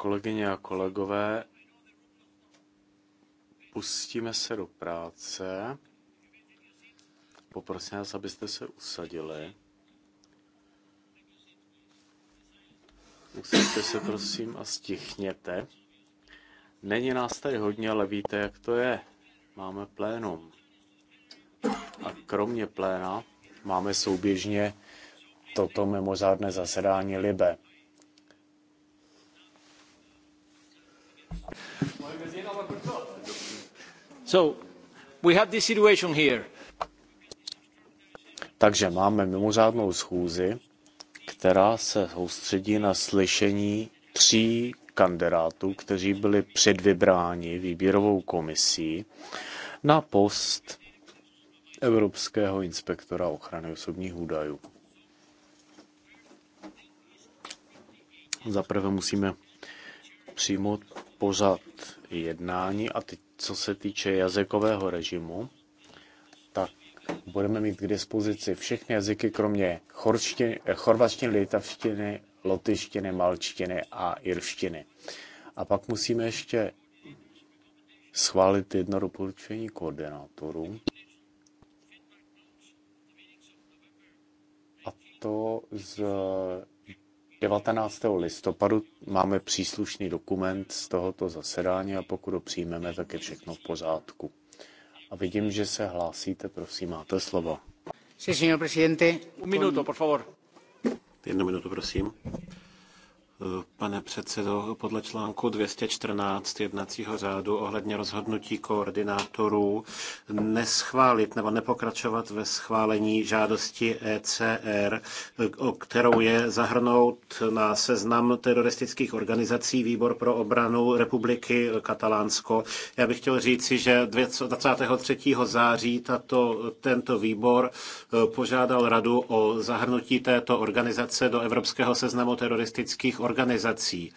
Kolegyně a kolegové, pustíme se do práce. Poprosím vás, abyste se usadili. Usaďte se prosím a stichněte. Není nás tady hodně, ale víte, jak to je. Máme plénum. A kromě pléna máme souběžně toto mimořádné zasedání Libe. Takže máme mimořádnou schůzi, která se soustředí na slyšení tří kandidátů, kteří byli předvybráni výběrovou komisí na post Evropského inspektora ochrany osobních údajů. Zaprvé musíme přijmout pořad jednání a teď, co se týče jazykového režimu, tak budeme mít k dispozici všechny jazyky, kromě chorštiny, litavštiny, lotyštiny, malčtiny a irštiny. A pak musíme ještě schválit jedno doporučení koordinátorů. A to z 19. listopadu máme příslušný dokument z tohoto zasedání, a pokud ho přijmeme, tak je všechno v pořádku. A vidím, že se hlásíte, prosím, máte slovo. Sí, señor presidente. Un minuto, por favor. Jednu minutu, prosím. Pane předsedo, podle článku 214 jednacího řádu ohledně rozhodnutí koordinátorů neschválit nebo nepokračovat ve schválení žádosti ECR, kterou je zahrnout na seznam teroristických organizací Výbor pro obranu Republiky Katalánsko. Já bych chtěl říci, že 23. září tato, tento výbor e, požádal radu o zahrnutí této organizace do Evropského seznamu teroristických organizací organizací.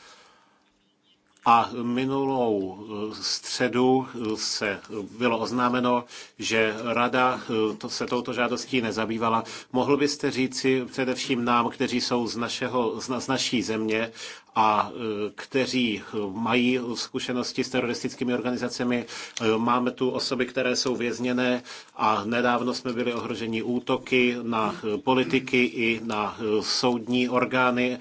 A minulou eh, středu eh, se eh, bylo oznámeno, že rada to, se touto žádostí nezabývala. Mohl byste říci především nám, kteří jsou z, našeho, z, na, z naší země a eh, kteří eh, mají zkušenosti s teroristickými organizacemi. Eh, máme tu osoby, které jsou vězněné a nedávno jsme byli ohroženi útoky na politiky i na soudní orgány.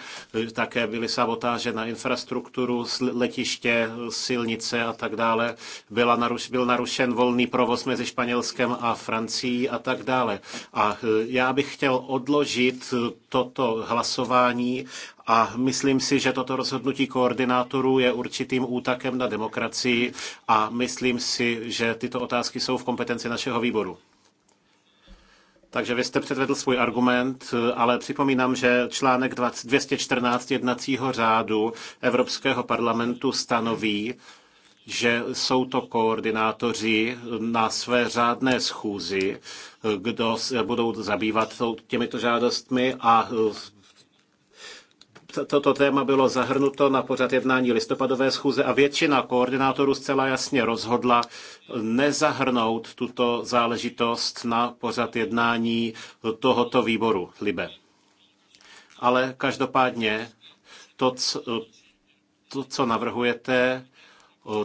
Také byly sabotáže na infrastrukturu, letiště, silnice a tak dále. Byla naruš, byl narušen volný provoz mezi Španělskem a Francií a tak dále. A já bych chtěl odložit toto hlasování a myslím si, že toto rozhodnutí koordinátorů je určitým útakem na demokracii a myslím si, že tyto otázky jsou v kompetenci našeho výboru. Takže vy jste předvedl svůj argument, ale připomínám, že článek 214 jednacího řádu Evropského parlamentu stanoví, že jsou to koordinátoři na své řádné schůzi, kdo se budou zabývat těmito žádostmi a toto téma bylo zahrnuto na pořad jednání listopadové schůze a většina koordinátorů zcela jasně rozhodla nezahrnout tuto záležitost na pořad jednání tohoto výboru Libe. Ale každopádně to, co navrhujete,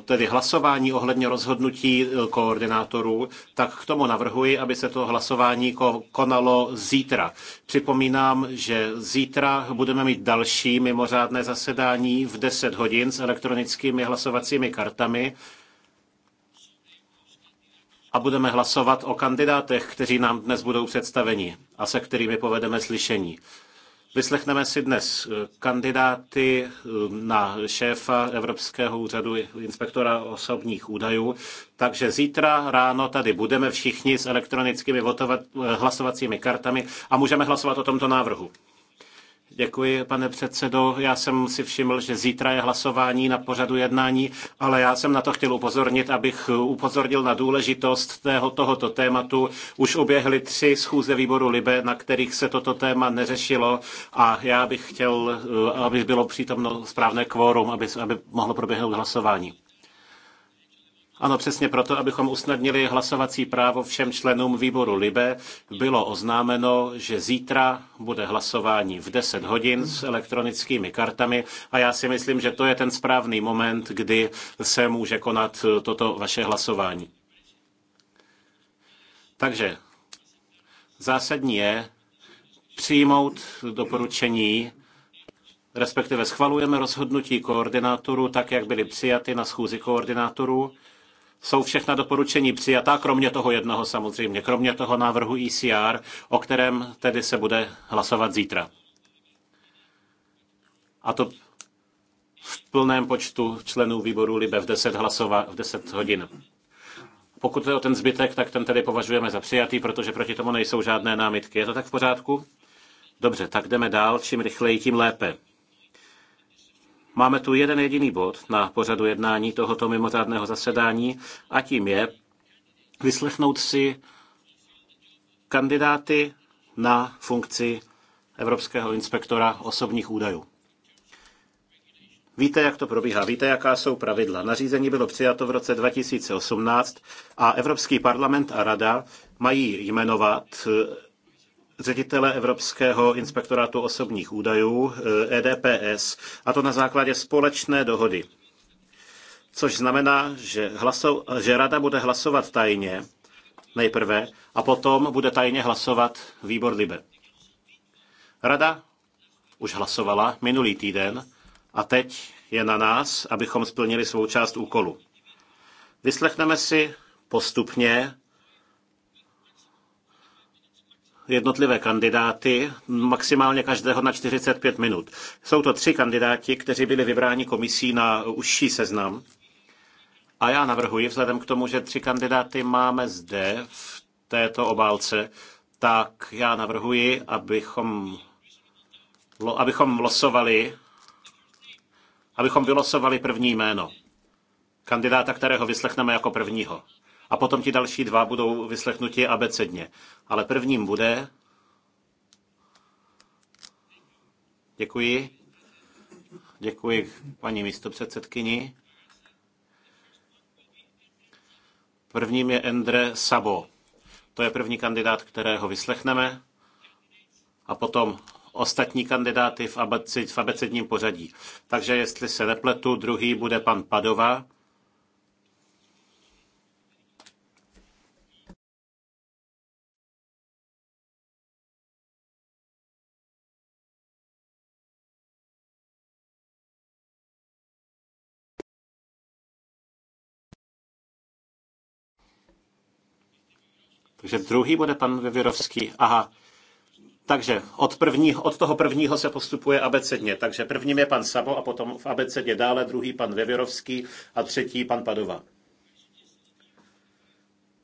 tedy hlasování ohledně rozhodnutí eh, koordinátorů, tak k tomu navrhuji, aby se to hlasování konalo zítra. Připomínám, že zítra budeme mít další mimořádné zasedání v 10 hodin s elektronickými hlasovacími kartami a budeme hlasovat o kandidátech, kteří nám dnes budou představeni a se kterými povedeme slyšení. Vyslechneme si dnes eh, kandidáty eh, na šéfa Evropského úřadu inspektora osobních údajů. Takže zítra ráno tady budeme všichni s elektronickými eh, hlasovacími kartami a můžeme hlasovat o tomto návrhu. Děkuji, pane předsedo. Já jsem si všiml, že zítra je hlasování na pořadu jednání, ale já jsem na to chtěl upozornit, abych upozornil na důležitost tého, tohoto tématu. Už oběhly tři schůze výboru Libe, na kterých se toto téma neřešilo a já bych chtěl, eh, aby bylo přítomno správné kvórum, aby, aby mohlo proběhnout hlasování. Ano, přesně proto, abychom usnadnili hlasovací právo všem členům výboru LIBE, bylo oznámeno, že zítra bude hlasování v 10 hodin s elektronickými kartami a já si myslím, že to je ten správný moment, kdy se může konat toto vaše hlasování. Takže zásadní je přijmout doporučení respektive schvalujeme rozhodnutí koordinátorů tak, jak byly přijaty na schůzi koordinátorů jsou všechna doporučení přijatá, kromě toho jednoho samozřejmě, kromě toho návrhu ECR, o kterém tedy se bude hlasovat zítra. A to v plném počtu členů výboru Libe v 10, hlasova, v 10 hodin. Pokud je o ten zbytek, tak ten tedy považujeme za přijatý, protože proti tomu nejsou žádné námitky. Je to tak v pořádku? Dobře, tak jdeme dál. Čím rychleji, tím lépe. Máme tu jeden jediný bod na pořadu jednání tohoto mimořádného zasedání a tím je vyslechnout si kandidáty na funkci Evropského inspektora osobních údajů. Víte, jak to probíhá, víte, jaká jsou pravidla. Nařízení bylo přijato v roce 2018 a Evropský parlament a rada mají jmenovat ředitele Evropského inspektorátu osobních údajů, EDPS, eh, e a to na základě společné dohody. Což znamená, že, hlaso- že rada bude hlasovat tajně nejprve a potom bude tajně hlasovat výbor Libe. Rada už hlasovala minulý týden a teď je na nás, abychom splnili svou část úkolu. Vyslechneme si postupně jednotlivé kandidáty, maximálně každého na 45 minut. Jsou to tři kandidáti, kteří byli vybráni komisí na užší seznam. A já navrhuji, vzhledem k tomu, že tři kandidáty máme zde v této obálce, tak já navrhuji, abychom, abychom losovali, abychom vylosovali první jméno. Kandidáta, kterého vyslechneme jako prvního a potom ti další dva budou vyslechnuti abecedně. Ale prvním bude... Děkuji. Děkuji paní místopředsedkyni. Prvním je Endre Sabo. To je první kandidát, kterého vyslechneme. A potom ostatní kandidáty v, v abecedním pořadí. Takže jestli se nepletu, druhý bude pan Padova Takže druhý bude pan Věvirovský. Aha. Takže od, první, od toho prvního se postupuje abecedně. Takže prvním je pan Sabo a potom v abecedě dále druhý pan Věvěrovský a třetí pan Padova.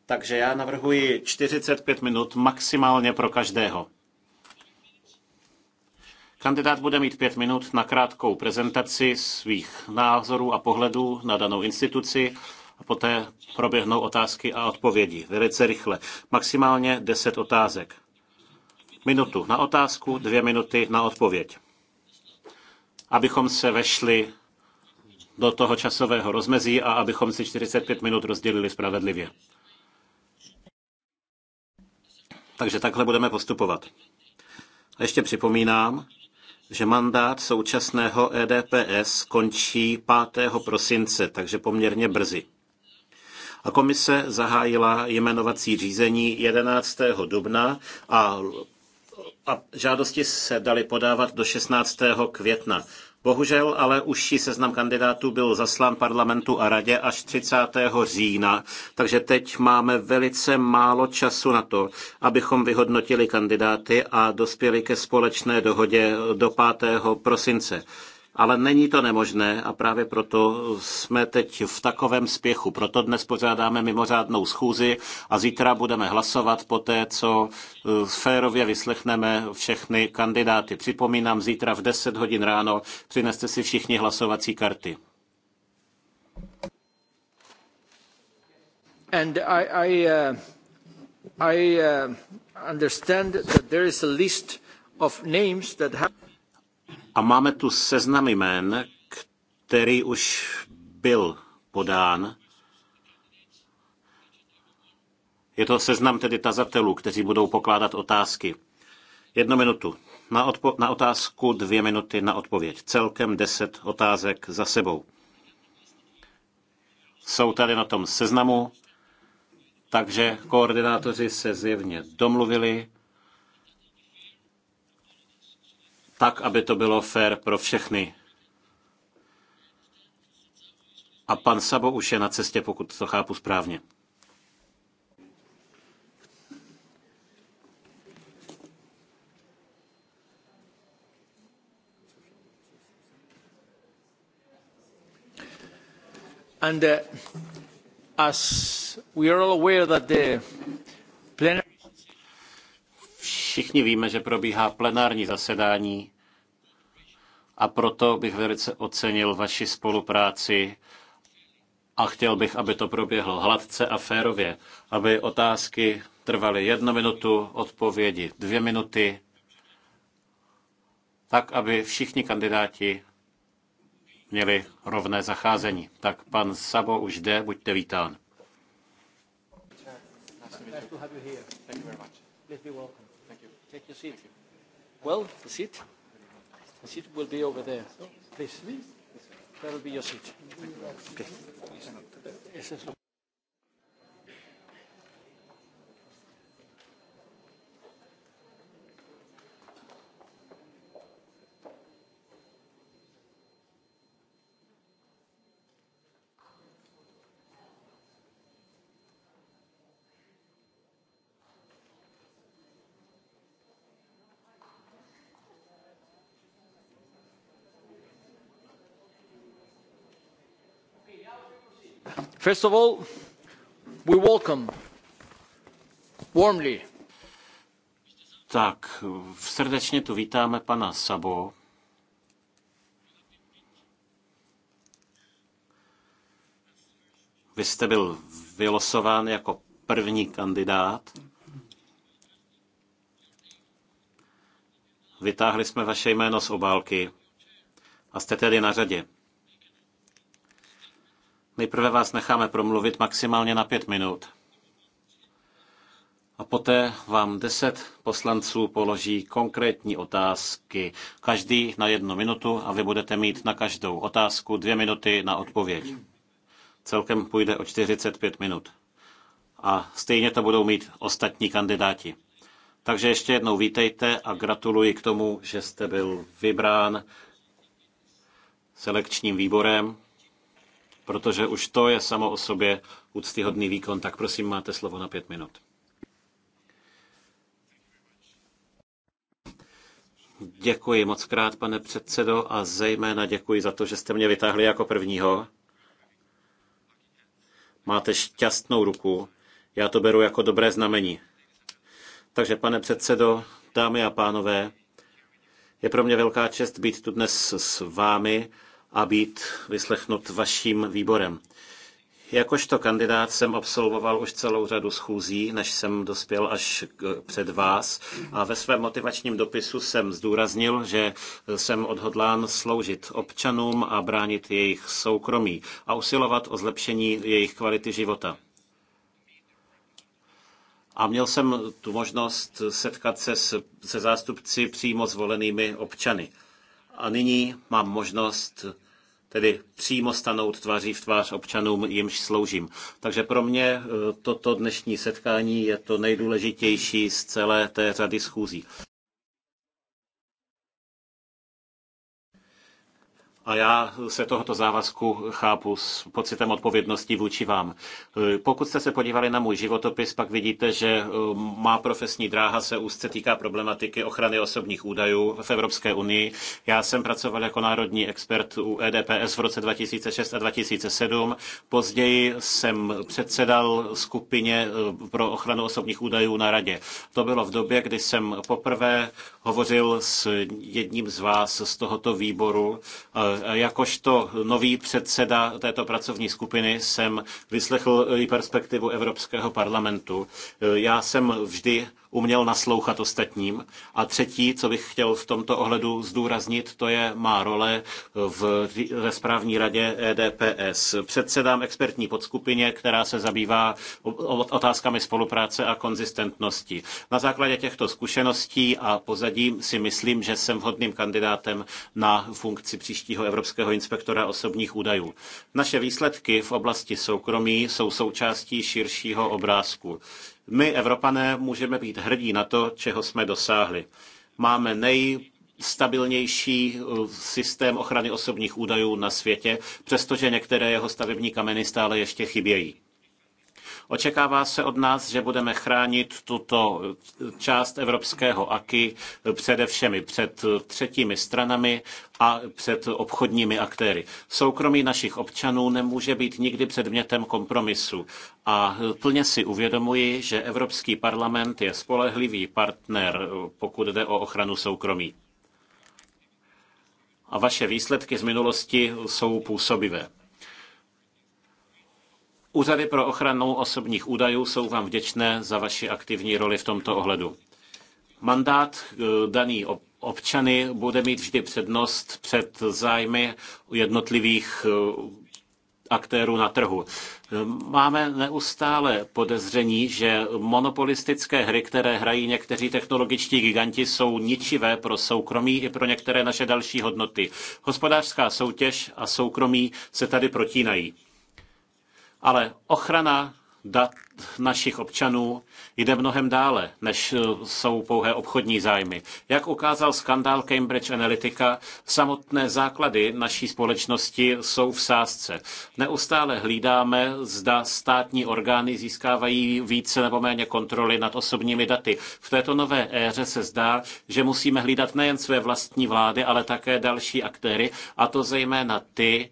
Takže já navrhuji 45 minut maximálně pro každého. Kandidát bude mít pět minut na krátkou prezentaci svých názorů a pohledů na danou instituci poté proběhnou otázky a odpovědi. Velice rychle. Maximálně 10 otázek. Minutu na otázku, dvě minuty na odpověď. Abychom se vešli do toho časového rozmezí a abychom si 45 minut rozdělili spravedlivě. Takže takhle budeme postupovat. A ještě připomínám, že mandát současného EDPS končí 5. prosince, takže poměrně brzy. A komise zahájila jmenovací řízení 11. dubna a, a žádosti se daly podávat do 16. května. Bohužel ale užší seznam kandidátů byl zaslán parlamentu a radě až 30. října, takže teď máme velice málo času na to, abychom vyhodnotili kandidáty a dospěli ke společné dohodě do 5. prosince ale není to nemožné a právě proto jsme teď v takovém spěchu. Proto dnes pořádáme mimořádnou schůzi a zítra budeme hlasovat po té, co eh, férově vyslechneme všechny kandidáty. Připomínám, zítra v 10 hodin ráno přineste si všichni hlasovací karty. And I, I, uh, I uh, understand that there is a list of names that have a máme tu seznam jmén, který už byl podán. Je to seznam tedy tazatelů, kteří budou pokládat otázky. Jednu minutu. Na, odpo- na otázku dvě minuty na odpověď. Celkem deset otázek za sebou. Jsou tady na tom seznamu, takže koordinátoři se zjevně domluvili tak, aby to bylo fér pro všechny. A pan Sabo už je na cestě, pokud to chápu správně. And uh, as we are all aware that the plenary Všichni víme, že probíhá plenární zasedání a proto bych velice ocenil vaši spolupráci a chtěl bych, aby to proběhlo hladce a férově, aby otázky trvaly jednu minutu, odpovědi dvě minuty, tak, aby všichni kandidáti měli rovné zacházení. Tak pan Sabo už jde, buďte vítán. Nice to have you here. Thank you very much. Please be welcome you see. Well, the seat. The seat will be over there. Please. That will be your seat. Okay. First of all, we welcome warmly. Tak, srdečně tu vítáme pana Sabo. Vy jste byl vylosován jako první kandidát. Vytáhli jsme vaše jméno z obálky a jste tedy na řadě. Nejprve vás necháme promluvit maximálně na pět minut. A poté vám deset poslanců položí konkrétní otázky, každý na jednu minutu a vy budete mít na každou otázku dvě minuty na odpověď. Celkem půjde o 45 minut. A stejně to budou mít ostatní kandidáti. Takže ještě jednou vítejte a gratuluji k tomu, že jste byl vybrán selekčním výborem protože už to je samo o sobě úctyhodný výkon. Tak prosím, máte slovo na pět minut. Děkuji moc krát, pane předsedo, a zejména děkuji za to, že jste mě vytáhli jako prvního. Máte šťastnou ruku. Já to beru jako dobré znamení. Takže, pane předsedo, dámy a pánové, je pro mě velká čest být tu dnes s vámi a být vyslechnut vaším výborem. Jakožto kandidát jsem absolvoval už celou řadu schůzí, než jsem dospěl až před vás. A ve svém motivačním dopisu jsem zdůraznil, že jsem odhodlán sloužit občanům a bránit jejich soukromí a usilovat o zlepšení jejich kvality života. A měl jsem tu možnost setkat se se zástupci přímo zvolenými občany. A nyní mám možnost tedy přímo stanout tváří v tvář občanům, jimž sloužím. Takže pro mě e, toto dnešní setkání je to nejdůležitější z celé té řady schůzí. A já se tohoto závazku chápu s pocitem odpovědnosti vůči vám. Pokud jste se podívali na můj životopis, pak vidíte, že eh, má profesní dráha se úzce týká problematiky ochrany osobních údajů v Evropské unii. Já jsem pracoval jako národní expert u EDPS v roce 2006 a 2007. Později jsem předsedal skupině eh, pro ochranu osobních údajů na radě. To bylo v době, kdy jsem poprvé hovořil s jedním z vás z tohoto výboru. E, jakožto nový předseda této pracovní skupiny jsem vyslechl i perspektivu Evropského parlamentu. E, já jsem vždy uměl naslouchat ostatním. A třetí, co bych chtěl v tomto ohledu zdůraznit, to je má role v, ve správní radě EDPS. Předsedám expertní podskupině, která se zabývá otázkami spolupráce a konzistentnosti. Na základě těchto zkušeností a pozadí si myslím, že jsem vhodným kandidátem na funkci příštího Evropského inspektora osobních údajů. Naše výsledky v oblasti soukromí jsou součástí širšího obrázku. My, Evropané, můžeme být hrdí na to, čeho jsme dosáhli. Máme nejstabilnější eh, systém ochrany osobních údajů na světě, přestože některé jeho stavební kameny stále ještě chybějí. Očekává se od nás, že budeme chránit tuto část evropského AKI především před třetími stranami a před obchodními aktéry. Soukromí našich občanů nemůže být nikdy předmětem kompromisu. A plně si uvědomuji, že Evropský parlament je spolehlivý partner, pokud jde o ochranu soukromí. A vaše výsledky z minulosti jsou působivé. Úřady pro ochranu osobních údajů jsou vám vděčné za vaši aktivní roli v tomto ohledu. Mandát eh, daný občany bude mít vždy přednost před zájmy jednotlivých eh, aktérů na trhu. Eh, máme neustále podezření, že monopolistické hry, které hrají někteří technologičtí giganti, jsou ničivé pro soukromí i pro některé naše další hodnoty. Hospodářská soutěž a soukromí se tady protínají. Ale ochrana dat našich občanů jde mnohem dále, než eh, jsou pouhé obchodní zájmy. Jak ukázal skandál Cambridge Analytica, samotné základy naší společnosti jsou v sázce. Neustále hlídáme, zda státní orgány získávají více nebo méně kontroly nad osobními daty. V této nové éře se zdá, že musíme hlídat nejen své vlastní vlády, ale také další aktéry, a to zejména ty,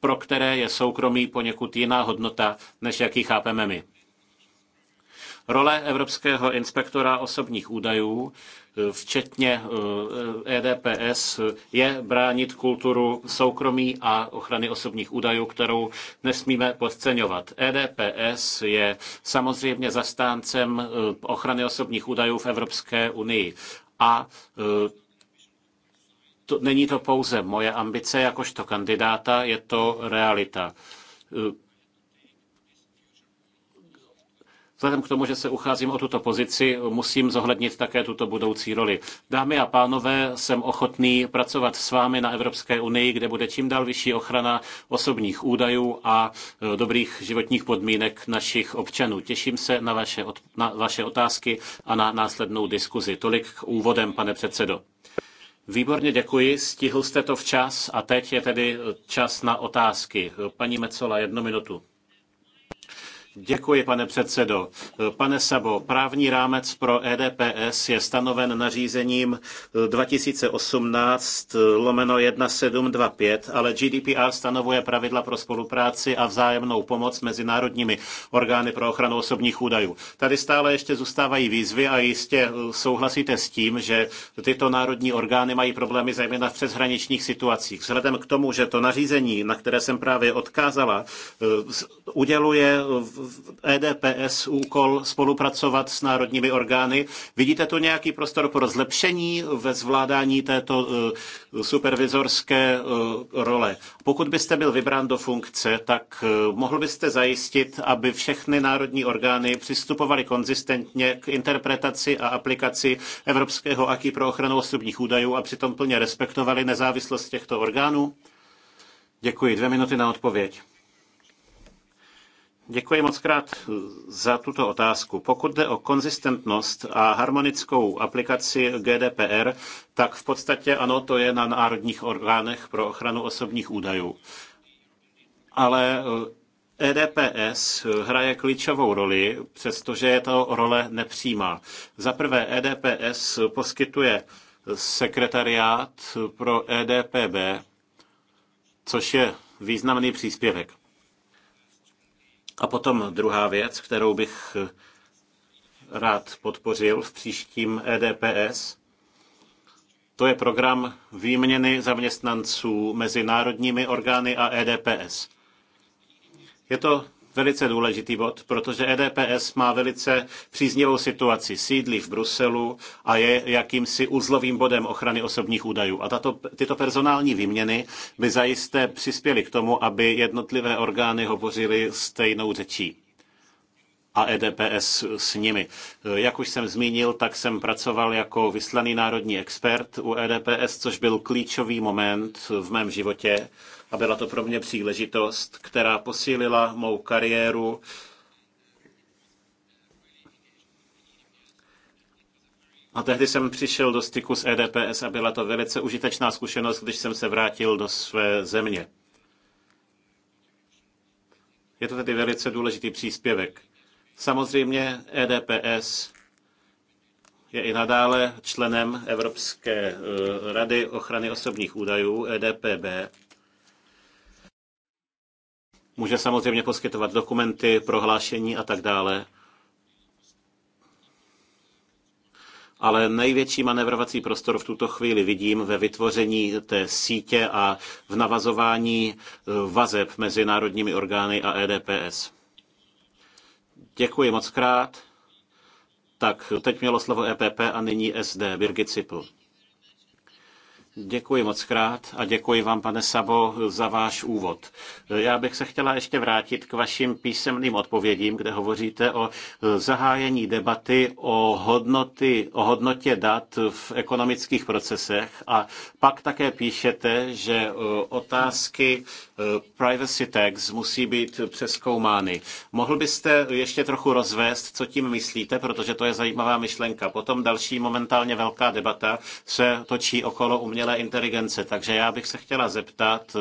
pro které je soukromí poněkud jiná hodnota, než jaký chápeme my. Role Evropského inspektora osobních údajů, eh, včetně EDPS, eh, e je bránit kulturu soukromí a ochrany osobních údajů, kterou nesmíme podceňovat. EDPS je samozřejmě zastáncem eh, ochrany osobních údajů v Evropské unii a to, není to pouze moje ambice jakožto kandidáta, je to realita. Vzhledem k tomu, že se ucházím o tuto pozici, musím zohlednit také tuto budoucí roli. Dámy a pánové, jsem ochotný pracovat s vámi na Evropské unii, kde bude čím dál vyšší ochrana osobních údajů a e, dobrých životních podmínek našich občanů. Těším se na vaše, na vaše otázky a na následnou diskuzi. Tolik k úvodem, pane předsedo. Výborně děkuji, stihl jste to včas a teď je tedy čas na otázky. Paní Mecola, jednu minutu. Děkuji, pane předsedo. Pane Sabo, právní rámec pro EDPS je stanoven nařízením 2018 lomeno 1725, ale GDPR stanovuje pravidla pro spolupráci a vzájemnou pomoc mezi národními orgány pro ochranu osobních údajů. Tady stále ještě zůstávají výzvy a jistě souhlasíte s tím, že tyto národní orgány mají problémy zejména v přeshraničních situacích. Vzhledem k tomu, že to nařízení, na které jsem právě odkázala, uděluje EDPS úkol spolupracovat s národními orgány. Vidíte tu nějaký prostor pro zlepšení ve zvládání této eh, supervizorské eh, role? Pokud byste byl vybrán do funkce, tak eh, mohl byste zajistit, aby všechny národní orgány přistupovaly konzistentně k interpretaci a aplikaci Evropského aký pro ochranu osobních údajů a přitom plně respektovali nezávislost těchto orgánů? Děkuji. Dvě minuty na odpověď. Děkuji moc krát za tuto otázku. Pokud jde o konzistentnost a harmonickou aplikaci GDPR, tak v podstatě ano, to je na národních orgánech pro ochranu osobních údajů. Ale EDPS eh, e hraje klíčovou roli, přestože je to role nepřímá. Za prvé EDPS poskytuje sekretariát pro EDPB, což je významný příspěvek. A potom druhá věc, kterou bych eh, rád podpořil v příštím EDPS, to je program výměny zaměstnanců mezi národními orgány a EDPS. Je to velice důležitý bod, protože EDPS má velice příznivou situaci. Sídlí v Bruselu a je jakýmsi uzlovým bodem ochrany osobních údajů. A tato, tyto personální výměny by zajisté přispěly k tomu, aby jednotlivé orgány hovořily stejnou řečí a EDPS s nimi. Jak už jsem zmínil, tak jsem pracoval jako vyslaný národní expert u EDPS, což byl klíčový moment v mém životě a byla to pro mě příležitost, která posílila mou kariéru. A tehdy jsem přišel do styku s EDPS a byla to velice užitečná zkušenost, když jsem se vrátil do své země. Je to tedy velice důležitý příspěvek. Samozřejmě EDPS je i nadále členem Evropské eh, rady ochrany osobních údajů EDPB Může samozřejmě poskytovat dokumenty, prohlášení a tak dále. ale největší manevrovací prostor v tuto chvíli vidím ve vytvoření té sítě a v navazování e, vazeb mezi národními orgány a EDPS. Děkuji moc krát. Tak, teď mělo slovo EPP a nyní SD, Birgit Cipl. Děkuji moc krát a děkuji vám, pane Sabo, za váš úvod. Já bych se chtěla ještě vrátit k vašim písemným odpovědím, kde hovoříte o zahájení debaty o, hodnoty, o hodnotě dat v ekonomických procesech a pak také píšete, že e, otázky privacy tags musí být přeskoumány. Mohl byste ještě trochu rozvést, co tím myslíte, protože to je zajímavá myšlenka. Potom další momentálně velká debata se točí okolo umělé inteligence, takže já bych se chtěla zeptat,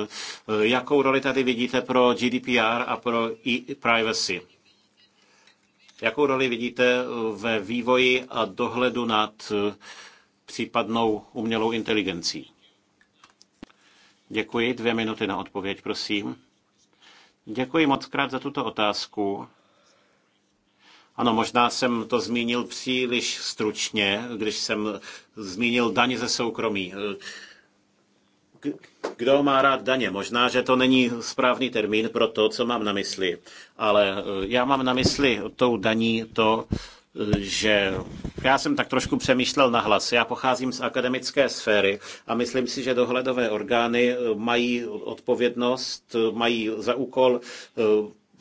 jakou roli tady vidíte pro GDPR a pro e-privacy? Jakou roli vidíte ve vývoji a dohledu nad případnou umělou inteligencí? Děkuji. Dvě minuty na odpověď, prosím. Děkuji moc krát za tuto otázku. Ano, možná jsem to zmínil příliš stručně, když jsem zmínil daně ze soukromí. Kdo má rád daně? Možná, že to není správný termín pro to, co mám na mysli, ale e, já mám na mysli tou daní to, že já jsem tak trošku přemýšlel na hlas. Já pocházím z akademické sféry a myslím si, že dohledové orgány eh, mají odpovědnost, eh, mají za úkol eh,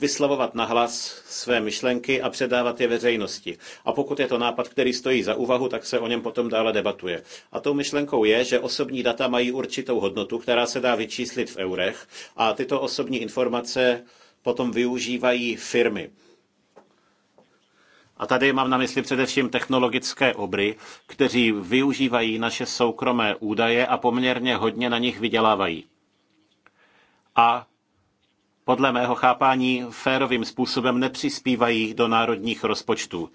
vyslovovat nahlas své myšlenky a předávat je veřejnosti. A pokud je to nápad, který stojí za úvahu, tak se o něm potom dále debatuje. A tou myšlenkou je, že osobní data mají určitou hodnotu, která se dá vyčíslit v eurech a tyto osobní informace potom využívají firmy. A tady mám na mysli především technologické obry, kteří využívají naše soukromé údaje a poměrně hodně na nich vydělávají. A podle mého chápání férovým způsobem nepřispívají do národních rozpočtů.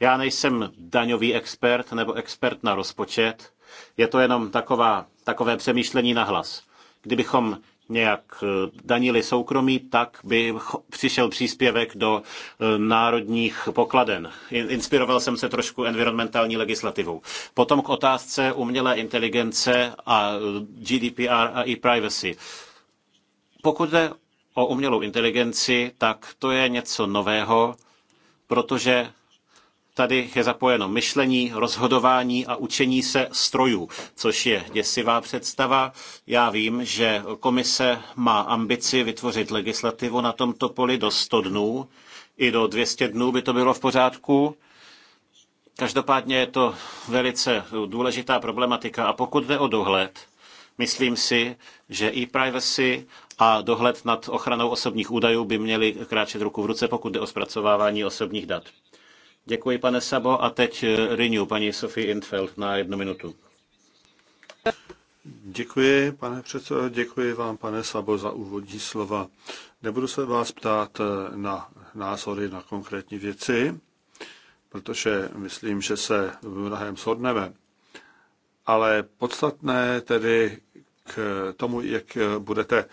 Já nejsem daňový expert nebo expert na rozpočet, je to jenom taková, takové přemýšlení na hlas. Kdybychom nějak eh, danili soukromí, tak by přišel příspěvek do eh, národních pokladen. Inspiroval jsem se trošku environmentální legislativou. Potom k otázce umělé inteligence a eh, GDPR a e-privacy. Pokud jde o umělou inteligenci, tak to je něco nového, protože Tady je zapojeno myšlení, rozhodování a učení se strojů, což je děsivá představa. Já vím, že komise má ambici vytvořit legislativu na tomto poli do 100 dnů. I do 200 dnů by to bylo v pořádku. Každopádně je to velice důležitá problematika a pokud jde o dohled, myslím si, že i privacy a dohled nad ochranou osobních údajů by měly kráčet ruku v ruce, pokud jde o zpracovávání osobních dat. Děkuji, pane Sabo. A teď eh, Renew, paní Sophie Intfeld na jednu minutu. Děkuji, pane předsedo, děkuji vám, pane Sabo, za úvodní slova. Nebudu se vás ptát eh, na názory na konkrétní věci, protože myslím, že se v mnohem shodneme. Ale podstatné tedy k tomu, jak budete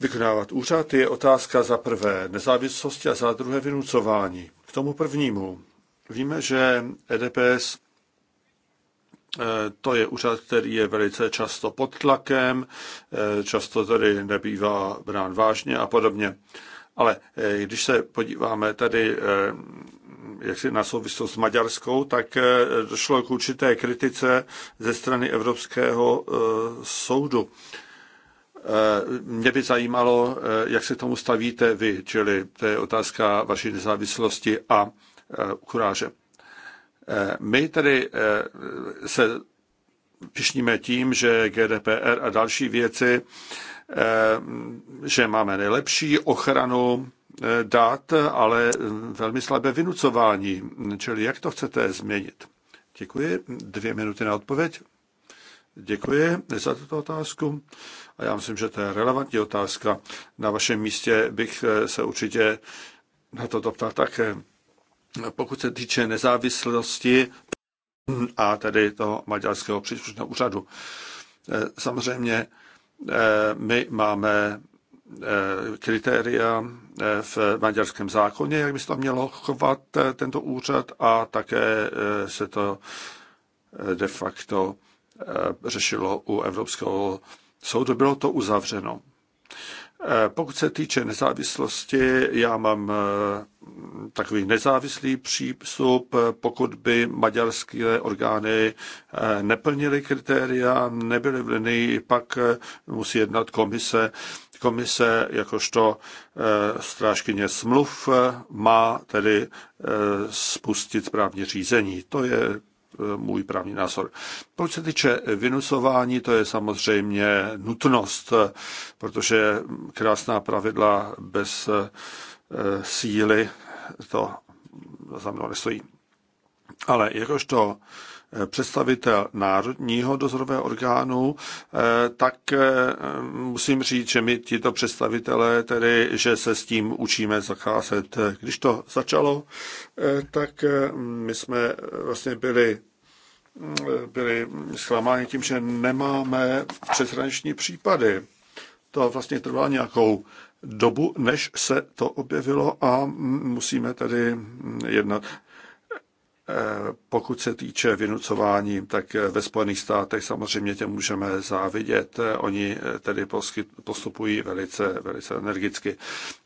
vykonávat úřad, je otázka za prvé nezávislosti a za druhé vynucování. K tomu prvnímu. Víme, že EDPS e, to je úřad, který je velice často pod tlakem, e, často tedy nebývá brán vážně a podobně. Ale e, když se podíváme tady jak si na souvislost s Maďarskou, tak došlo k určité kritice ze strany Evropského soudu. Eh, mě by zajímalo, eh, jak se k tomu stavíte vy, čili to je otázka vaší nezávislosti a eh, kuráže. My tedy se pišníme tím, že GDPR a další věci, že máme nejlepší ochranu dát, ale velmi slabé vynucování. Čili jak to chcete změnit? Děkuji. Dvě minuty na odpověď. Děkuji za tuto otázku. A já myslím, že to je relevantní otázka. Na vašem místě bych eh, se určitě na to ptal také. Pokud se týče nezávislosti a tedy toho maďarského příslušného úřadu, eh, samozřejmě eh, my máme kritéria v maďarském zákoně, jak by se to mělo chovat tento úřad a také se to de facto řešilo u Evropského soudu bylo to uzavřeno. Eh, pokud se týče nezávislosti, já mám eh, takový nezávislý přístup. Pokud by maďarské orgány eh, neplnily kritéria, nebyly v linii, pak musí jednat komise. Komise jakožto strážkyně smluv má tedy spustit správně řízení. To je můj právní názor. Proč se týče vynucování, to je samozřejmě nutnost, protože krásná pravidla bez eh, síly to za mnou nestojí. Ale jakožto představitel národního dozorového orgánu, eh, tak eh, musím říct, že my tito představitelé, tedy, že se s tím učíme zacházet. Když to začalo, eh, tak my jsme vlastně byli byli zklamáni tím, že nemáme přeshraniční případy. To vlastně trvalo nějakou dobu, než se to objevilo a musíme tedy jednat pokud se týče vynucování, tak ve Spojených státech samozřejmě tě můžeme závidět. Oni tedy postupují velice, velice energicky.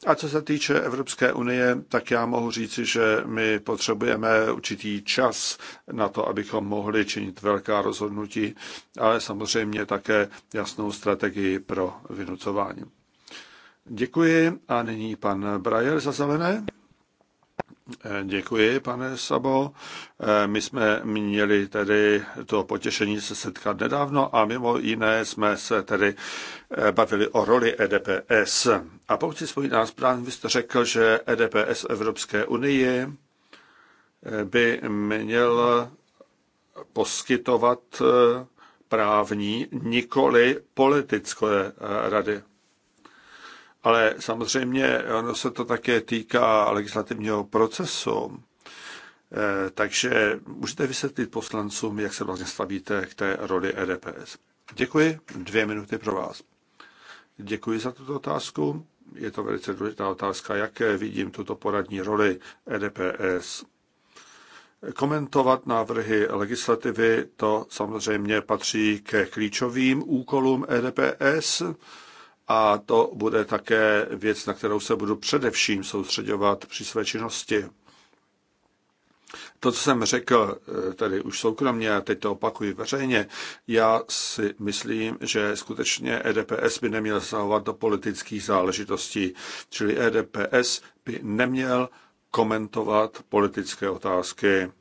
A co se týče Evropské unie, tak já mohu říci, že my potřebujeme určitý čas na to, abychom mohli činit velká rozhodnutí, ale samozřejmě také jasnou strategii pro vynucování. Děkuji a nyní pan Brajer za zelené. Eh, děkuji, pane Sabo. Eh, my jsme měli tedy to potěšení se setkat nedávno a mimo jiné jsme se tedy eh, bavili o roli EDPS. A pokud si nás právě, vy jste řekl, že EDPS Evropské unii by měl poskytovat právní, nikoli politické rady. Ale samozřejmě ono se to také týká legislativního procesu. Eh, takže můžete vysvětlit poslancům, jak se vlastně stavíte k té roli EDPS. Děkuji, dvě minuty pro vás. Děkuji za tuto otázku. Je to velice důležitá otázka, jak vidím tuto poradní roli EDPS. Komentovat návrhy legislativy, to samozřejmě patří ke klíčovým úkolům EDPS a to bude také věc, na kterou se budu především soustředovat při své činnosti. To, co jsem řekl eh, tady už soukromně, a teď to opakuji veřejně, já si myslím, že skutečně EDPS by neměl zasahovat do politických záležitostí, čili EDPS by neměl komentovat politické otázky. Eh,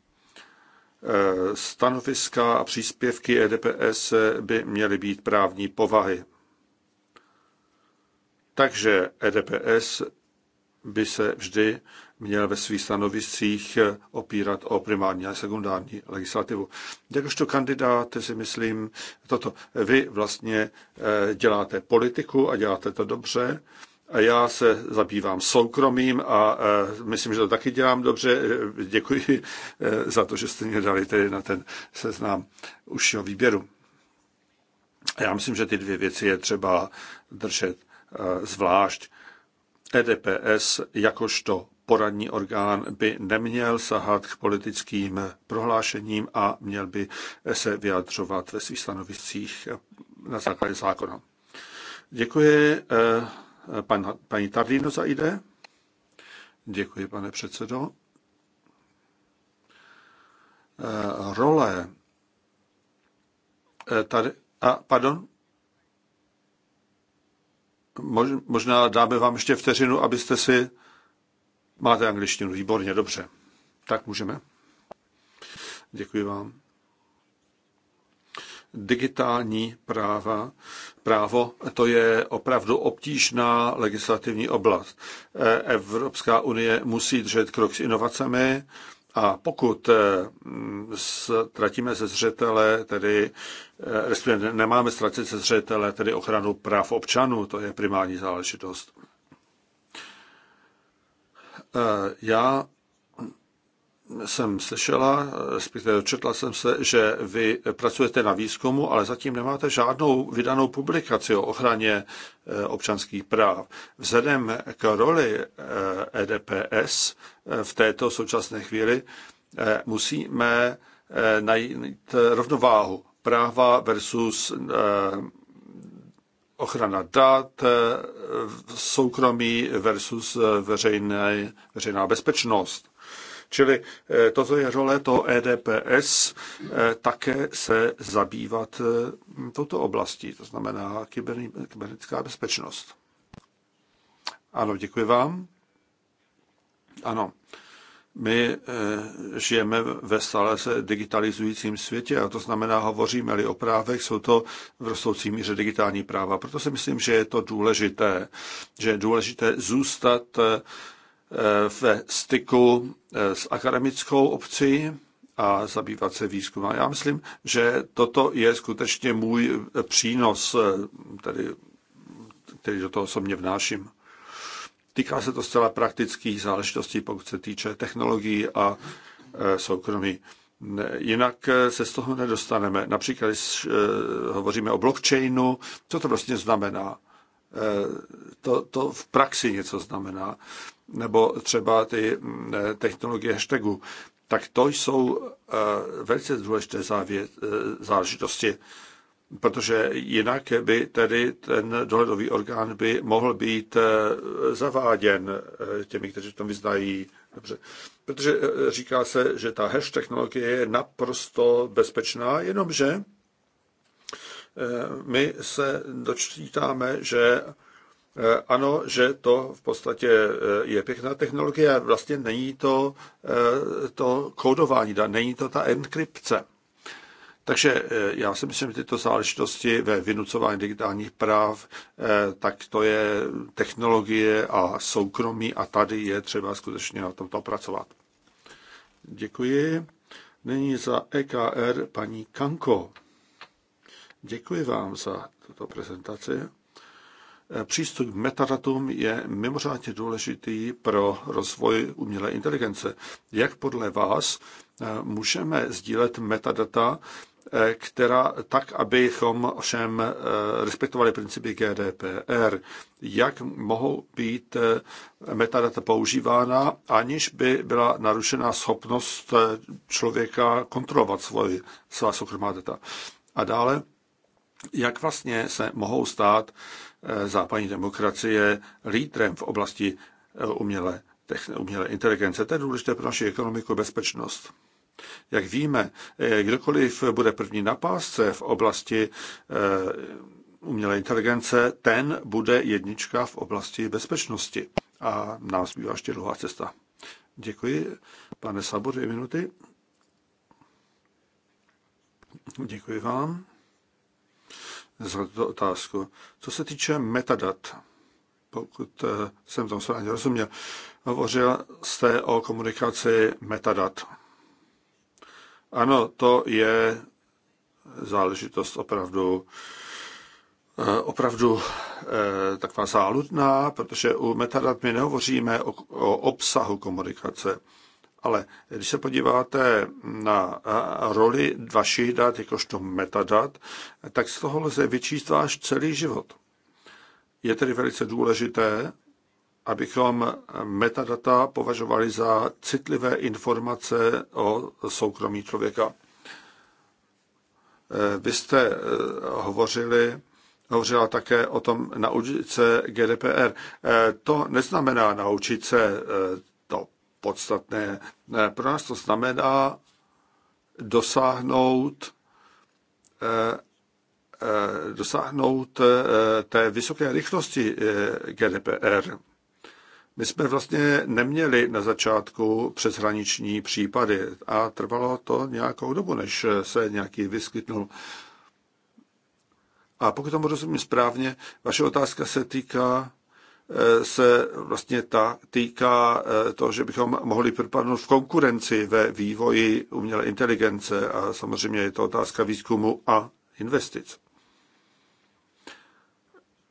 stanoviska a příspěvky EDPS by měly být právní povahy. Takže EDPS by se vždy měl ve svých stanoviscích opírat o primární a sekundární legislativu. Jakožto kandidáte si myslím toto. Vy vlastně eh, děláte politiku a děláte to dobře. A já se zabývám soukromým a eh, myslím, že to taky dělám dobře. Eh, děkuji za to, že jste mě dali tedy na ten seznam užšího výběru. Já myslím, že ty dvě věci je třeba držet Eh, zvlášť. EDPS jakožto poradní orgán by neměl sahat k politickým prohlášením a měl by se vyjadřovat ve svých stanoviscích na základě zákona. Děkuji eh, pan, paní Tardino za ide. Děkuji, pane předsedo. Eh, role tady, a pardon, Možná dáme vám ještě vteřinu, abyste si... Máte angličtinu, výborně, dobře. Tak můžeme. Děkuji vám. Digitální práva, právo, to je opravdu obtížná legislativní oblast. E, Evropská unie musí držet krok s inovacemi, a pokud ztratíme eh, mm, ze zřetele, tedy eh, respektive nemáme ztratit ze zřetele, tedy ochranu práv občanů, to je primární záležitost. Eh, já jsem slyšela, respektive četla jsem se, že vy pracujete na výzkumu, ale zatím nemáte žádnou vydanou publikaci o ochraně e, občanských práv. Vzhledem k roli EDPS e e, v této současné chvíli musíme najít rovnováhu práva versus ochrana dat, soukromí versus veřejné, veřejná bezpečnost. Čili eh, to, co je role toho EDPS, eh, také se zabývat eh, touto oblastí, to znamená kybernetická bezpečnost. Ano, děkuji vám. Ano, my žijeme ve stále se digitalizujícím světě a to znamená, hovoříme-li o právech, jsou to v rostoucí míře digitální práva. Proto si myslím, že je to důležité, že je důležité zůstat Eh, ve styku eh, s akademickou obcí a zabývat se výzkumem. Já myslím, že toto je skutečně můj eh, přínos, tedy, který do toho osobně vnáším. Týká se to zcela praktických záležitostí, pokud se týče technologií a soukromí. Jinak se z toho nedostaneme. Například, když hovoříme o blockchainu, co to vlastně znamená? Eh, to, to v praxi něco znamená. Nebo třeba ty mm, eh, technologie hashtagů. Tak to jsou eh, velice důležité závě, záležitosti, protože jinak by tedy ten dohledový orgán by mohl být zaváděn těmi, kteří to vyznají dobře. Protože říká se, že ta hash technologie je naprosto bezpečná, jenomže Eh, my se dočítáme, že eh, ano, že to v podstatě eh, je pěkná technologie, vlastně není to to kódování, není to ta enkrypce. Takže já si myslím, že tyto záležitosti ve vynucování digitálních práv, tak to je technologie a soukromí a tady je třeba skutečně na tomto pracovat. Děkuji. Nyní za EKR paní Kanko. Děkuji vám za tuto prezentaci. Eh, přístup k metadatům je mimořádně důležitý pro rozvoj umělé inteligence. Jak podle vás eh, můžeme sdílet metadata, eh, která tak, abychom všem respektovali principy GDPR. Jak mohou být metadata používána, aniž by byla narušena schopnost člověka kontrolovat svoji, svá soukromá data. A dále, jak vlastně se mohou stát eh, západní demokracie lídrem v oblasti eh, umělé, techn- umělé inteligence. To je důležité pro naši ekonomiku a bezpečnost. Jak víme, eh, kdokoliv bude první na pásce v oblasti umělé inteligence, ten bude jednička v oblasti bezpečnosti. A nám zbývá ještě dlouhá cesta. Děkuji. Pane Sabo, dvě minuty. Děkuji vám za tuto otázku. Co se týče metadat, pokud eh, jsem tam správně rozuměl, hovořil jste o komunikaci metadat. Ano, to je záležitost opravdu eh, opravdu eh, taková záludná, protože u metadat my nehovoříme o, o obsahu komunikace. Ale když se podíváte na roli vašich dat, jakožto metadat, tak z toho lze vyčíst váš celý život. Je tedy velice důležité, abychom metadata považovali za citlivé informace o soukromí člověka. Eh, vy jste eh, hovořili, hovořila také o tom naučit se GDPR. Eh, to neznamená naučit se podstatné. Pro nás to znamená dosáhnout eh, eh, dosáhnout eh, té vysoké rychlosti GDPR. My jsme vlastně neměli na začátku přeshraniční případy a trvalo to nějakou dobu, než se nějaký vyskytnul. A pokud tomu rozumím správně, vaše otázka se týká Eh, se vlastně ta týká eh, toho, že bychom mohli propadnout v konkurenci ve vývoji umělé inteligence a samozřejmě je to otázka výzkumu a investic.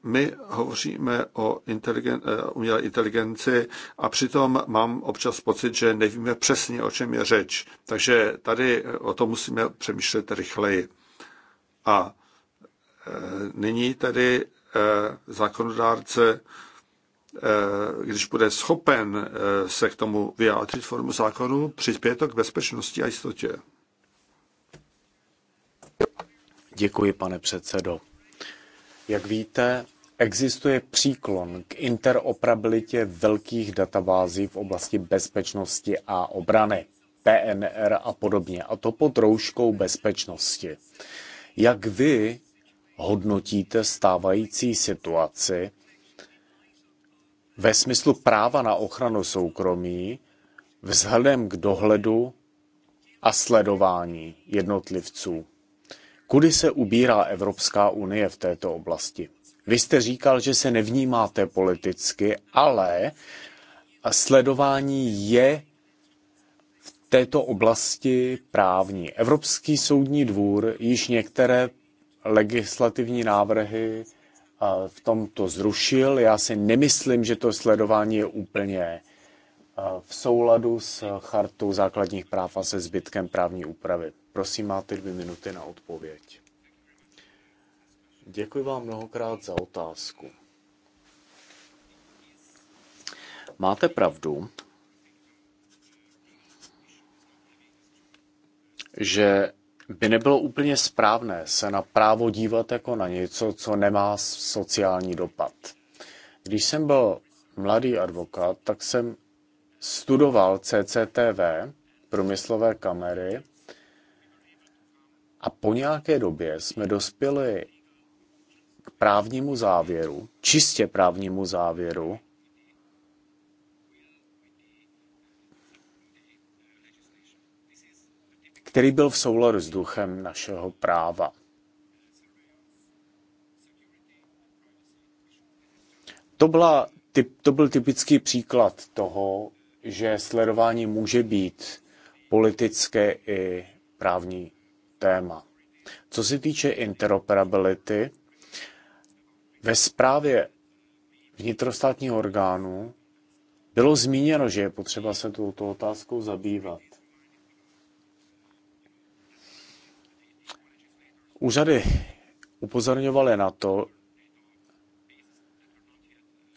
My hovoříme o inteligen, eh, umělé inteligenci a přitom mám občas pocit, že nevíme přesně, o čem je řeč. Takže tady o tom musíme přemýšlet rychleji. A nyní tedy zákonodárce Eh, když bude schopen eh, se k tomu vyjádřit formu zákonu, přispěje to k bezpečnosti a jistotě. Děkuji, pane předsedo. Jak víte, existuje příklon k interoperabilitě velkých databází v oblasti bezpečnosti a obrany, PNR a podobně, a to pod rouškou bezpečnosti. Jak vy hodnotíte stávající situaci ve smyslu práva na ochranu soukromí vzhledem k dohledu a sledování jednotlivců. Kudy se ubírá Evropská unie v této oblasti? Vy jste říkal, že se nevnímáte politicky, ale sledování je v této oblasti právní. Evropský soudní dvůr již některé legislativní návrhy v tom to zrušil. Já si nemyslím, že to sledování je úplně v souladu s chartou základních práv a se zbytkem právní úpravy. Prosím, máte dvě minuty na odpověď. Děkuji vám mnohokrát za otázku. Máte pravdu, že by nebylo úplně správné se na právo dívat jako na něco, co nemá sociální dopad. Když jsem byl mladý advokát, tak jsem studoval CCTV, průmyslové kamery, a po nějaké době jsme dospěli k právnímu závěru, čistě právnímu závěru, který byl v souladu s duchem našeho práva. To, byla, to byl typický příklad toho, že sledování může být politické i právní téma. Co se týče interoperability, ve zprávě vnitrostátního orgánu bylo zmíněno, že je potřeba se touto otázkou zabývat. Úřady upozorňovaly na to,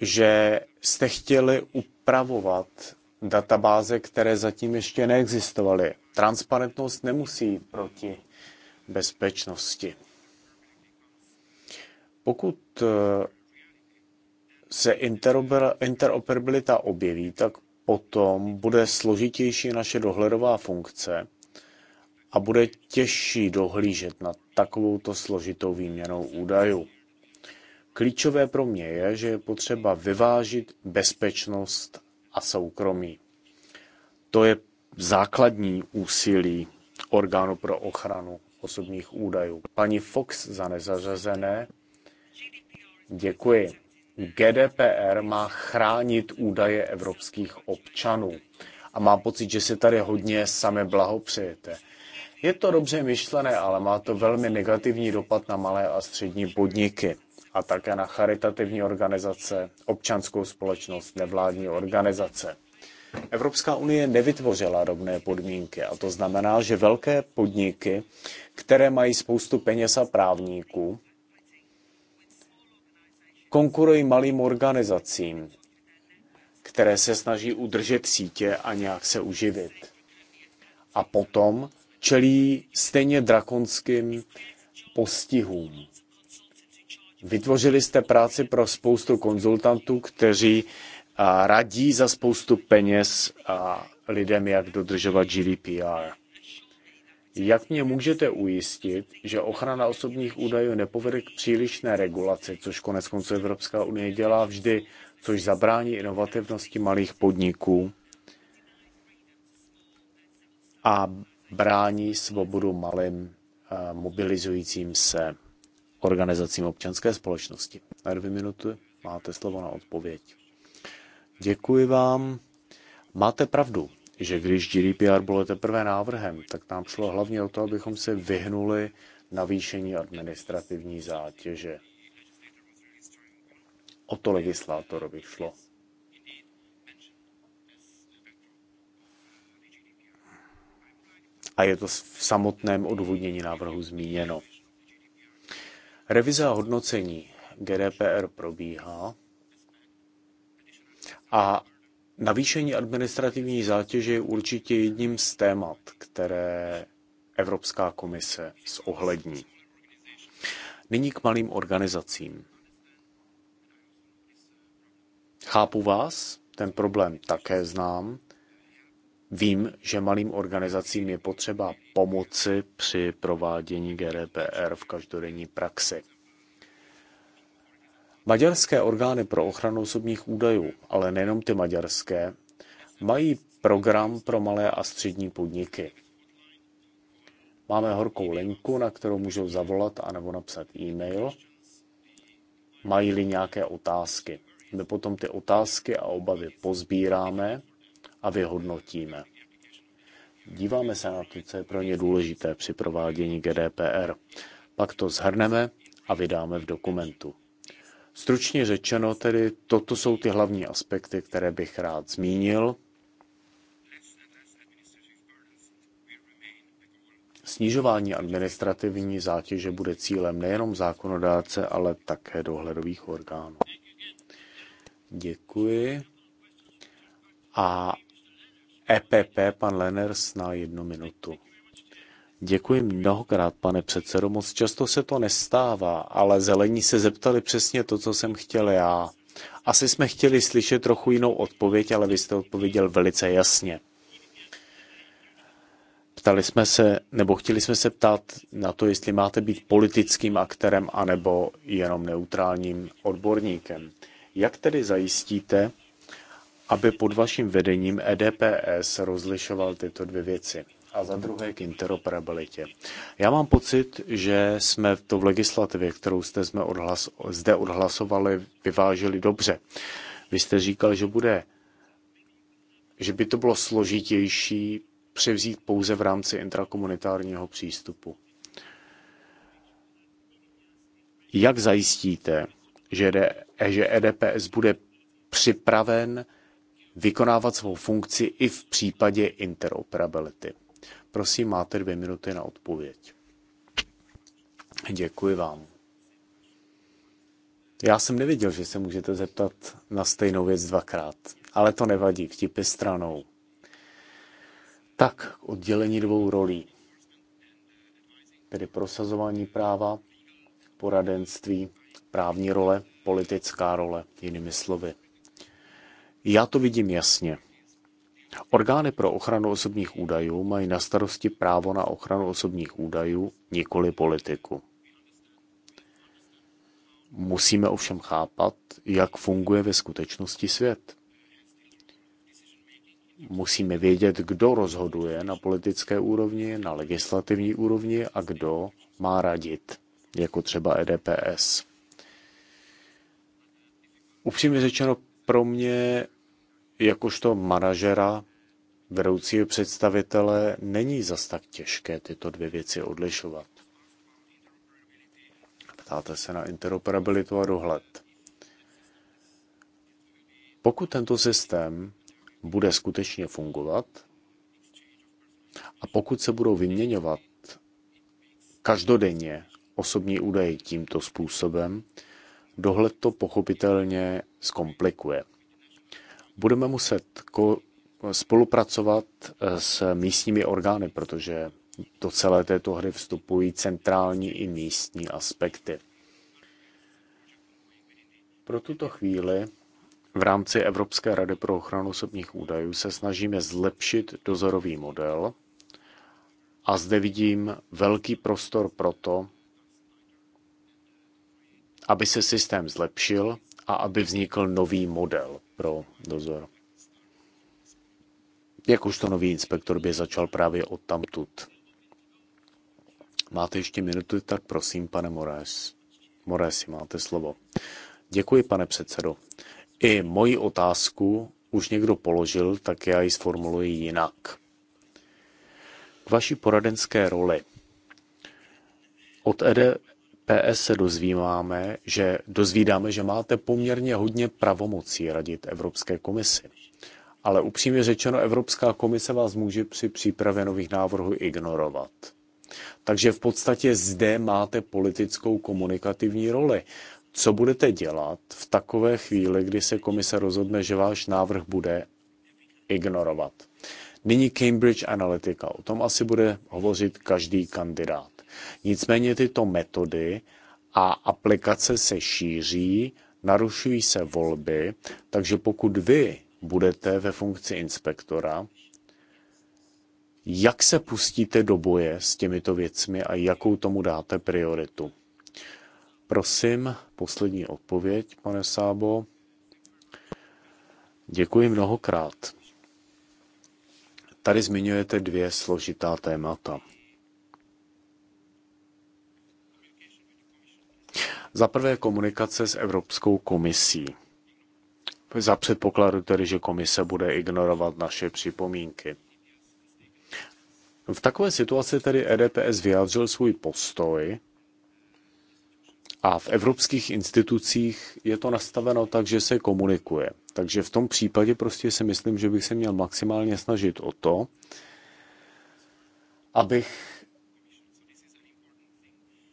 že jste chtěli upravovat databáze, které zatím ještě neexistovaly. Transparentnost nemusí jít proti bezpečnosti. Pokud eh, se interoperabilita objeví, tak potom bude složitější naše dohledová funkce a bude těžší dohlížet na takovouto složitou výměnou údajů. Klíčové pro mě je, že je potřeba vyvážit bezpečnost a soukromí. To je základní úsilí orgánu pro ochranu osobních údajů. Paní Fox za nezařazené. Děkuji. GDPR má chránit údaje evropských občanů. A mám pocit, že si tady hodně sami blahopřejete. Je to dobře myšlené, ale má to velmi negativní dopad na malé a střední podniky a také na charitativní organizace, občanskou společnost, nevládní organizace. Evropská unie nevytvořila rovné podmínky a to znamená, že velké podniky, které mají spoustu peněz a právníků, konkurují malým organizacím, které se snaží udržet sítě a nějak se uživit. A potom čelí stejně drakonským postihům. Vytvořili jste práci pro spoustu konzultantů, kteří radí za spoustu peněz a lidem, jak dodržovat GDPR. Jak mě můžete ujistit, že ochrana osobních údajů nepovede k přílišné regulaci, což konec konců Evropská unie dělá vždy, což zabrání inovativnosti malých podniků a brání svobodu malým eh, mobilizujícím se organizacím občanské společnosti. Na dvě minuty máte slovo na odpověď. Děkuji vám. Máte pravdu, že když GDPR bylo teprve návrhem, tak nám šlo hlavně o to, abychom se vyhnuli navýšení administrativní zátěže. O to legislátorovi šlo. a je to v samotném odůvodnění návrhu zmíněno. Revize a hodnocení GDPR probíhá a navýšení administrativní zátěže je určitě jedním z témat, které Evropská komise zohlední. Nyní k malým organizacím. Chápu vás, ten problém také znám. Vím, že malým organizacím je potřeba pomoci při provádění GDPR v každodenní praxi. Maďarské orgány pro ochranu osobních údajů, ale nejenom ty maďarské, mají program pro malé a střední podniky. Máme horkou linku, na kterou můžou zavolat anebo napsat e-mail. Mají-li nějaké otázky. My potom ty otázky a obavy pozbíráme a vyhodnotíme. Díváme se na to, co je pro ně důležité při provádění GDPR. Pak to zhrneme a vydáme v dokumentu. Stručně řečeno, tedy toto jsou ty hlavní aspekty, které bych rád zmínil. Snižování administrativní zátěže bude cílem nejenom zákonodáce, ale také dohledových orgánů. Děkuji. A EPP, pan Lenners na jednu minutu. Děkuji mnohokrát, pane předsedo. Moc často se to nestává, ale zelení se zeptali přesně to, co jsem chtěl já. Asi jsme chtěli slyšet trochu jinou odpověď, ale vy jste odpověděl velice jasně. Ptali jsme se, nebo chtěli jsme se ptát na to, jestli máte být politickým aktérem anebo jenom neutrálním odborníkem. Jak tedy zajistíte, aby pod vaším vedením EDPS rozlišoval tyto dvě věci. A za druhé k interoperabilitě. Já mám pocit, že jsme to v legislativě, kterou jste jsme odhlas, zde odhlasovali, vyváželi dobře. Vy jste říkal, že bude, že by to bylo složitější převzít pouze v rámci intrakomunitárního přístupu. Jak zajistíte, že, že EDPS bude připraven vykonávat svou funkci i v případě interoperability? Prosím, máte dvě minuty na odpověď. Děkuji vám. Já jsem nevěděl, že se můžete zeptat na stejnou věc dvakrát, ale to nevadí, vtipy stranou. Tak, k oddělení dvou rolí, tedy prosazování práva, poradenství, právní role, politická role, jinými slovy. Já to vidím jasně. Orgány pro ochranu osobních údajů mají na starosti právo na ochranu osobních údajů, nikoli politiku. Musíme ovšem chápat, jak funguje ve skutečnosti svět. Musíme vědět, kdo rozhoduje na politické úrovni, na legislativní úrovni a kdo má radit, jako třeba EDPS. Upřímně řečeno, pro mě jakožto manažera, vedoucího představitele, není zas tak těžké tyto dvě věci odlišovat. Ptáte se na interoperabilitu a dohled. Pokud tento systém bude skutečně fungovat a pokud se budou vyměňovat každodenně osobní údaje tímto způsobem, dohled to pochopitelně zkomplikuje. Budeme muset spolupracovat eh, s místními orgány, protože do celé této hry vstupují centrální i místní aspekty. Pro tuto chvíli v rámci Evropské rady pro ochranu osobních údajů se snažíme zlepšit dozorový model a zde vidím velký prostor pro to, aby se systém zlepšil a aby vznikl nový model pro dozor. Jak už to nový inspektor by začal právě od tamtud. Máte ještě minutu, tak prosím, pane Moraes. Moraes, máte slovo. Děkuji, pane předsedo. I moji otázku už někdo položil, tak já ji sformuluji jinak. K vaší poradenské roli. Od ED, PS se dozvíváme, že, dozvídáme, že máte poměrně hodně pravomocí radit Evropské komisi. Ale upřímně řečeno, Evropská komise vás může při přípravě nových návrhů ignorovat. Takže v podstatě zde máte politickou komunikativní roli. Co budete dělat v takové chvíli, kdy se komise rozhodne, že váš návrh bude ignorovat? Nyní Cambridge Analytica. O tom asi bude hovořit každý kandidát. Nicméně tyto metody a aplikace se šíří, narušují se volby, takže pokud vy budete ve funkci inspektora, jak se pustíte do boje s těmito věcmi a jakou tomu dáte prioritu? Prosím, poslední odpověď, pane Sábo. Děkuji mnohokrát. Tady zmiňujete dvě složitá témata. Za prvé komunikace s Evropskou komisí. Za předpokladu tedy, že komise bude ignorovat naše připomínky. V takové situaci tedy EDPS vyjádřil svůj postoj a v evropských institucích je to nastaveno tak, že se komunikuje. Takže v tom případě prostě si myslím, že bych se měl maximálně snažit o to, abych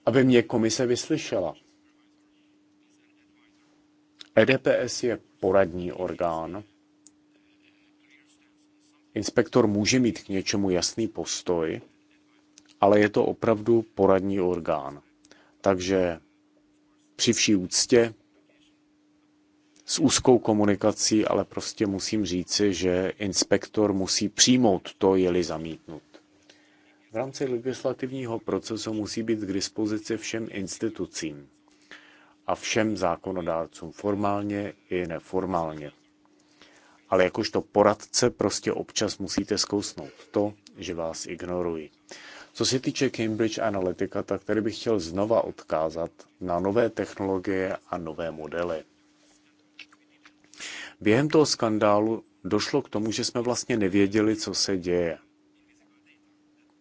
aby mě komise vyslyšela. EDPS je poradní orgán. Inspektor může mít k něčemu jasný postoj, ale je to opravdu poradní orgán. Takže při vší úctě s úzkou komunikací, ale prostě musím říci, že inspektor musí přijmout to, je-li zamítnut. V rámci legislativního procesu musí být k dispozici všem institucím a všem zákonodárcům formálně i neformálně. Ale jakožto poradce prostě občas musíte zkousnout to, že vás ignorují. Co se týče Cambridge Analytica, tak tady bych chtěl znova odkázat na nové technologie a nové modely. Během toho skandálu došlo k tomu, že jsme vlastně nevěděli, co se děje.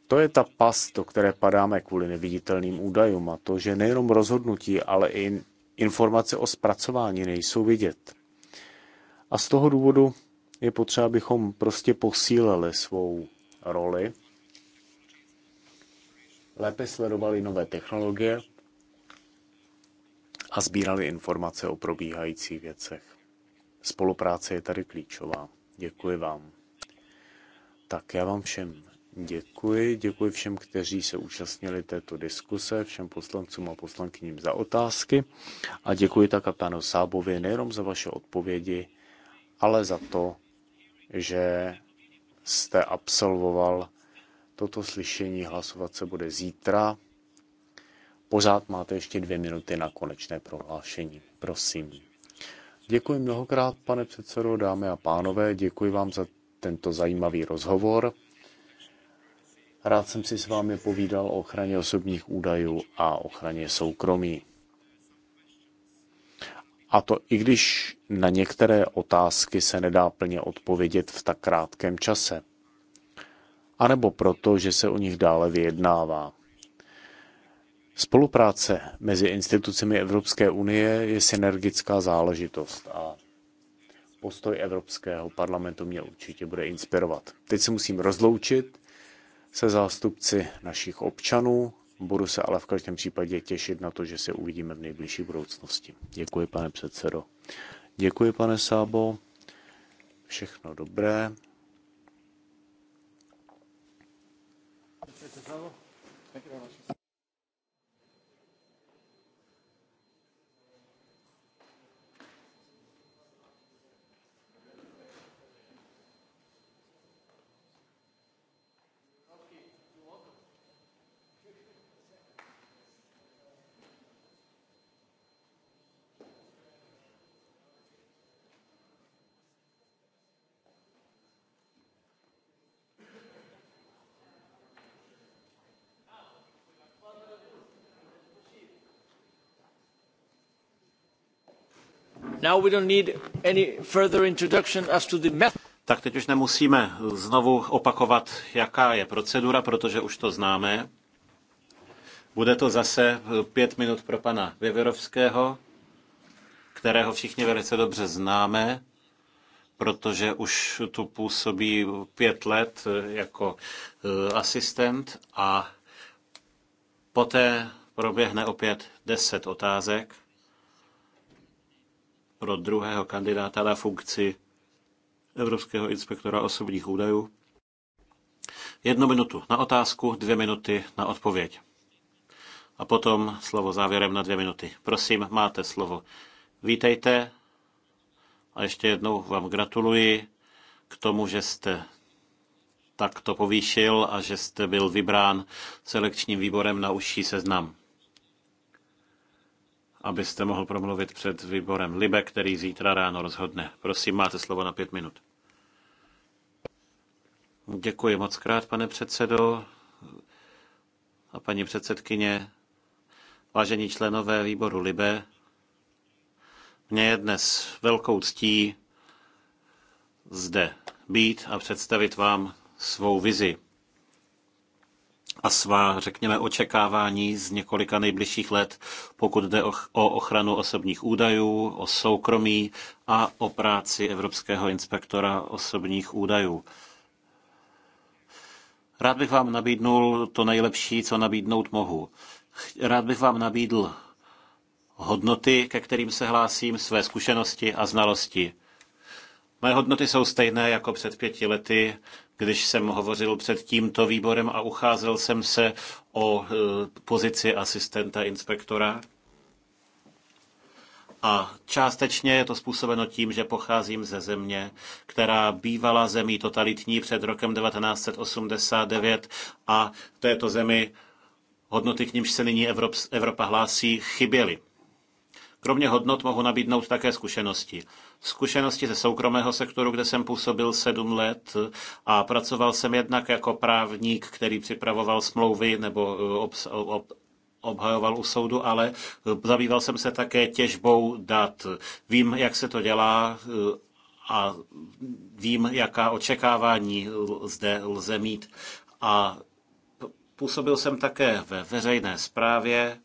To je ta past, do které padáme kvůli neviditelným údajům a to, že nejenom rozhodnutí, ale i informace o zpracování nejsou vidět. A z toho důvodu je potřeba, abychom prostě posílili svou roli, lépe sledovali nové technologie a sbírali informace o probíhajících věcech. Spolupráce je tady klíčová. Děkuji vám. Tak já vám všem Děkuji, děkuji všem, kteří se účastnili této diskuse, všem poslancům a poslankyním za otázky a děkuji také panu Sábovi nejenom za vaše odpovědi, ale za to, že jste absolvoval toto slyšení. Hlasovat se bude zítra. Pořád máte ještě dvě minuty na konečné prohlášení. Prosím. Děkuji mnohokrát, pane předsedo, dámy a pánové, děkuji vám za tento zajímavý rozhovor. Rád jsem si s vámi povídal o ochraně osobních údajů a ochraně soukromí. A to i když na některé otázky se nedá plně odpovědět v tak krátkém čase. A nebo proto, že se o nich dále vyjednává. Spolupráce mezi institucemi Evropské unie je synergická záležitost a postoj Evropského parlamentu mě určitě bude inspirovat. Teď se musím rozloučit se zástupci našich občanů. Budu se ale v každém případě těšit na to, že se uvidíme v nejbližší budoucnosti. Děkuji, pane předsedo. Děkuji, pane Sábo. Všechno dobré. Tak teď už nemusíme znovu opakovat, jaká je procedura, protože už to známe. Bude to zase pět minut pro pana Věverovského, kterého všichni velice dobře známe, protože už tu působí pět let jako eh, asistent a poté proběhne opět deset otázek pro druhého kandidáta na funkci Evropského inspektora osobních údajů. Jednu minutu na otázku, dvě minuty na odpověď. A potom slovo závěrem na dvě minuty. Prosím, máte slovo. Vítejte a ještě jednou vám gratuluji k tomu, že jste takto povýšil a že jste byl vybrán selekčním výborem na užší seznam abyste mohl promluvit před výborem Libe, který zítra ráno rozhodne. Prosím, máte slovo na pět minut. Děkuji moc krát, pane předsedo a paní předsedkyně, vážení členové výboru Libe. mě je dnes velkou ctí zde být a představit vám svou vizi a svá, řekněme, očekávání z několika nejbližších let, pokud jde o ochranu osobních údajů, o soukromí a o práci Evropského inspektora osobních údajů. Rád bych vám nabídnul to nejlepší, co nabídnout mohu. Rád bych vám nabídl hodnoty, ke kterým se hlásím, své zkušenosti a znalosti. Moje hodnoty jsou stejné jako před pěti lety když jsem hovořil před tímto výborem a ucházel jsem se o e, pozici asistenta inspektora. A částečně je to způsobeno tím, že pocházím ze země, která bývala zemí totalitní před rokem 1989 a této zemi hodnoty, k nímž se nyní Evropa hlásí, chyběly. Kromě hodnot mohu nabídnout také zkušenosti zkušenosti ze soukromého sektoru, kde jsem působil sedm let a pracoval jsem jednak jako právník, který připravoval smlouvy nebo eh, ob, ob obhajoval u soudu, ale eh, zabýval jsem se také těžbou dat. Vím, jak se to dělá eh, a vím, jaká očekávání zde lze mít. A působil jsem také ve veřejné správě,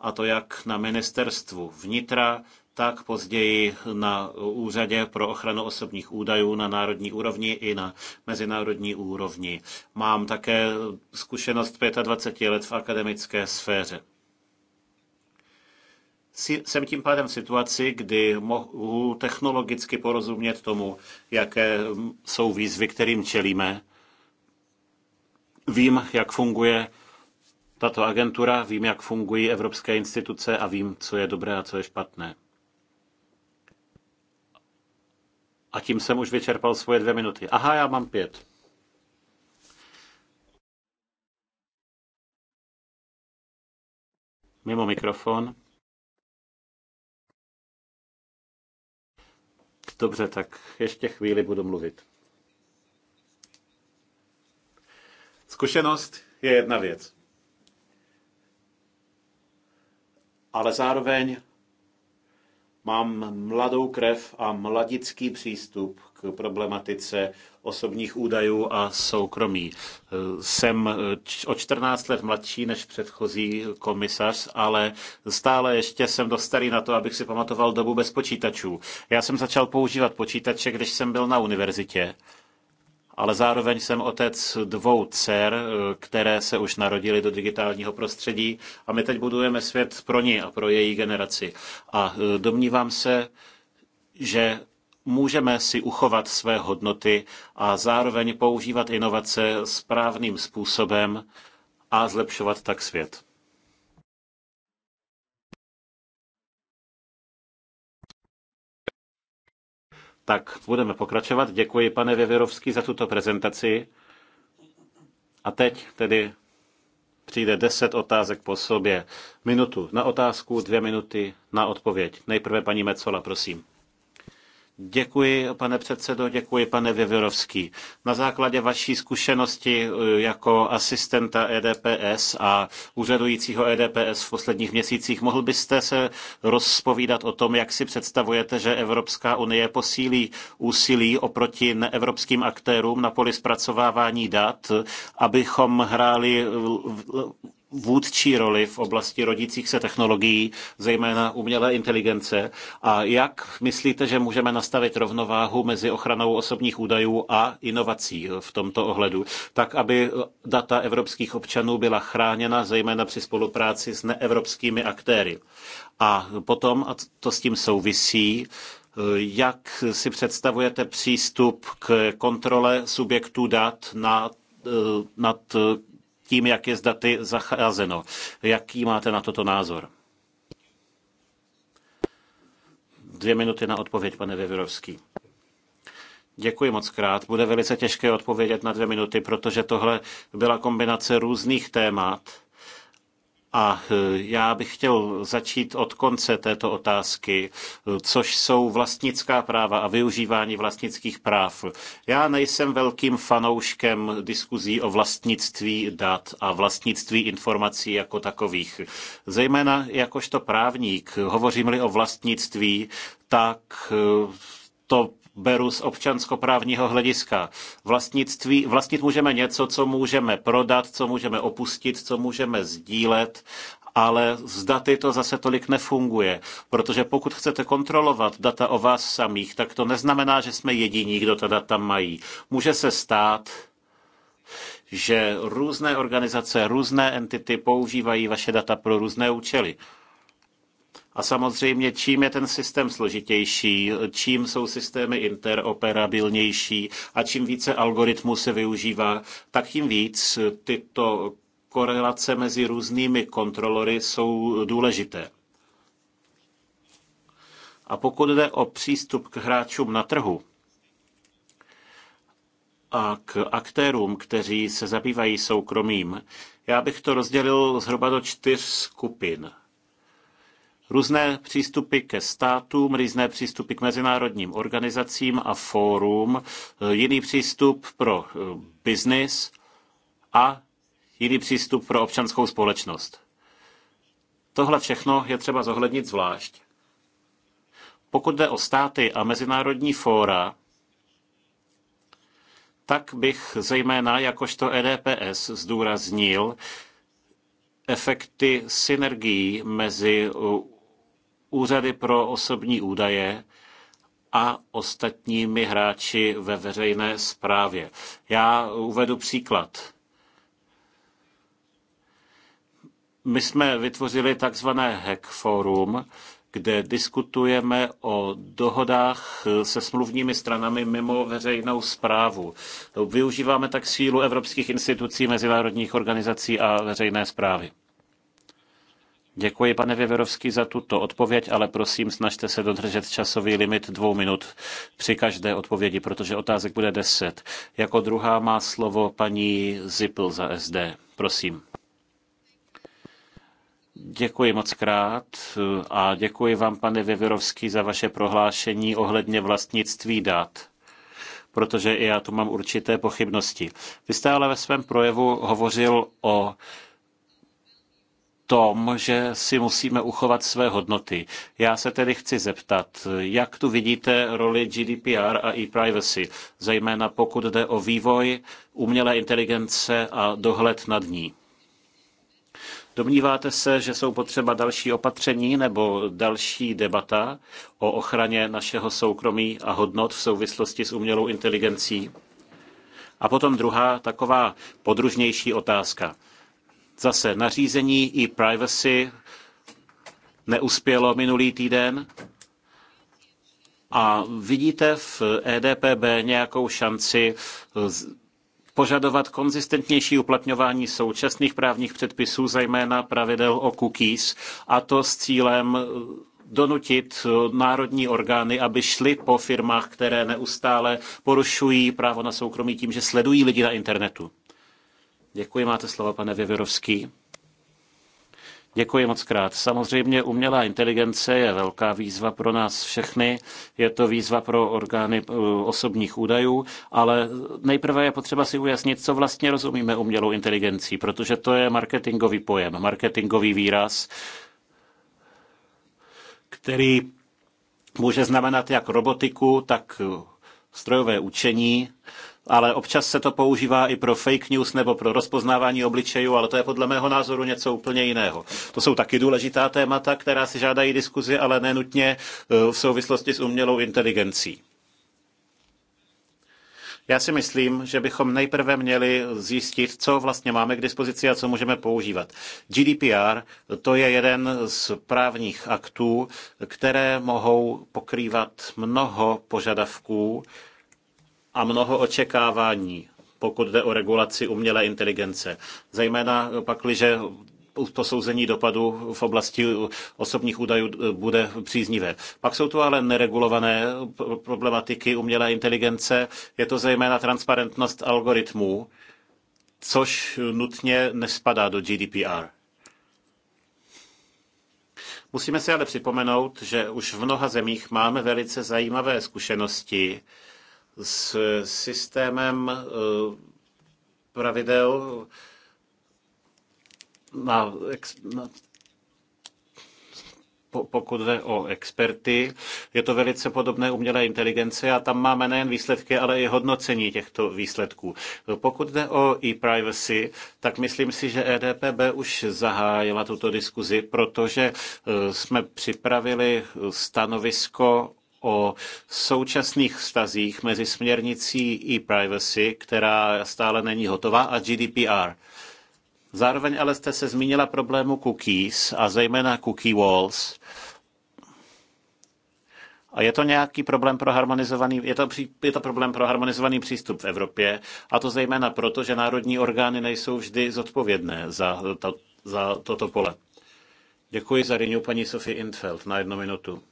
a to jak na ministerstvu vnitra, tak později na Úřadě pro ochranu osobních údajů na národní úrovni i na mezinárodní úrovni. Mám také zkušenost 25 let v akademické sféře. Jsem tím pádem v situaci, kdy mohu technologicky porozumět tomu, jaké jsou výzvy, kterým čelíme. Vím, jak funguje tato agentura, vím, jak fungují evropské instituce a vím, co je dobré a co je špatné. A tím jsem už vyčerpal svoje dvě minuty. Aha, já mám pět. Mimo mikrofon. Dobře, tak ještě chvíli budu mluvit. Zkušenost je jedna věc. Ale zároveň Mám mladou krev a mladický přístup k problematice osobních údajů a soukromí. Jsem eh, o 14 let mladší než předchozí komisař, ale stále ještě jsem dost starý na to, abych si pamatoval dobu bez počítačů. Já jsem začal používat počítače, když jsem byl na univerzitě ale zároveň jsem otec dvou dcer, eh, které se už narodily do digitálního prostředí a my teď budujeme svět pro ní a pro její generaci. A eh, domnívám se, že můžeme si uchovat své hodnoty a zároveň používat inovace správným způsobem a zlepšovat tak svět. Tak budeme pokračovat. Děkuji, pane Věvěrovský, za tuto prezentaci. A teď tedy přijde deset otázek po sobě. Minutu na otázku, dvě minuty na odpověď. Nejprve paní Mecola, prosím. Děkuji, pane předsedo, děkuji, pane Věvěrovský. Na základě vaší zkušenosti e, jako asistenta EDPS a úřadujícího EDPS v posledních měsících, mohl byste se rozpovídat o tom, jak si představujete, že Evropská unie posílí úsilí oproti neevropským aktérům na poli zpracovávání dat, abychom hráli vůdčí roli v oblasti rodících se technologií, zejména umělé inteligence. A jak myslíte, že můžeme nastavit rovnováhu mezi ochranou osobních údajů a inovací v tomto ohledu, tak aby data evropských občanů byla chráněna, zejména při spolupráci s neevropskými aktéry? A potom, a to s tím souvisí, jak si představujete přístup k kontrole subjektů dat na nad tím, jak je s daty zacházeno. Jaký máte na toto názor? Dvě minuty na odpověď, pane Věvirovský. Děkuji moc krát. Bude velice těžké odpovědět na dvě minuty, protože tohle byla kombinace různých témat a e, já bych chtěl začít od konce této otázky, e, což jsou vlastnická práva a využívání vlastnických práv. Já nejsem velkým fanouškem diskuzí o vlastnictví dat a vlastnictví informací jako takových. Zejména jakožto právník, hovořím-li o vlastnictví, tak e, to beru z občanskoprávního hlediska. Vlastnictví, vlastnit můžeme něco, co můžeme prodat, co můžeme opustit, co můžeme sdílet, ale z daty to zase tolik nefunguje, protože pokud chcete kontrolovat data o vás samých, tak to neznamená, že jsme jediní, kdo ta data mají. Může se stát, že různé organizace, různé entity používají vaše data pro různé účely. A samozřejmě, čím je ten systém složitější, čím jsou systémy interoperabilnější a čím více algoritmů se využívá, tak tím víc tyto korelace mezi různými kontrolory jsou důležité. A pokud jde o přístup k hráčům na trhu a k aktérům, kteří se zabývají soukromým, já bych to rozdělil zhruba do čtyř skupin – různé přístupy ke státům, různé přístupy k mezinárodním organizacím a fórum, eh, jiný přístup pro eh, biznis a jiný přístup pro občanskou společnost. Tohle všechno je třeba zohlednit zvlášť. Pokud jde o státy a mezinárodní fóra, tak bych zejména jakožto EDPS zdůraznil efekty synergií mezi úřady pro osobní údaje a ostatními hráči ve veřejné správě. Já uvedu příklad. My jsme vytvořili takzvané Hack Forum, kde diskutujeme o dohodách se smluvními stranami mimo veřejnou zprávu. Využíváme tak sílu evropských institucí, mezinárodních organizací a veřejné zprávy. Děkuji, pane Věverovský, za tuto odpověď, ale prosím, snažte se dodržet časový limit dvou minut při každé odpovědi, protože otázek bude deset. Jako druhá má slovo paní Zipl za SD. Prosím. Děkuji moc krát a děkuji vám, pane Věverovský, za vaše prohlášení ohledně vlastnictví dat protože i já tu mám určité pochybnosti. Vy jste ale ve svém projevu hovořil o tom, že si musíme uchovat své hodnoty. Já se tedy chci zeptat, jak tu vidíte roli GDPR a e-privacy, zejména pokud jde o vývoj umělé inteligence a dohled nad ní. Domníváte se, že jsou potřeba další opatření nebo další debata o ochraně našeho soukromí a hodnot v souvislosti s umělou inteligencí? A potom druhá taková podružnější otázka. Zase nařízení i privacy neuspělo minulý týden. A vidíte v EDPB nějakou šanci eh, požadovat konzistentnější uplatňování současných právních předpisů, zejména pravidel o cookies, a to s cílem eh, donutit eh, národní orgány, aby šly po firmách, které neustále porušují právo na soukromí tím, že sledují lidi na internetu. Děkuji, máte slovo, pane Věvěrovský. Děkuji moc krát. Samozřejmě umělá inteligence je velká výzva pro nás všechny. Je to výzva pro orgány eh, osobních údajů, ale nejprve je potřeba si ujasnit, co vlastně rozumíme umělou inteligencí, protože to je marketingový pojem, marketingový výraz, který může znamenat jak robotiku, tak strojové učení, ale občas se to používá i pro fake news nebo pro rozpoznávání obličejů, ale to je podle mého názoru něco úplně jiného. To jsou taky důležitá témata, která si žádají diskuzi, ale nenutně e, v souvislosti s umělou inteligencí. Já si myslím, že bychom nejprve měli zjistit, co vlastně máme k dispozici a co můžeme používat. GDPR to je jeden z právních aktů, které mohou pokrývat mnoho požadavků, a mnoho očekávání, pokud jde o regulaci umělé inteligence. Zejména pakliže posouzení dopadu v oblasti osobních údajů bude příznivé. Pak jsou tu ale neregulované problematiky umělé inteligence. Je to zejména transparentnost algoritmů, což nutně nespadá do GDPR. Musíme si ale připomenout, že už v mnoha zemích máme velice zajímavé zkušenosti s systémem eh, pravidel na, na pokud jde o experty. Je to velice podobné umělé inteligence a tam máme nejen výsledky, ale i hodnocení těchto výsledků. Pokud jde o e-privacy, tak myslím si, že EDPB už zahájila tuto diskuzi, protože eh, jsme připravili stanovisko o současných vztazích mezi směrnicí e-privacy, která stále není hotová, a GDPR. Zároveň ale jste se zmínila problému cookies a zejména cookie walls. A je to nějaký problém pro harmonizovaný, je to, je to problém pro harmonizovaný přístup v Evropě, a to zejména proto, že národní orgány nejsou vždy zodpovědné za, to, za toto pole. Děkuji za riňu paní Sofie Intfeld na jednu minutu.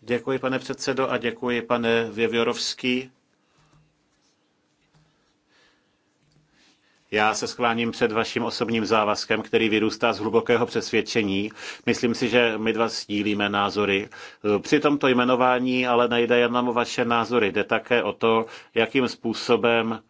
Děkuji, pane předsedo, a děkuji, pane Věvjorovský. Já se skláním před vaším osobním závazkem, který vyrůstá z hlubokého přesvědčení. Myslím si, že my dva sdílíme názory. Při tomto jmenování ale nejde jenom o vaše názory. Jde také o to, jakým způsobem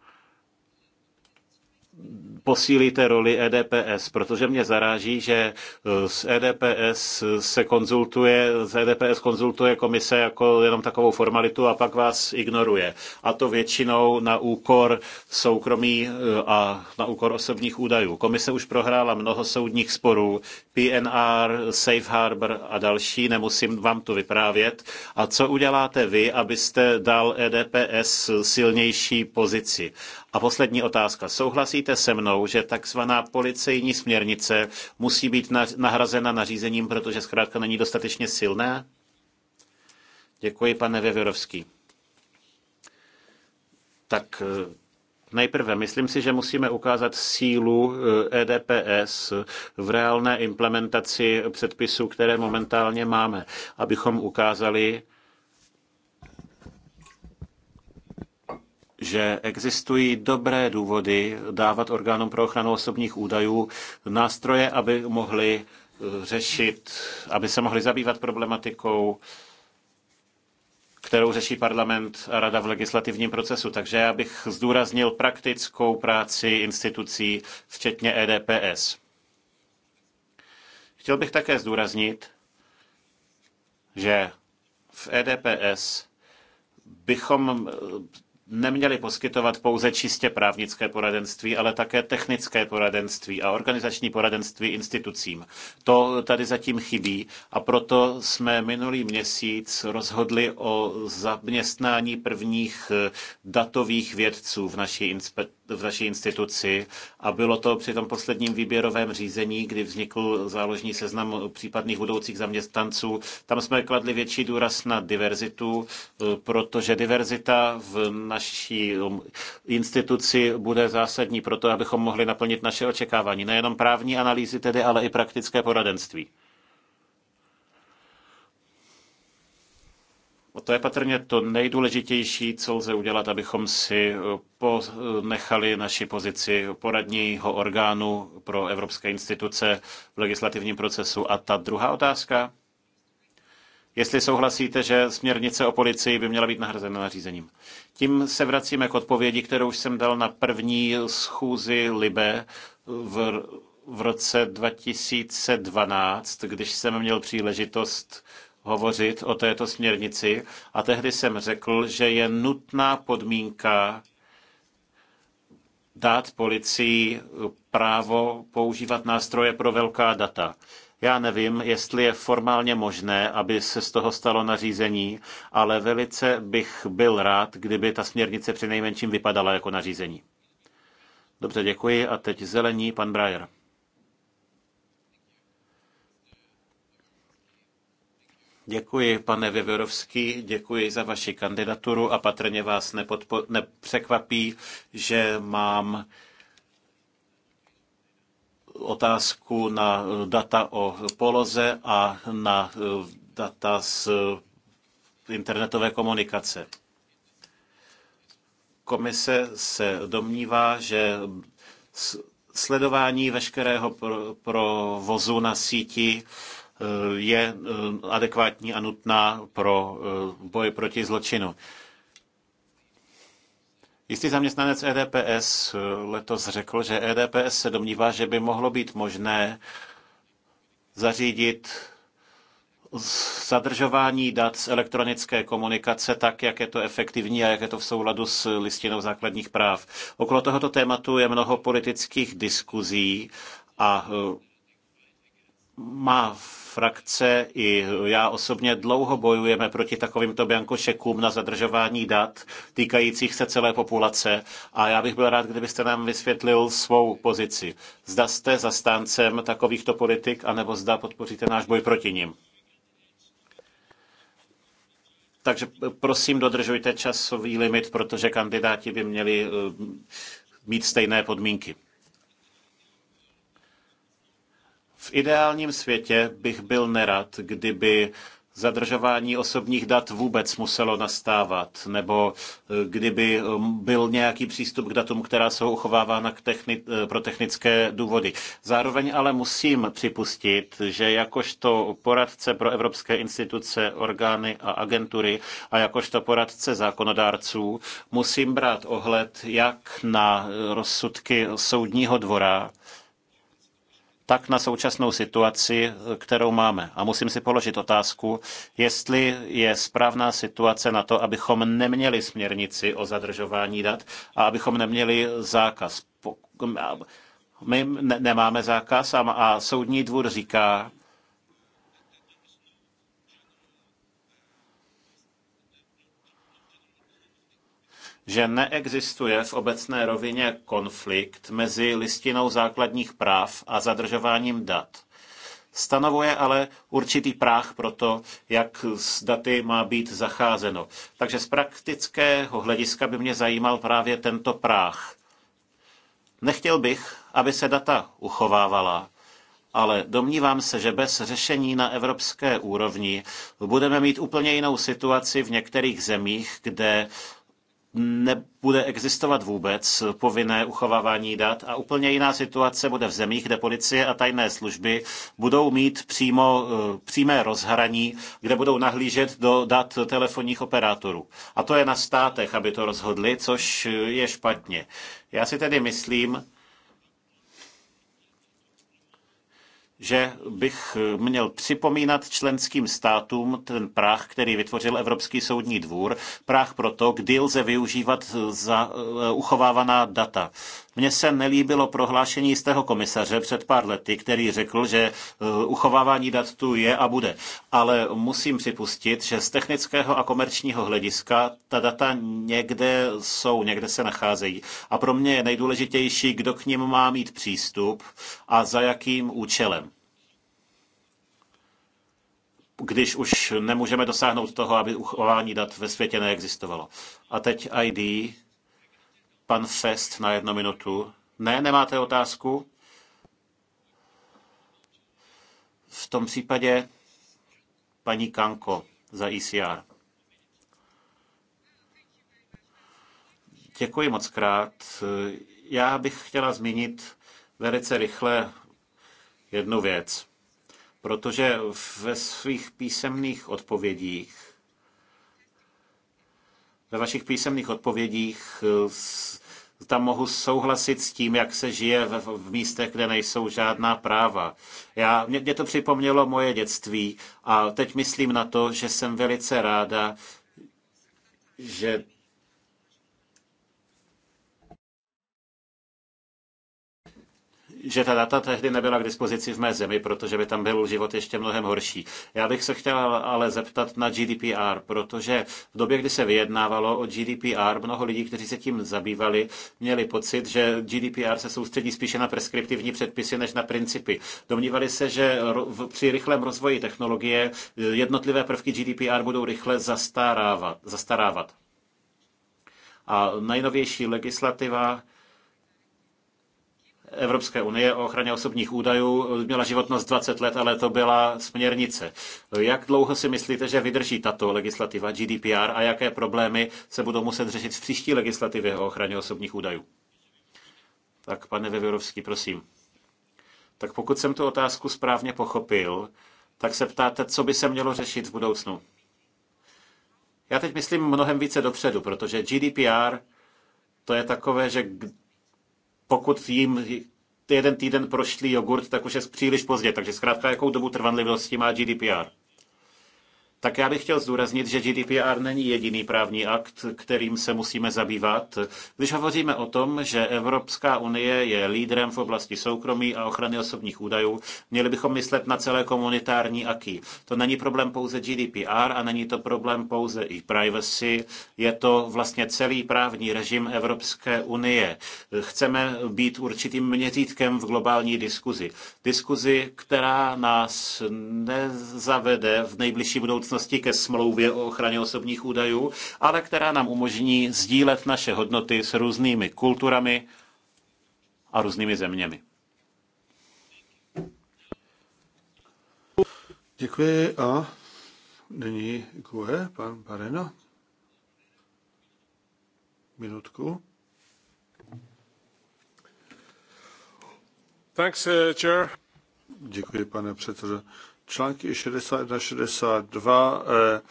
posílíte roli EDPS, protože mě zaráží, že eh, e s EDPS se konzultuje, z EDPS konzultuje komise jako jenom takovou formalitu a pak vás ignoruje. A to většinou na úkor soukromí eh, a na úkor osobních údajů. Komise už prohrála mnoho soudních sporů, PNR, Safe Harbor a další, nemusím vám to vyprávět. A co uděláte vy, abyste dal EDPS silnější pozici? A poslední otázka. Souhlasíte se mnou, že takzvaná policejní směrnice musí být nahrazena nařízením, protože zkrátka není dostatečně silná? Děkuji, pane Vevěrovský. Tak eh, Nejprve, myslím si, že musíme ukázat sílu EDPS eh, e v reálné implementaci předpisů, které momentálně máme, abychom ukázali, že existují dobré důvody dávat orgánům pro ochranu osobních údajů nástroje, aby mohli eh, řešit, aby se mohli zabývat problematikou, kterou řeší parlament a rada v legislativním procesu. Takže já bych zdůraznil praktickou práci institucí, včetně EDPS. Chtěl bych také zdůraznit, že v EDPS bychom neměli poskytovat pouze čistě právnické poradenství, ale také technické poradenství a organizační poradenství institucím. To tady zatím chybí a proto jsme minulý měsíc rozhodli o zaměstnání prvních eh, datových vědců v naší inspekci v naší instituci a bylo to při tom posledním výběrovém řízení, kdy vznikl záložní seznam případných budoucích zaměstnanců. Tam jsme kladli větší důraz na diverzitu, protože diverzita v naší um, instituci bude zásadní pro to, abychom mohli naplnit naše očekávání. Nejenom právní analýzy tedy, ale i praktické poradenství. To je patrně to nejdůležitější, co lze udělat, abychom si eh, ponechali naši pozici poradního orgánu pro evropské instituce v legislativním procesu. A ta druhá otázka, jestli souhlasíte, že směrnice o policii by měla být nahrazena nařízením. Tím se vracíme k odpovědi, kterou jsem dal na první schůzi Libe v, v roce 2012, když jsem měl příležitost hovořit o této směrnici a tehdy jsem řekl, že je nutná podmínka dát policii právo používat nástroje pro velká data. Já nevím, jestli je formálně možné, aby se z toho stalo nařízení, ale velice bych byl rád, kdyby ta směrnice při nejmenším vypadala jako nařízení. Dobře, děkuji. A teď zelení, pan Brajer. Děkuji, pane Vyvorovský, děkuji za vaši kandidaturu a patrně vás nepodpo- nepřekvapí, že mám otázku na data o poloze a na eh, data z internetové komunikace. Komise se domnívá, že sledování veškerého provozu na síti Eh, je eh, adekvátní a nutná pro eh, boj proti zločinu. Jistý zaměstnanec EDPS letos řekl, že EDPS se domnívá, že by mohlo být možné zařídit zadržování dat z elektronické komunikace tak, jak je to efektivní a jak je to v souladu s listinou základních práv. Okolo tohoto tématu je mnoho politických diskuzí a má frakce i já osobně dlouho bojujeme proti takovýmto biankošekům na zadržování dat týkajících se celé populace a já bych byl rád, kdybyste nám vysvětlil svou pozici. Zda jste zastáncem takovýchto politik, anebo zda podpoříte náš boj proti nim. Takže prosím, dodržujte časový limit, protože kandidáti by měli eh, mít stejné podmínky. V ideálním světě bych byl nerad, kdyby zadržování osobních dat vůbec muselo nastávat, nebo eh, kdyby eh, byl nějaký přístup k datům, která jsou uchovávána techni- eh, pro technické důvody. Zároveň ale musím připustit, že jakožto poradce pro evropské instituce, orgány a agentury a jakožto poradce zákonodárců musím brát ohled jak na rozsudky soudního dvora, tak na současnou situaci, kterou máme. A musím si položit otázku, jestli je správná situace na to, abychom neměli směrnici o zadržování dat a abychom neměli zákaz. My nemáme zákaz a, soudní dvůr říká, že neexistuje v obecné rovině konflikt mezi listinou základních práv a zadržováním dat. Stanovuje ale určitý práh pro to, jak s daty má být zacházeno. Takže z praktického hlediska by mě zajímal právě tento práh. Nechtěl bych, aby se data uchovávala, ale domnívám se, že bez řešení na evropské úrovni budeme mít úplně jinou situaci v některých zemích, kde nebude existovat vůbec povinné uchovávání dat a úplně jiná situace bude v zemích, kde policie a tajné služby budou mít přímo, eh, přímé rozhraní, kde budou nahlížet do dat telefonních operátorů. A to je na státech, aby to rozhodli, což je špatně. Já si tedy myslím, že bych eh, měl připomínat členským státům ten práh, který vytvořil Evropský soudní dvůr, práh pro to, kdy lze využívat za eh, uchovávaná data. Mně se nelíbilo prohlášení z tého komisaře před pár lety, který řekl, že e, uchovávání dat tu je a bude. Ale musím připustit, že z technického a komerčního hlediska ta data někde jsou, někde se nacházejí. A pro mě je nejdůležitější, kdo k ním má mít přístup a za jakým účelem když už nemůžeme dosáhnout toho, aby uchování dat ve světě neexistovalo. A teď ID. Pan Fest na jednu minutu. Ne, nemáte otázku? V tom případě paní Kanko za ICR. E Děkuji moc krát. Já bych chtěla zmínit velice rychle jednu věc, protože ve svých písemných odpovědích ve vašich písemných odpovědích eh, tam mohu souhlasit s tím, jak se žije v, v místech, kde nejsou žádná práva. Já, mě, mě to připomnělo moje dětství a teď myslím na to, že jsem velice ráda, že že ta data tehdy nebyla k dispozici v mé zemi, protože by tam byl život ještě mnohem horší. Já bych se chtěl ale zeptat na GDPR, protože v době, kdy se vyjednávalo o GDPR, mnoho lidí, kteří se tím zabývali, měli pocit, že GDPR se soustředí spíše na preskriptivní předpisy než na principy. Domnívali se, že při rychlém rozvoji technologie eh, jednotlivé prvky GDPR budou rychle zastarávat. zastarávat. A nejnovější legislativa Evropské unie o ochraně osobních údajů měla životnost 20 let, ale to byla směrnice. Jak dlouho si myslíte, že vydrží tato legislativa GDPR a jaké problémy se budou muset řešit v příští legislativě o ochraně osobních údajů? Tak pane Vevěrovský, prosím. Tak pokud jsem tu otázku správně pochopil, tak se ptáte, co by se mělo řešit v budoucnu. Já teď myslím mnohem více dopředu, protože GDPR to je takové, že pokud jim jeden týden prošlý jogurt, tak už je příliš pozdě. Takže zkrátka, jakou dobu trvanlivosti má GDPR? Tak já bych chtěl zdůraznit, že GDPR není jediný právní akt, kterým se musíme zabývat. Když hovoříme o tom, že Evropská unie je lídrem v oblasti soukromí a ochrany osobních údajů, měli bychom myslet na celé komunitární aky. To není problém pouze GDPR a není to problém pouze i privacy, je to vlastně celý právní režim Evropské unie. Chceme být určitým měřítkem v globální diskuzi. Diskuzi, která nás nezavede v nejbližší budoucnosti budoucnosti ke smlouvě o ochraně osobních údajů, ale která nám umožní sdílet naše hodnoty s různými kulturami a různými zeměmi. Děkuji a nyní Gue, pan Barena. Minutku. Thanks, uh, chair. Děkuji, pane předsedo články 61 62 eh,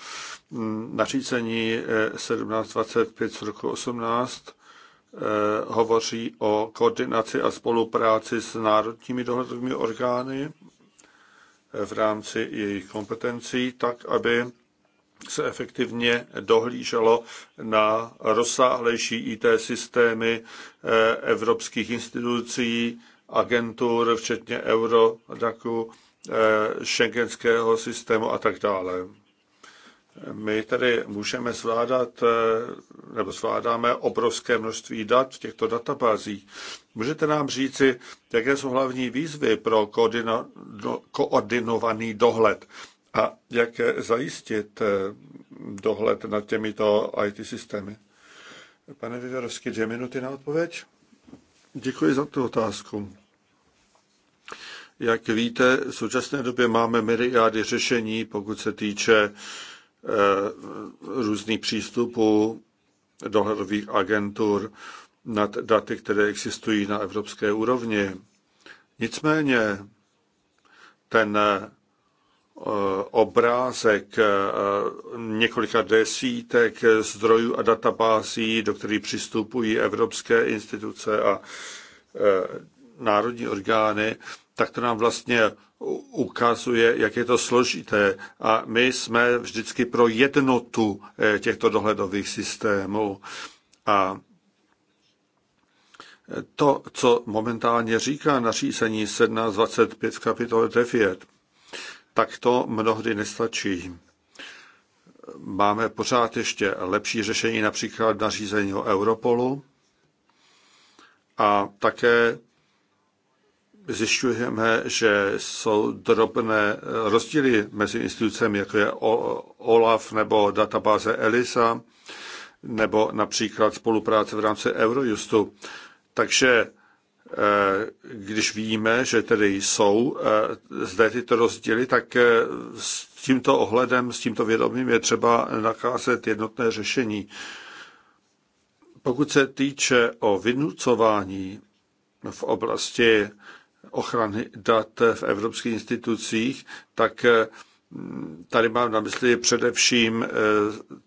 nařízení 1725 eh, z roku 18 eh, hovoří o koordinaci a spolupráci s národními dohledovými orgány v rámci jejich kompetencí, tak aby se efektivně dohlíželo na rozsáhlejší IT systémy evropských institucí, agentur, včetně Eurodacu Eh, šengenského systému a tak dále. My tady můžeme zvládat, eh, nebo zvládáme obrovské množství dat v těchto databázích. Můžete nám říci, jaké jsou hlavní výzvy pro koordino, koordinovaný dohled a jak zajistit eh, dohled nad těmito IT systémy? Pane Vyverovský, dvě minuty na odpověď. Děkuji za tu otázku. Jak víte, v současné době máme miliardy řešení, pokud se týče eh, různých přístupů dohledových agentur nad daty, které existují na evropské úrovni. Nicméně ten eh, obrázek eh, několika desítek zdrojů a databází, do kterých přistupují evropské instituce a národní orgány, tak to nám vlastně ukazuje, jak je to složité. A my jsme vždycky pro jednotu eh, těchto dohledových systémů. A eh, to, co momentálně říká nařízení 1725 v kapitole 9, tak to mnohdy nestačí. Máme pořád ještě lepší řešení, například nařízení o Europolu a také zjišťujeme, že jsou drobné rozdíly mezi institucemi, jako je OLAF nebo databáze ELISA, nebo například spolupráce v rámci Eurojustu. Takže eh, když víme, že tedy jsou eh, zde tyto rozdíly, tak eh, s tímto ohledem, s tímto vědomím je třeba nacházet jednotné řešení. Pokud se týče o vynucování v oblasti ochrany dat v evropských institucích, tak eh, tady mám na mysli především eh,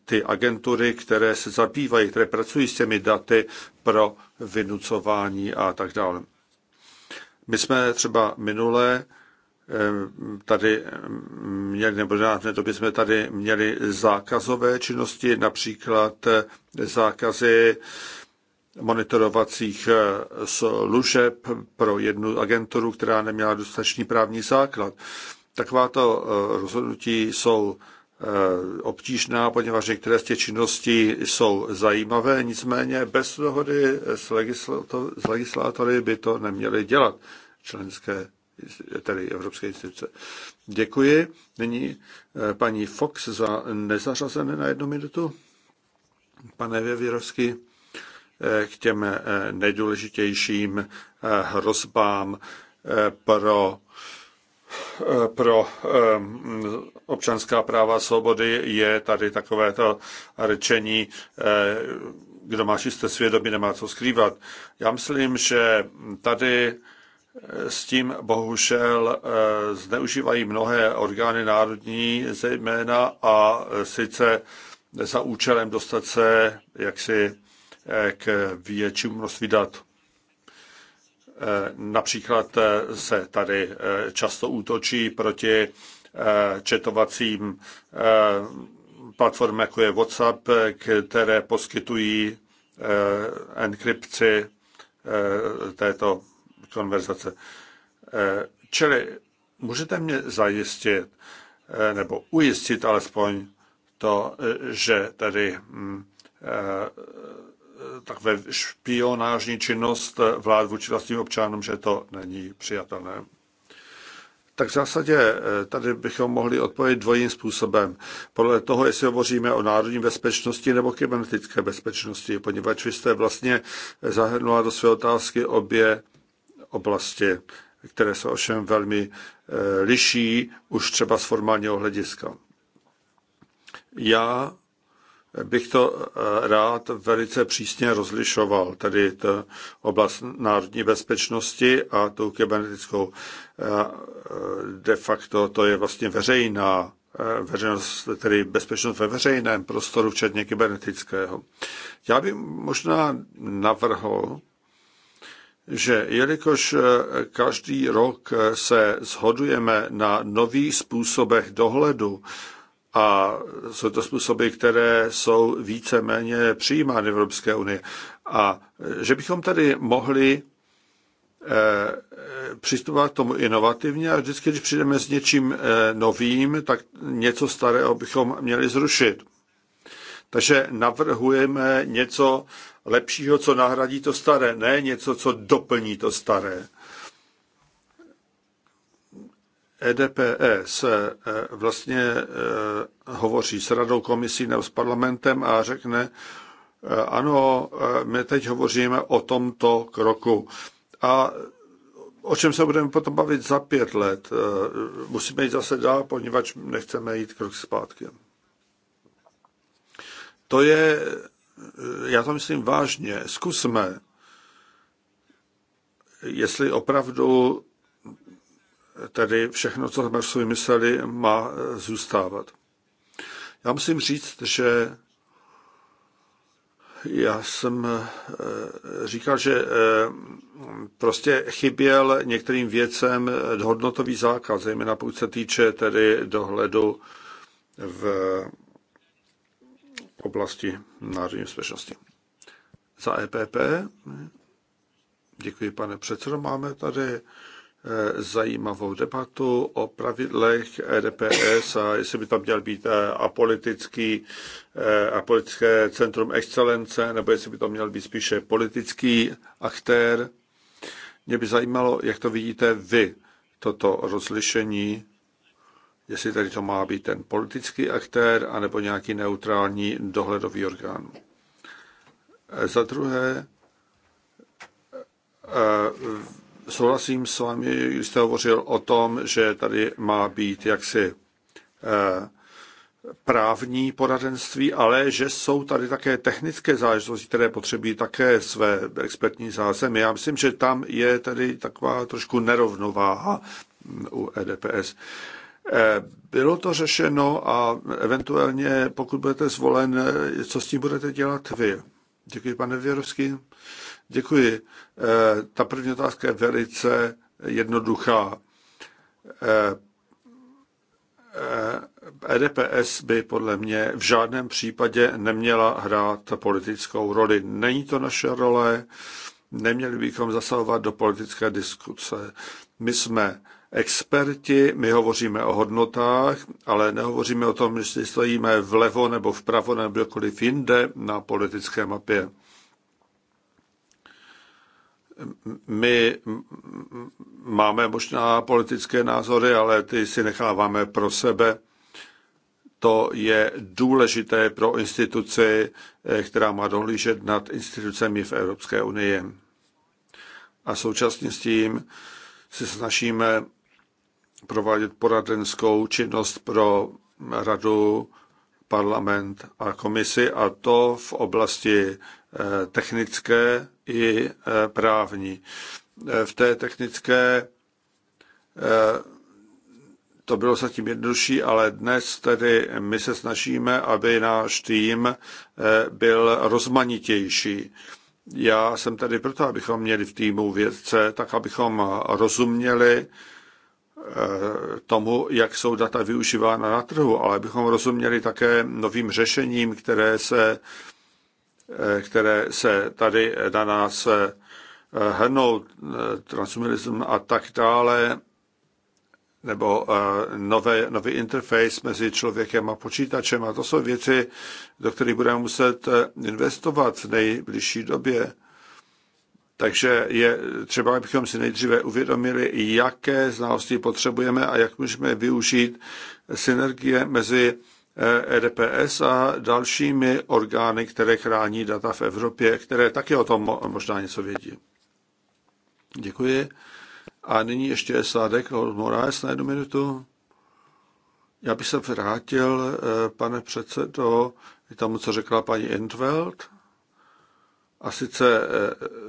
ty agentury, které se zabývají, které pracují s těmi daty pro vynucování a tak dále. My jsme třeba minule eh, tady mm, měli, nebo na té době jsme tady měli zákazové činnosti, například zákazy monitorovacích eh, služeb pro jednu agenturu, která neměla dostatečný právní základ. Takováto eh, rozhodnutí jsou eh, obtížná, poněvadž některé z těch činností jsou zajímavé, nicméně bez dohody s, legislato- s legislátory by to neměly dělat členské, tedy evropské instituce. Děkuji. Nyní paní Fox za nezařazené na jednu minutu. Pane Věvěrovský k těm eh, nejdůležitějším eh, hrozbám eh, pro pro občanská práva a svobody je tady takové to řečení, kdo má čisté svědomí, nemá co skrývat. Já myslím, že tady s tím bohužel zneužívají mnohé orgány národní zejména a sice za účelem dostat se jaksi Eh, k většímu množství dat. Eh, například eh, se tady často útočí proti četovacím platformám, jako je WhatsApp, které poskytují enkrypci této konverzace. Čili můžete mě zajistit, nebo ujistit alespoň to, že tady hm, ve špionážní činnost vlád vůči vlastním občanům, že to není přijatelné. Tak v zásadě eh, tady bychom mohli odpovědět dvojím způsobem. Podle toho, jestli hovoříme o národní bezpečnosti nebo kybernetické bezpečnosti, poněvadž vy jste vlastně zahrnula do své otázky obě oblasti, které se ovšem velmi eh, liší už třeba z formálního hlediska. Já bych to eh, rád velice přísně rozlišoval, tedy to oblast národní bezpečnosti a tou kybernetickou. Eh, de facto to je vlastně veřejná eh, veřejnost, tedy bezpečnost ve veřejném prostoru, včetně kybernetického. Já bych možná navrhl, že jelikož každý rok se shodujeme na nových způsobech dohledu a jsou to způsoby, které jsou více-méně přijímány v Evropské unii. A e, že bychom tady mohli e, e, přistupovat k tomu inovativně a vždycky, když přijdeme s něčím novým, tak něco starého bychom měli zrušit. Takže navrhujeme něco lepšího, co nahradí to staré, ne něco, co doplní to staré. EDPE se vlastně e, hovoří s radou komisí nebo s parlamentem a řekne, e, ano, e, my teď hovoříme o tomto kroku. A o čem se budeme potom bavit za pět let? Musíme jít zase dál, poněvadž nechceme jít krok zpátky. To je, já to myslím vážně, zkusme, jestli opravdu tedy všechno, co jsme si vymysleli, má e, zůstávat. Já musím říct, že já jsem e, říkal, že e, prostě chyběl některým věcem hodnotový zákaz, zejména pokud se týče tedy dohledu v oblasti národní bezpečnosti. Za EPP, děkuji pane předsedo, máme tady Eh, zajímavou debatu o pravidlech EDPS a jestli by tam měl být eh, apolitický, eh, politické centrum excelence, nebo jestli by tam měl být spíše politický aktér. Mě by zajímalo, jak to vidíte vy, toto rozlišení, jestli tady to má být ten politický aktér, anebo nějaký neutrální dohledový orgán. Za druhé, souhlasím s vámi, když jste hovořil o tom, že tady má být jaksi eh, právní poradenství, ale že jsou tady také technické záležitosti, které potřebují také své expertní zázemí. Já myslím, že tam je tady taková trošku nerovnováha mm, u EDPS. Eh, bylo to řešeno a eventuálně, pokud budete zvolen, eh, co s tím budete dělat vy? Děkuji, pane Věrovský. Děkuji. Eh, ta první otázka je velice jednoduchá. EDPS eh, eh, e by podle mě v žádném případě neměla hrát politickou roli. Není to naše role, neměli bychom zasahovat do politické diskuse. My jsme experti, my hovoříme o hodnotách, ale nehovoříme o tom, jestli stojíme vlevo nebo vpravo nebo kdokoliv jinde na politické mapě my máme možná politické názory, ale ty si necháváme pro sebe. To je důležité pro instituci, eh, která má dohlížet nad institucemi v Evropské unii. A současně s tím se snažíme provádět poradenskou činnost pro radu, parlament a komisi, a to v oblasti eh, technické i e, právní. E, v té technické e, to bylo zatím jednodušší, ale dnes tedy my se snažíme, aby náš tým byl rozmanitější. Já jsem tady proto, abychom měli v týmu vědce, tak abychom rozuměli tomu, jak jsou data využívána na trhu, ale abychom rozuměli také novým řešením, které se Eh, které se tady na nás eh, hrnou, eh, transhumanism a tak dále, nebo nové, nový interface mezi člověkem a počítačem. A to jsou věci, do kterých budeme muset investovat v nejbližší době. Takže je třeba, abychom si nejdříve uvědomili, jaké znalosti potřebujeme a jak můžeme využít synergie mezi EDPS e a dalšími orgány, které chrání data v Evropě, které taky o tom možná něco vědí. Děkuji. A nyní ještě Sádek od Moraes na jednu minutu. Já bych se vrátil, e, pane předsedo, k tomu, co řekla paní Entveld. A sice e,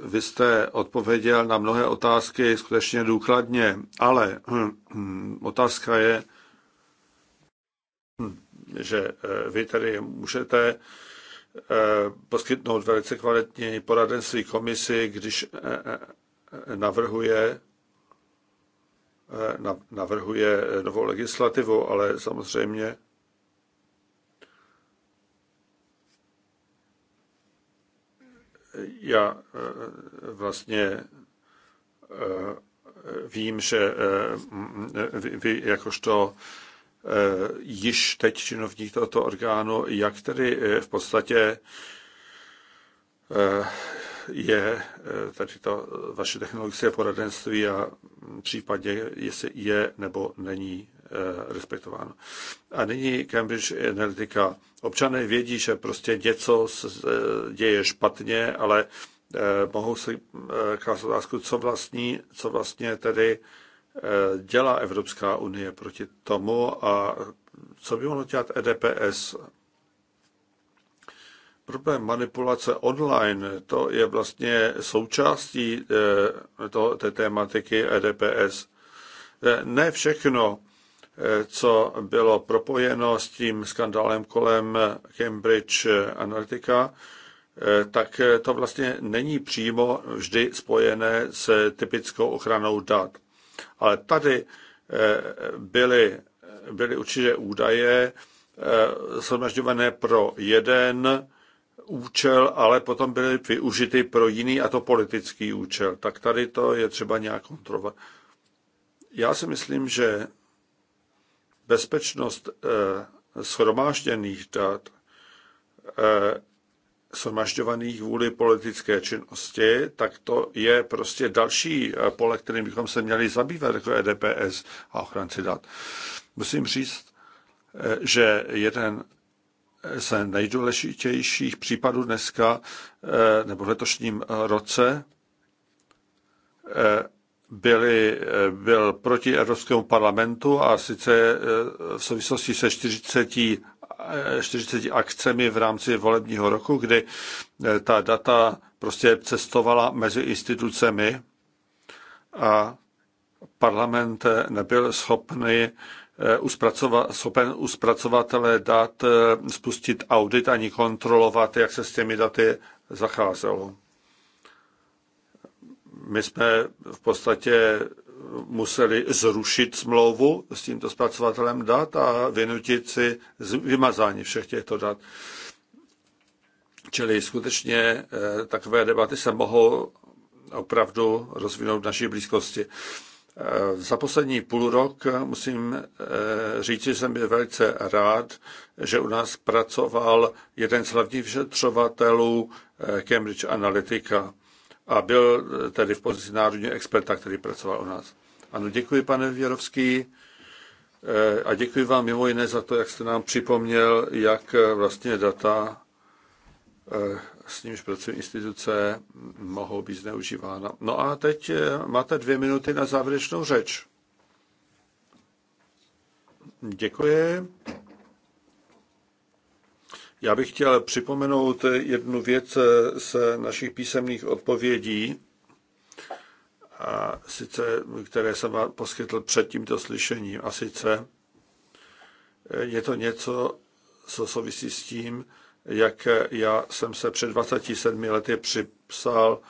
vy jste odpověděl na mnohé otázky skutečně důkladně, ale hm, hm, otázka je, že eh, vy tady můžete eh, poskytnout velice kvalitní poradenství komisi, když eh, navrhuje navrhuje novou legislativu, ale samozřejmě já vlastně vím, že vy jakožto Eh, již teď činovník tohoto orgánu, jak tedy eh, v podstatě eh, je tady to vaše technologické poradenství a případně, jestli je nebo není respektováno. A nyní Cambridge Analytica. Občané vědí, že prostě něco děje špatně, ale mohou si klást otázku, co, vlastní, co vlastně tedy Eh, dělá Evropská unie proti tomu a co by mohlo dělat EDPS? Problém manipulace online, to je vlastně součástí eh, to, té tématiky EDPS. Eh, ne všechno, co bylo propojeno s tím skandálem kolem Cambridge Analytica, tak to vlastně není přímo vždy spojené s typickou ochranou dat. Ale tady eh, byly, byly určitě údaje eh, shromažďované pro jeden účel, ale potom byly využity pro jiný, a to politický účel. Tak tady to je třeba nějak kontrolovat. Já si myslím, že bezpečnost eh, schromážděných dat shromažďovaných vůli politické činnosti, tak to je prostě další eh, pole, kterým bychom se měli zabývat jako EDPS a ochranci dat. Musím říct, eh, že jeden eh, z nejdůležitějších případů dneska nebo v letošním roce byly, byl proti Evropskému parlamentu a sice v souvislosti se 40 40 akcemi v rámci volebního roku, kdy eh, ta data prostě cestovala mezi institucemi a parlament eh, nebyl schopný eh, schopen dat spustit audit ani kontrolovat, jak se s těmi daty zacházelo. My jsme v podstatě museli zrušit smlouvu s tímto zpracovatelem dat a vynutit si vymazání všech těchto dat. Čili skutečně eh, takové debaty se mohou opravdu rozvinout v naší blízkosti. Eh, za poslední půl rok musím eh, říct, že jsem byl velice rád, že u nás pracoval jeden z hlavních vyšetřovatelů Cambridge Analytica a byl tedy v pozici národního experta, který pracoval u nás. Ano, děkuji, pane Věrovský. Eh, a děkuji vám mimo jiné za to, jak jste nám připomněl, jak eh, vlastně data, eh, s nímž pracují instituce, mohou být zneužívána. No a teď máte dvě minuty na závěrečnou řeč. Děkuji. Já bych chtěl připomenout jednu věc z našich písemných odpovědí, a sice, které jsem vám poskytl před tímto slyšením. A sice je to něco, co souvisí s tím, jak já jsem se před 27 lety připsal,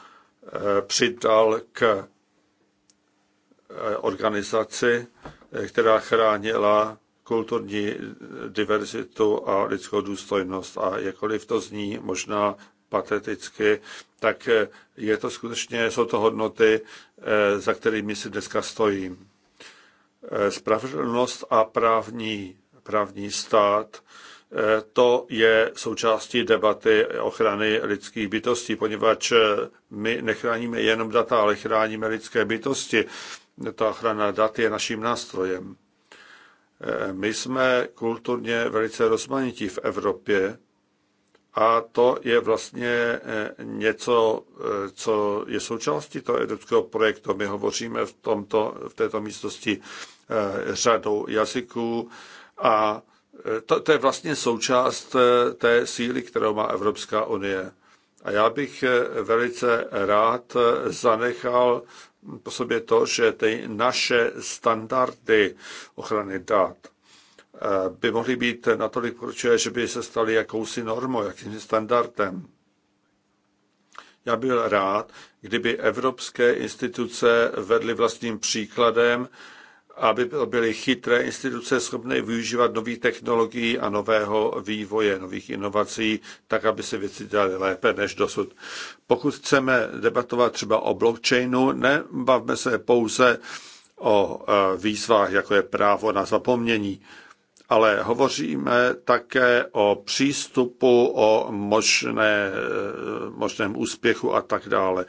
eh, přidal k eh, organizaci, eh, která chránila kulturní diverzitu a lidskou důstojnost. A jakkoliv to zní možná pateticky, tak eh, je to skutečně, jsou to hodnoty, eh, za kterými si dneska stojím. Eh, spravedlnost a právní, právní stát, to je součástí debaty ochrany lidských bytostí, poněvadž my nechráníme jenom data, ale chráníme lidské bytosti. Ta ochrana dat je naším nástrojem. My jsme kulturně velice rozmanití v Evropě a to je vlastně eh, něco, eh, co je součástí toho evropského projektu. My hovoříme v, tomto, v této místnosti eh, řadou jazyků a to, to je vlastně součást té síly, kterou má Evropská unie. A já bych velice rád zanechal po sobě to, že ty naše standardy ochrany dat eh, by mohly být natolik pokročilé, že by se staly jakousi normou, jakým standardem. Já byl rád, kdyby evropské instituce vedly vlastním příkladem aby byly chytré instituce schopné využívat nových technologií a nového vývoje, nových inovací, tak, aby se věci dělaly lépe než dosud. Pokud chceme debatovat třeba o blockchainu, nebavme se pouze o e, výzvách, jako je právo na zapomnění, ale hovoříme také o přístupu, o možné, e, možném úspěchu a tak dále,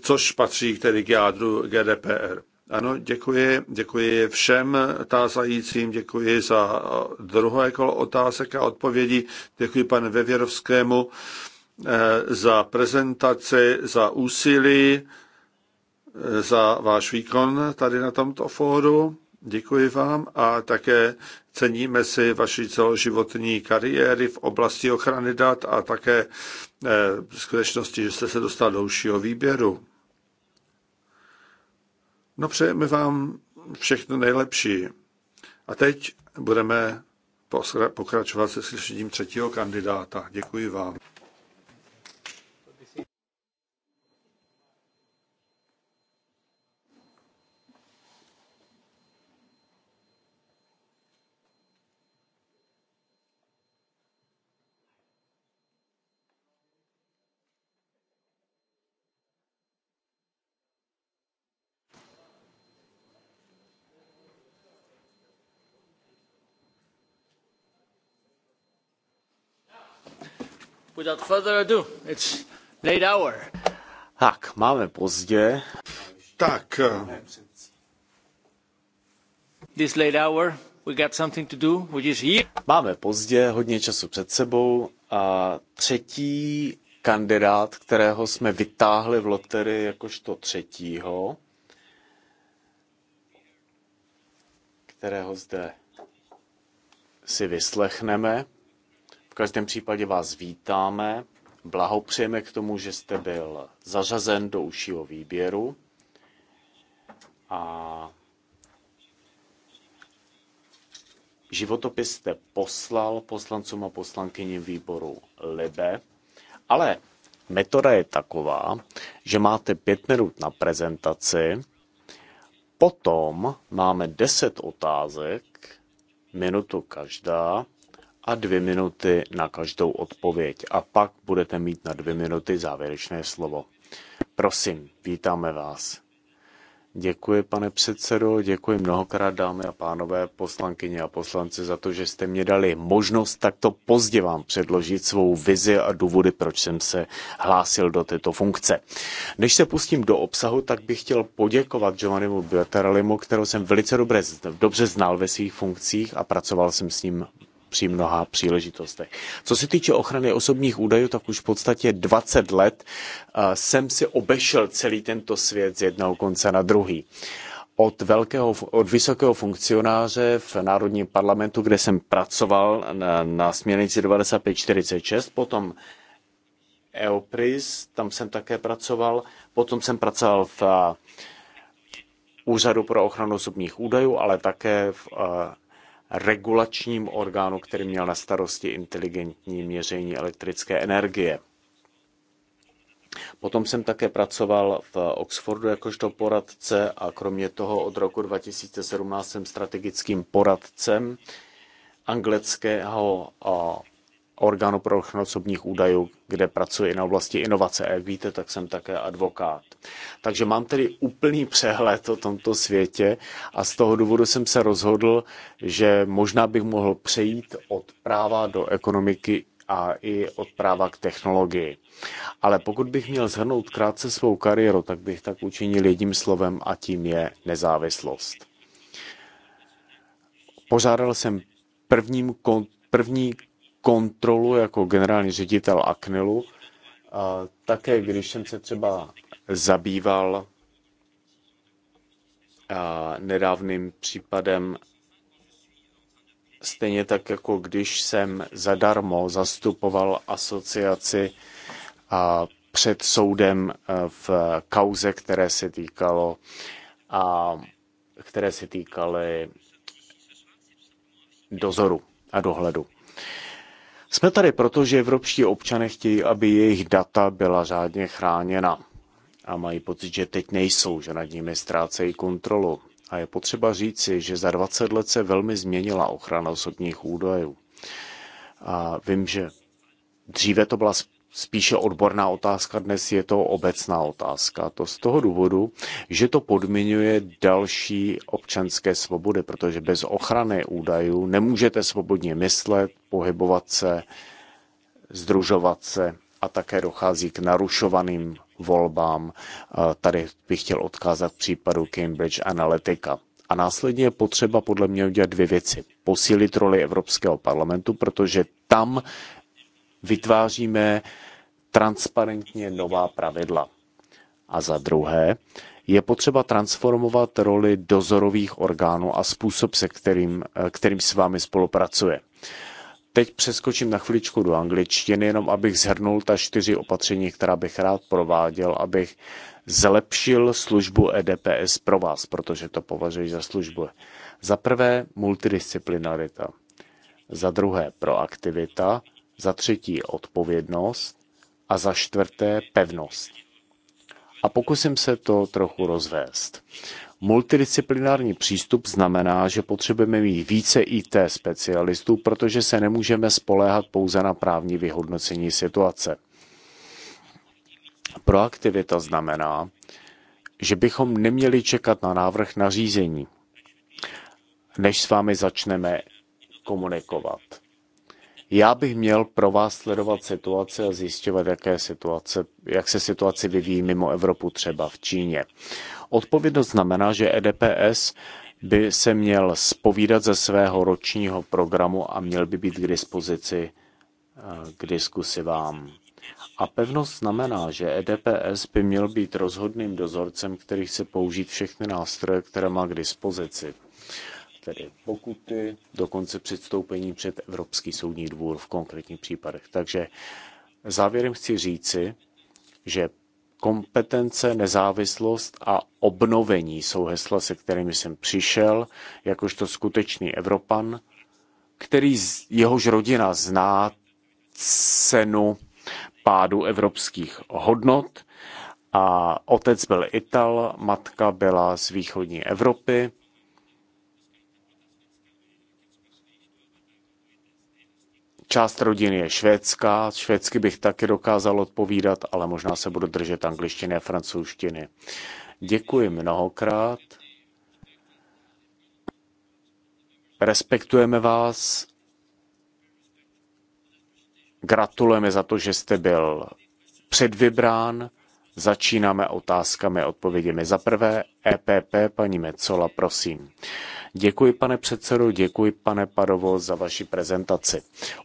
což patří tedy k jádru GDPR. Ano, děkuji, děkuji všem tázajícím, děkuji za druhé kolo otázek a odpovědí, děkuji panu Vevěrovskému eh, za prezentaci, za úsilí, eh, za váš výkon tady na tomto fóru. Děkuji vám a také ceníme si vaši celoživotní kariéry v oblasti ochrany dat a také eh, skutečnosti, že jste se dostal do užšího výběru. No přejeme vám všechno nejlepší. A teď budeme pokračovat se slyšením třetího kandidáta. Děkuji vám. Without further ado, it's late hour. Tak, máme pozdě. Tak. Eh, This late hour, we got something to do, which is here. Máme pozdě, hodně času před sebou a třetí kandidát, kterého jsme vytáhli v loterii jakožto třetího, kterého zde si vyslechneme, v každém případě vás vítáme, blahopřejeme k tomu, že jste byl zařazen do užšího výběru a životopis jste poslal poslancům a poslankyním výboru LIBE, ale metoda je taková, že máte pět minut na prezentaci, potom máme deset otázek, minutu každá, a dvě minuty na každou odpověď. A pak budete mít na dvě minuty závěrečné slovo. Prosím, vítáme vás. Děkuji, pane předsedo, děkuji mnohokrát, dámy a pánové, poslankyně a poslanci, za to, že jste mě dali možnost takto pozdě vám předložit svou vizi a důvody, proč jsem se hlásil do této funkce. Než se pustím do obsahu, tak bych chtěl poděkovat Giovannimu Biateralimu, kterého jsem velice dobře, dobře znal ve svých funkcích a pracoval jsem s ním při mnoha příležitostech. Co se týče ochrany osobních údajů, tak už v podstatě 20 let eh, jsem si obešel celý tento svět z jednoho konce na druhý od, velkého, od vysokého funkcionáře v Národním parlamentu, kde jsem pracoval na, na směrnici 9546, potom EOPRIS, tam jsem také pracoval, potom jsem pracoval v eh, Úřadu pro ochranu osobních údajů, ale také v eh, regulačním orgánu, který měl na starosti inteligentní měření elektrické energie. Potom jsem také pracoval v Oxfordu jakožto poradce a kromě toho od roku 2017 jsem strategickým poradcem anglického orgánu pro ochranu osobních údajů, kde pracuji na oblasti inovace. A jak víte, tak jsem také advokát. Takže mám tedy úplný přehled o tomto světě a z toho důvodu jsem se rozhodl, že možná bych mohl přejít od práva do ekonomiky a i od práva k technologii. Ale pokud bych měl zhrnout krátce svou kariéru, tak bych tak učinil jedním slovem a tím je nezávislost. Pořádal jsem prvním, první kontrolu jako generální ředitel Aknelu, také když jsem se třeba zabýval nedávným případem stejně tak, jako když jsem zadarmo zastupoval asociaci a před soudem v kauze, které se týkalo a které se týkaly dozoru a dohledu. Jsme tady proto, že evropští občané chtějí, aby jejich data byla řádně chráněna a mají pocit, že teď nejsou, že nad nimi ztrácejí kontrolu. A je potřeba říci, že za 20 let se velmi změnila ochrana osobních údajů. A vím, že dříve to byla spíše odborná otázka, dnes je to obecná otázka. To z toho důvodu, že to podmiňuje další občanské svobody, protože bez ochrany údajů nemůžete svobodně myslet, pohybovat se, združovat se a také dochází k narušovaným volbám. Tady bych chtěl odkázat případu Cambridge Analytica. A následně je potřeba podle mě udělat dvě věci. Posílit roli Evropského parlamentu, protože tam vytváříme transparentně nová pravidla. A za druhé, je potřeba transformovat roli dozorových orgánů a způsob, se kterým, eh, kterým s vámi spolupracuje. Teď přeskočím na chviličku do angličtiny, jenom abych zhrnul ta čtyři opatření, která bych rád prováděl, abych zlepšil službu EDPS pro vás, protože to považuji za službu. Za prvé multidisciplinarita, za druhé proaktivita, za třetí odpovědnost a za čtvrté pevnost. A pokusím se to trochu rozvést. Multidisciplinární přístup znamená, že potřebujeme mít více IT specialistů, protože se nemůžeme spoléhat pouze na právní vyhodnocení situace. Proaktivita znamená, že bychom neměli čekat na návrh nařízení, než s vámi začneme komunikovat. Já bych měl pro vás sledovat situace a zjišťovat, jaké situace, jak se situace vyvíjí mimo Evropu, třeba v Číně. Odpovědnost znamená, že EDPS by se měl spovídat ze svého ročního programu a měl by být k dispozici eh, k diskusi vám. A pevnost znamená, že EDPS by měl být rozhodným dozorcem, který chce použít všechny nástroje, které má k dispozici tedy pokuty, dokonce předstoupení před Evropský soudní dvůr v konkrétních případech. Takže závěrem chci říci, že kompetence, nezávislost a obnovení jsou hesla, se kterými jsem přišel, jakožto skutečný Evropan, který jehož rodina zná cenu pádu evropských hodnot. A otec byl Ital, matka byla z východní Evropy Část rodiny je švédská, švédsky bych taky dokázal odpovídat, ale možná se budu držet angličtiny a francouzštiny. Děkuji mnohokrát. Respektujeme vás. Gratulujeme za to, že jste byl předvybrán. Začínáme otázkami a odpověděmi. Za prvé EPP, paní Mecola, prosím. Děkuji, pane předsedo, děkuji, pane Padovo, za vaši prezentaci.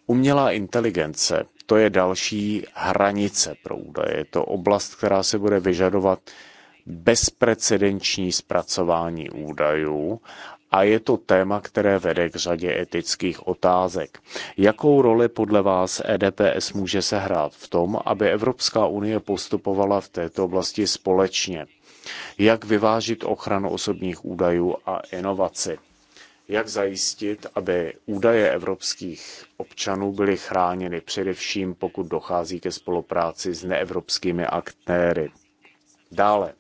Umělá inteligence, to je další hranice pro údaje. Je to oblast, která se bude vyžadovat bezprecedenční zpracování údajů a je to téma, které vede k řadě etických otázek. Jakou roli podle vás EDPS může sehrát v tom, aby Evropská unie postupovala v této oblasti společně? Jak vyvážit ochranu osobních údajů a inovaci? Jak zajistit, aby údaje evropských občanů byly chráněny, především pokud dochází ke spolupráci s neevropskými aktéry? Dále,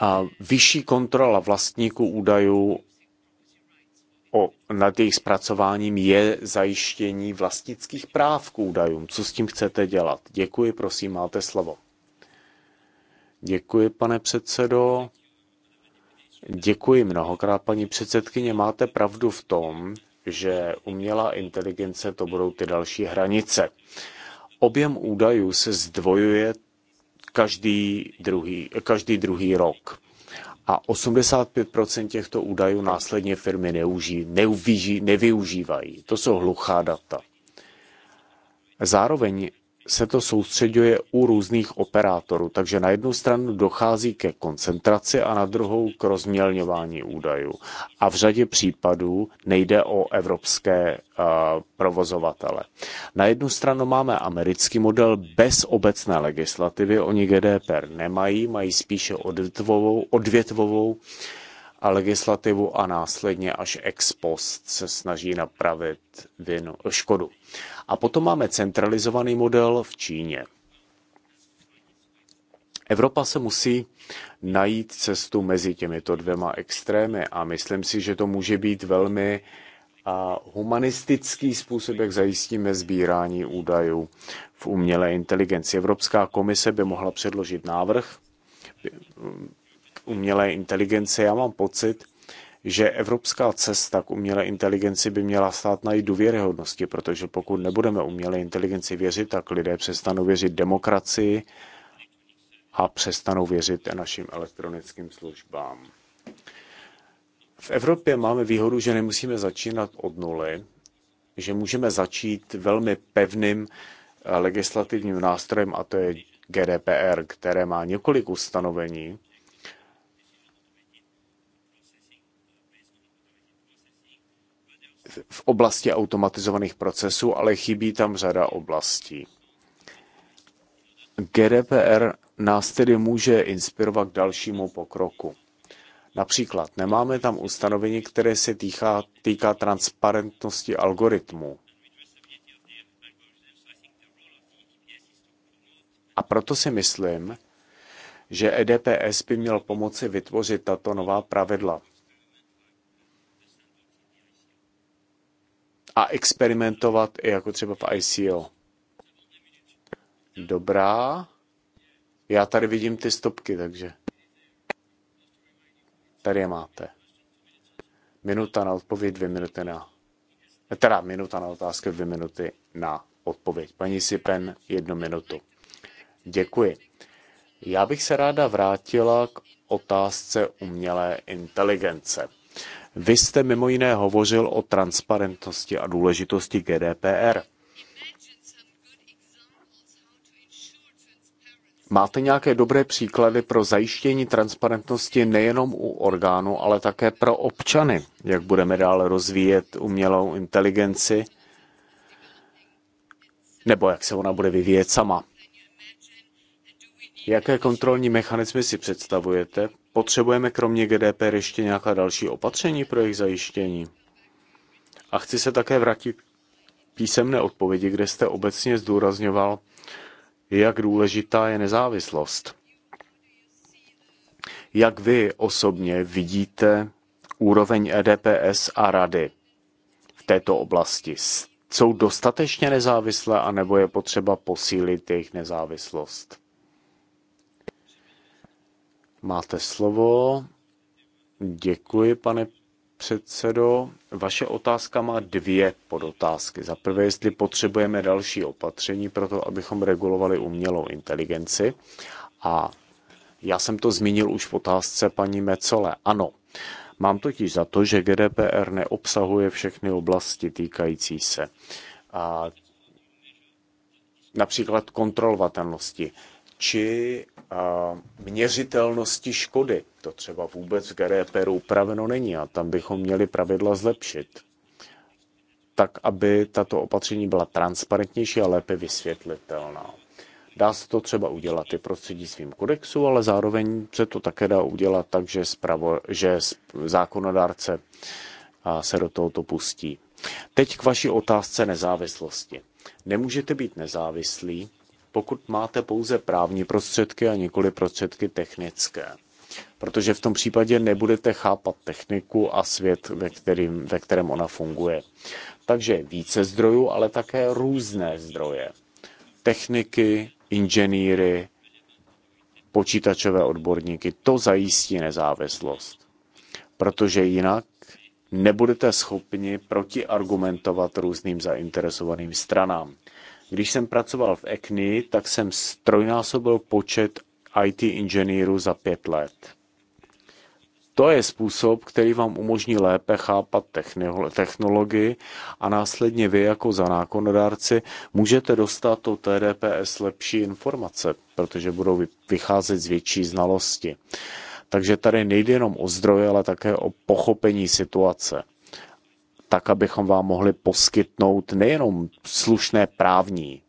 a vyšší kontrola vlastníků údajů o, nad jejich zpracováním je zajištění vlastnických práv k údajům. Co s tím chcete dělat? Děkuji, prosím, máte slovo. Děkuji, pane předsedo. Děkuji mnohokrát, paní předsedkyně. Máte pravdu v tom, že umělá inteligence to budou ty další hranice. Objem údajů se zdvojuje každý druhý, každý druhý rok. A 85% těchto údajů následně firmy neuží, neuvíží, nevyužívají. To jsou hluchá data. Zároveň se to soustředuje u různých operátorů, takže na jednu stranu dochází ke koncentraci a na druhou k rozmělňování údajů. A v řadě případů nejde o evropské uh, provozovatele. Na jednu stranu máme americký model bez obecné legislativy, oni GDPR nemají, mají spíše odvětvovou, odvětvovou a eh, legislativu a následně až ex post se snaží napravit vinu, škodu. A potom máme centralizovaný model v Číně. Evropa se musí najít cestu mezi těmito dvěma extrémy a myslím si, že to může být velmi humanistický způsob, jak zajistíme sbírání údajů v umělé inteligenci. Evropská komise by mohla předložit návrh um, umělé inteligence. Já mám pocit, že evropská cesta k umělé inteligenci by měla stát na její důvěryhodnosti, protože pokud nebudeme umělé inteligenci věřit, tak lidé přestanou věřit demokracii a přestanou věřit našim elektronickým službám. V Evropě máme výhodu, že nemusíme začínat od nuly, že můžeme začít velmi pevným eh, legislativním nástrojem, a to je GDPR, které má několik ustanovení, v oblasti automatizovaných procesů, ale chybí tam řada oblastí. GDPR nás tedy může inspirovat k dalšímu pokroku. Například nemáme tam ustanovení, které se týká, týká transparentnosti algoritmů. A proto si myslím, že EDPS by měl pomoci vytvořit tato nová pravidla. a experimentovat i jako třeba v ICO. Dobrá. Já tady vidím ty stopky, takže tady je máte. Minuta na odpověď, dvě minuty na... Teda minuta na otázku, dvě minuty na odpověď. Paní Sipen, jednu minutu. Děkuji. Já bych se ráda vrátila k otázce umělé inteligence. Vy jste mimo jiné hovořil o transparentnosti a důležitosti GDPR. Máte nějaké dobré příklady pro zajištění transparentnosti nejenom u orgánů, ale také pro občany, jak budeme dále rozvíjet umělou inteligenci, nebo jak se ona bude vyvíjet sama? Jaké kontrolní mechanismy si představujete? Potřebujeme kromě GDPR ještě nějaká další opatření pro jejich zajištění? A chci se také vrátit písemné odpovědi, kde jste obecně zdůrazňoval, jak důležitá je nezávislost. Jak vy osobně vidíte úroveň EDPS a rady v této oblasti? Jsou dostatečně nezávislé, anebo je potřeba posílit jejich nezávislost? Máte slovo. Děkuji, pane předsedo. Vaše otázka má dvě podotázky. Za prvé, jestli potřebujeme další opatření pro to, abychom regulovali umělou inteligenci. A já jsem to zmínil už v otázce paní Mecole. Ano, mám totiž za to, že GDPR neobsahuje všechny oblasti týkající se a například kontrolovatelnosti či měřitelnosti škody. To třeba vůbec v GDPR upraveno není a tam bychom měli pravidla zlepšit, tak aby tato opatření byla transparentnější a lépe vysvětlitelná. Dá se to třeba udělat i prostřednictvím kodexu, ale zároveň se to také dá udělat tak, že, zpravo, že zákonodárce se do tohoto pustí. Teď k vaší otázce nezávislosti. Nemůžete být nezávislí, pokud máte pouze právní prostředky a nikoli prostředky technické. Protože v tom případě nebudete chápat techniku a svět, ve, kterým, ve kterém ona funguje. Takže více zdrojů, ale také různé zdroje. Techniky, inženýry, počítačové odborníky, to zajistí nezávislost. Protože jinak nebudete schopni protiargumentovat různým zainteresovaným stranám. Když jsem pracoval v ECNI, tak jsem strojnásobil počet IT inženýrů za pět let. To je způsob, který vám umožní lépe chápat technologii a následně vy jako zákonodárci můžete dostat do TDPS lepší informace, protože budou vycházet z větší znalosti. Takže tady nejde jenom o zdroje, ale také o pochopení situace tak abychom vám mohli poskytnout nejenom slušné právní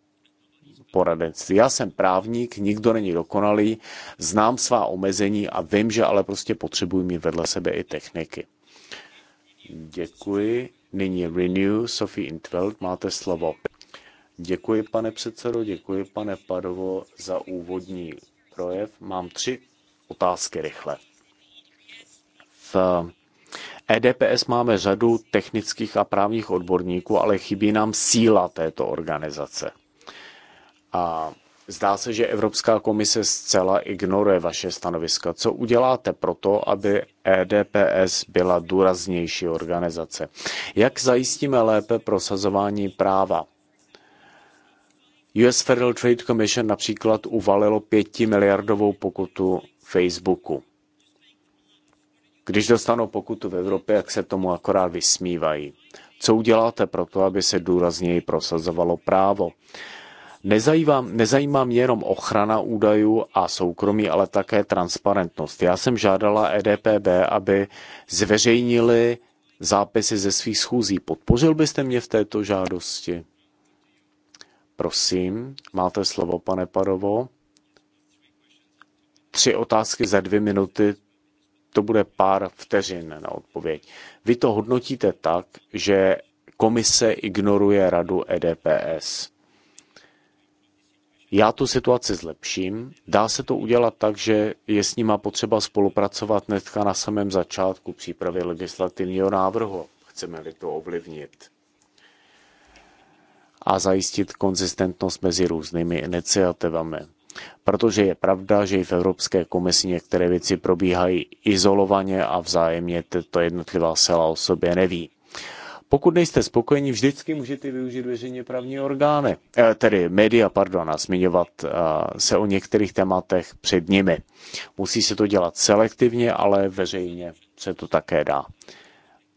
poradenství. Já jsem právník, nikdo není dokonalý, znám svá omezení a vím, že ale prostě potřebuji mít vedle sebe i techniky. Děkuji. Nyní Renew, Sophie Intveld, máte slovo. Děkuji, pane předsedo, děkuji, pane Padovo, za úvodní projev. Mám tři otázky rychle. V EDPS máme řadu technických a právních odborníků, ale chybí nám síla této organizace. A zdá se, že Evropská komise zcela ignoruje vaše stanoviska. Co uděláte pro to, aby EDPS byla důraznější organizace? Jak zajistíme lépe prosazování práva? US Federal Trade Commission například uvalilo pětimiliardovou pokutu Facebooku. Když dostanou pokutu v Evropě, jak se tomu akorát vysmívají. Co uděláte pro to, aby se důrazněji prosazovalo právo? Nezajímá, nezajímá mě jenom ochrana údajů a soukromí, ale také transparentnost. Já jsem žádala EDPB, aby zveřejnili zápisy ze svých schůzí. Podpořil byste mě v této žádosti? Prosím, máte slovo, pane Parovo. Tři otázky za dvě minuty, to bude pár vteřin na odpověď. Vy to hodnotíte tak, že komise ignoruje radu EDPS. Já tu situaci zlepším. Dá se to udělat tak, že je s nima potřeba spolupracovat netka na samém začátku přípravy legislativního návrhu, chceme-li to ovlivnit a zajistit konzistentnost mezi různými iniciativami. Protože je pravda, že i v Evropské komisi některé věci probíhají izolovaně a vzájemně to jednotlivá sela o sobě neví. Pokud nejste spokojeni, vždycky můžete využít veřejně právní orgány, eh, tedy média, pardon, a zmiňovat eh, se o některých tématech před nimi. Musí se to dělat selektivně, ale veřejně se to také dá.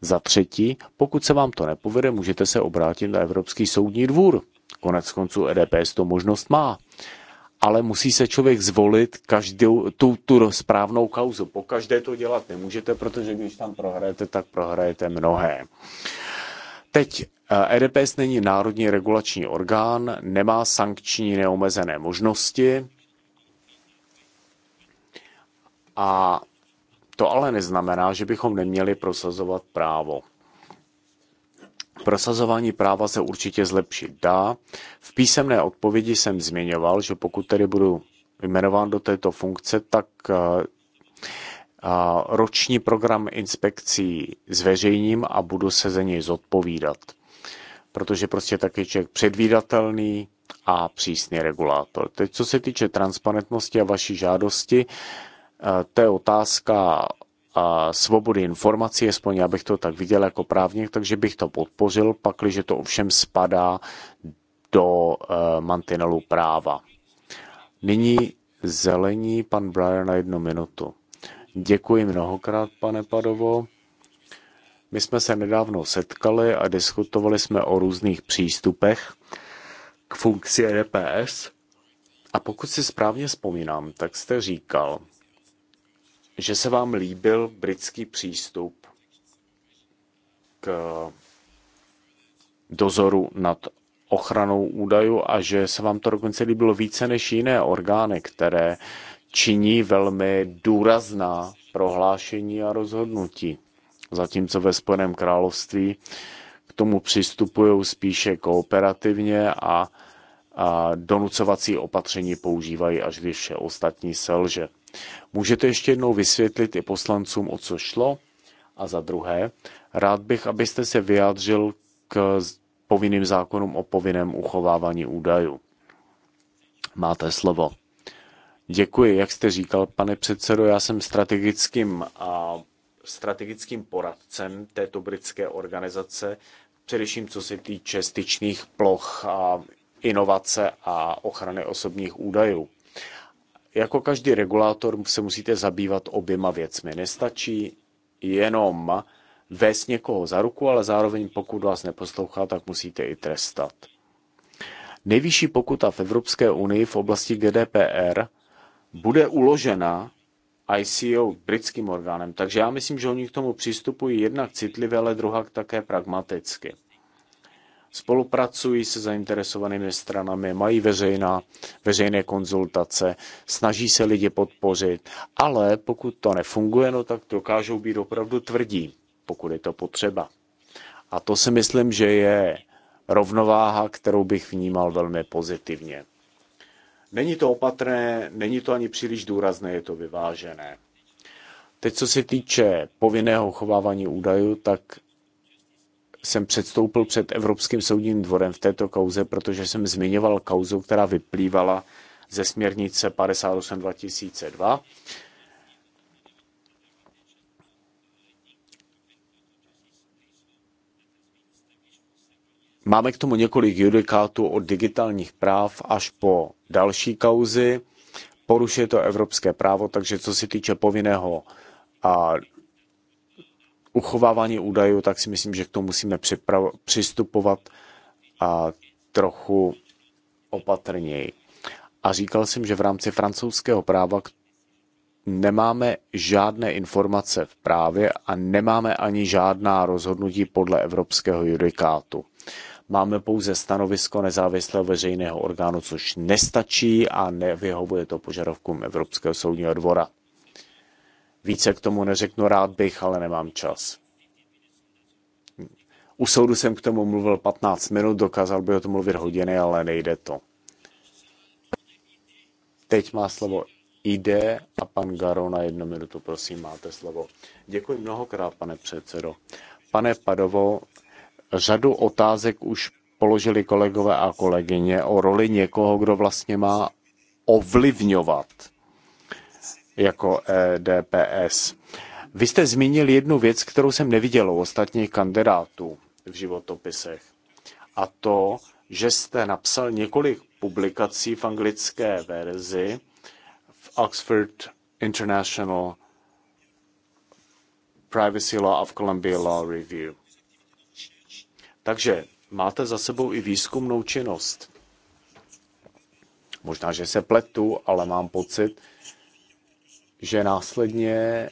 Za třetí, pokud se vám to nepovede, můžete se obrátit na Evropský soudní dvůr. Konec konců EDPS to možnost má ale musí se člověk zvolit každou tu, tu správnou kauzu. Po každé to dělat nemůžete, protože když tam prohrajete, tak prohrajete mnohé. Teď EDPS eh, není národní regulační orgán, nemá sankční neomezené možnosti a to ale neznamená, že bychom neměli prosazovat právo. Prosazování práva se určitě zlepšit dá; v písemné odpovědi jsem zmiňoval, že pokud tedy budu jmenován do této funkce, tak eh, roční program inspekcí zveřejním a budu se za něj zodpovídat. Protože prostě taky je člověk předvídatelný a přísný regulátor. Teď, co se týče transparentnosti a vaší žádosti, eh, to je otázka a svobody informací, aspoň já bych to tak viděl jako právník, takže bych to podpořil, pakliže to ovšem spadá do eh, mantinelu práva. Nyní zelení pan Brian na jednu minutu. Děkuji mnohokrát, pane Padovo. My jsme se nedávno setkali a diskutovali jsme o různých přístupech k funkci DPS. E a pokud si správně vzpomínám, tak jste říkal, že se vám líbil britský přístup k dozoru nad ochranou údajů a že se vám to dokonce líbilo více než jiné orgány, které činí velmi důrazná prohlášení a rozhodnutí. Zatímco ve Spojeném království k tomu přistupují spíše kooperativně a, a donucovací opatření používají, až když vše ostatní selže. Můžete ještě jednou vysvětlit i poslancům, o co šlo? A za druhé, rád bych, abyste se vyjádřil k povinným zákonům o povinném uchovávání údajů. Máte slovo. Děkuji, jak jste říkal, pane předsedo, já jsem strategickým, a, strategickým poradcem této britské organizace, především co se týče styčných ploch a inovace a ochrany osobních údajů. Jako každý regulátor se musíte zabývat oběma věcmi. Nestačí jenom vést někoho za ruku, ale zároveň pokud vás neposlouchá, tak musíte i trestat. Nejvyšší pokuta v Evropské unii v oblasti GDPR bude uložena ICO britským orgánem, takže já myslím, že oni k tomu přistupují jednak citlivě, ale druhá také pragmaticky spolupracují se zainteresovanými stranami, mají veřejná, veřejné konzultace, snaží se lidi podpořit, ale pokud to nefunguje, no tak dokážou být opravdu tvrdí, pokud je to potřeba. A to si myslím, že je rovnováha, kterou bych vnímal velmi pozitivně. Není to opatrné, není to ani příliš důrazné, je to vyvážené. Teď, co se týče povinného chovávání údajů, tak jsem předstoupil před Evropským soudním dvorem v této kauze, protože jsem zmiňoval kauzu, která vyplývala ze směrnice 58 2002. Máme k tomu několik judikátů od digitálních práv až po další kauzy. Porušuje to evropské právo, takže co se týče povinného a uchovávání údajů, tak si myslím, že k tomu musíme přistupovat a trochu opatrněji. A říkal jsem, že v rámci francouzského práva nemáme žádné informace v právě a nemáme ani žádná rozhodnutí podle evropského judikátu. Máme pouze stanovisko nezávislého veřejného orgánu, což nestačí a nevyhovuje to požadavkům Evropského soudního dvora. Více k tomu neřeknu rád bych, ale nemám čas. U soudu jsem k tomu mluvil 15 minut, dokázal by o tom mluvit hodiny, ale nejde to. Teď má slovo Ide a pan Garo na jednu minutu, prosím, máte slovo. Děkuji mnohokrát, pane předsedo. Pane Padovo, řadu otázek už položili kolegové a kolegyně o roli někoho, kdo vlastně má ovlivňovat jako eh, DPS. Vy jste zmínil jednu věc, kterou jsem neviděl u ostatních kandidátů v životopisech. A to, že jste napsal několik publikací v anglické verzi v Oxford International Privacy Law of Columbia Law Review. Takže máte za sebou i výzkumnou činnost. Možná, že se pletu, ale mám pocit, že následně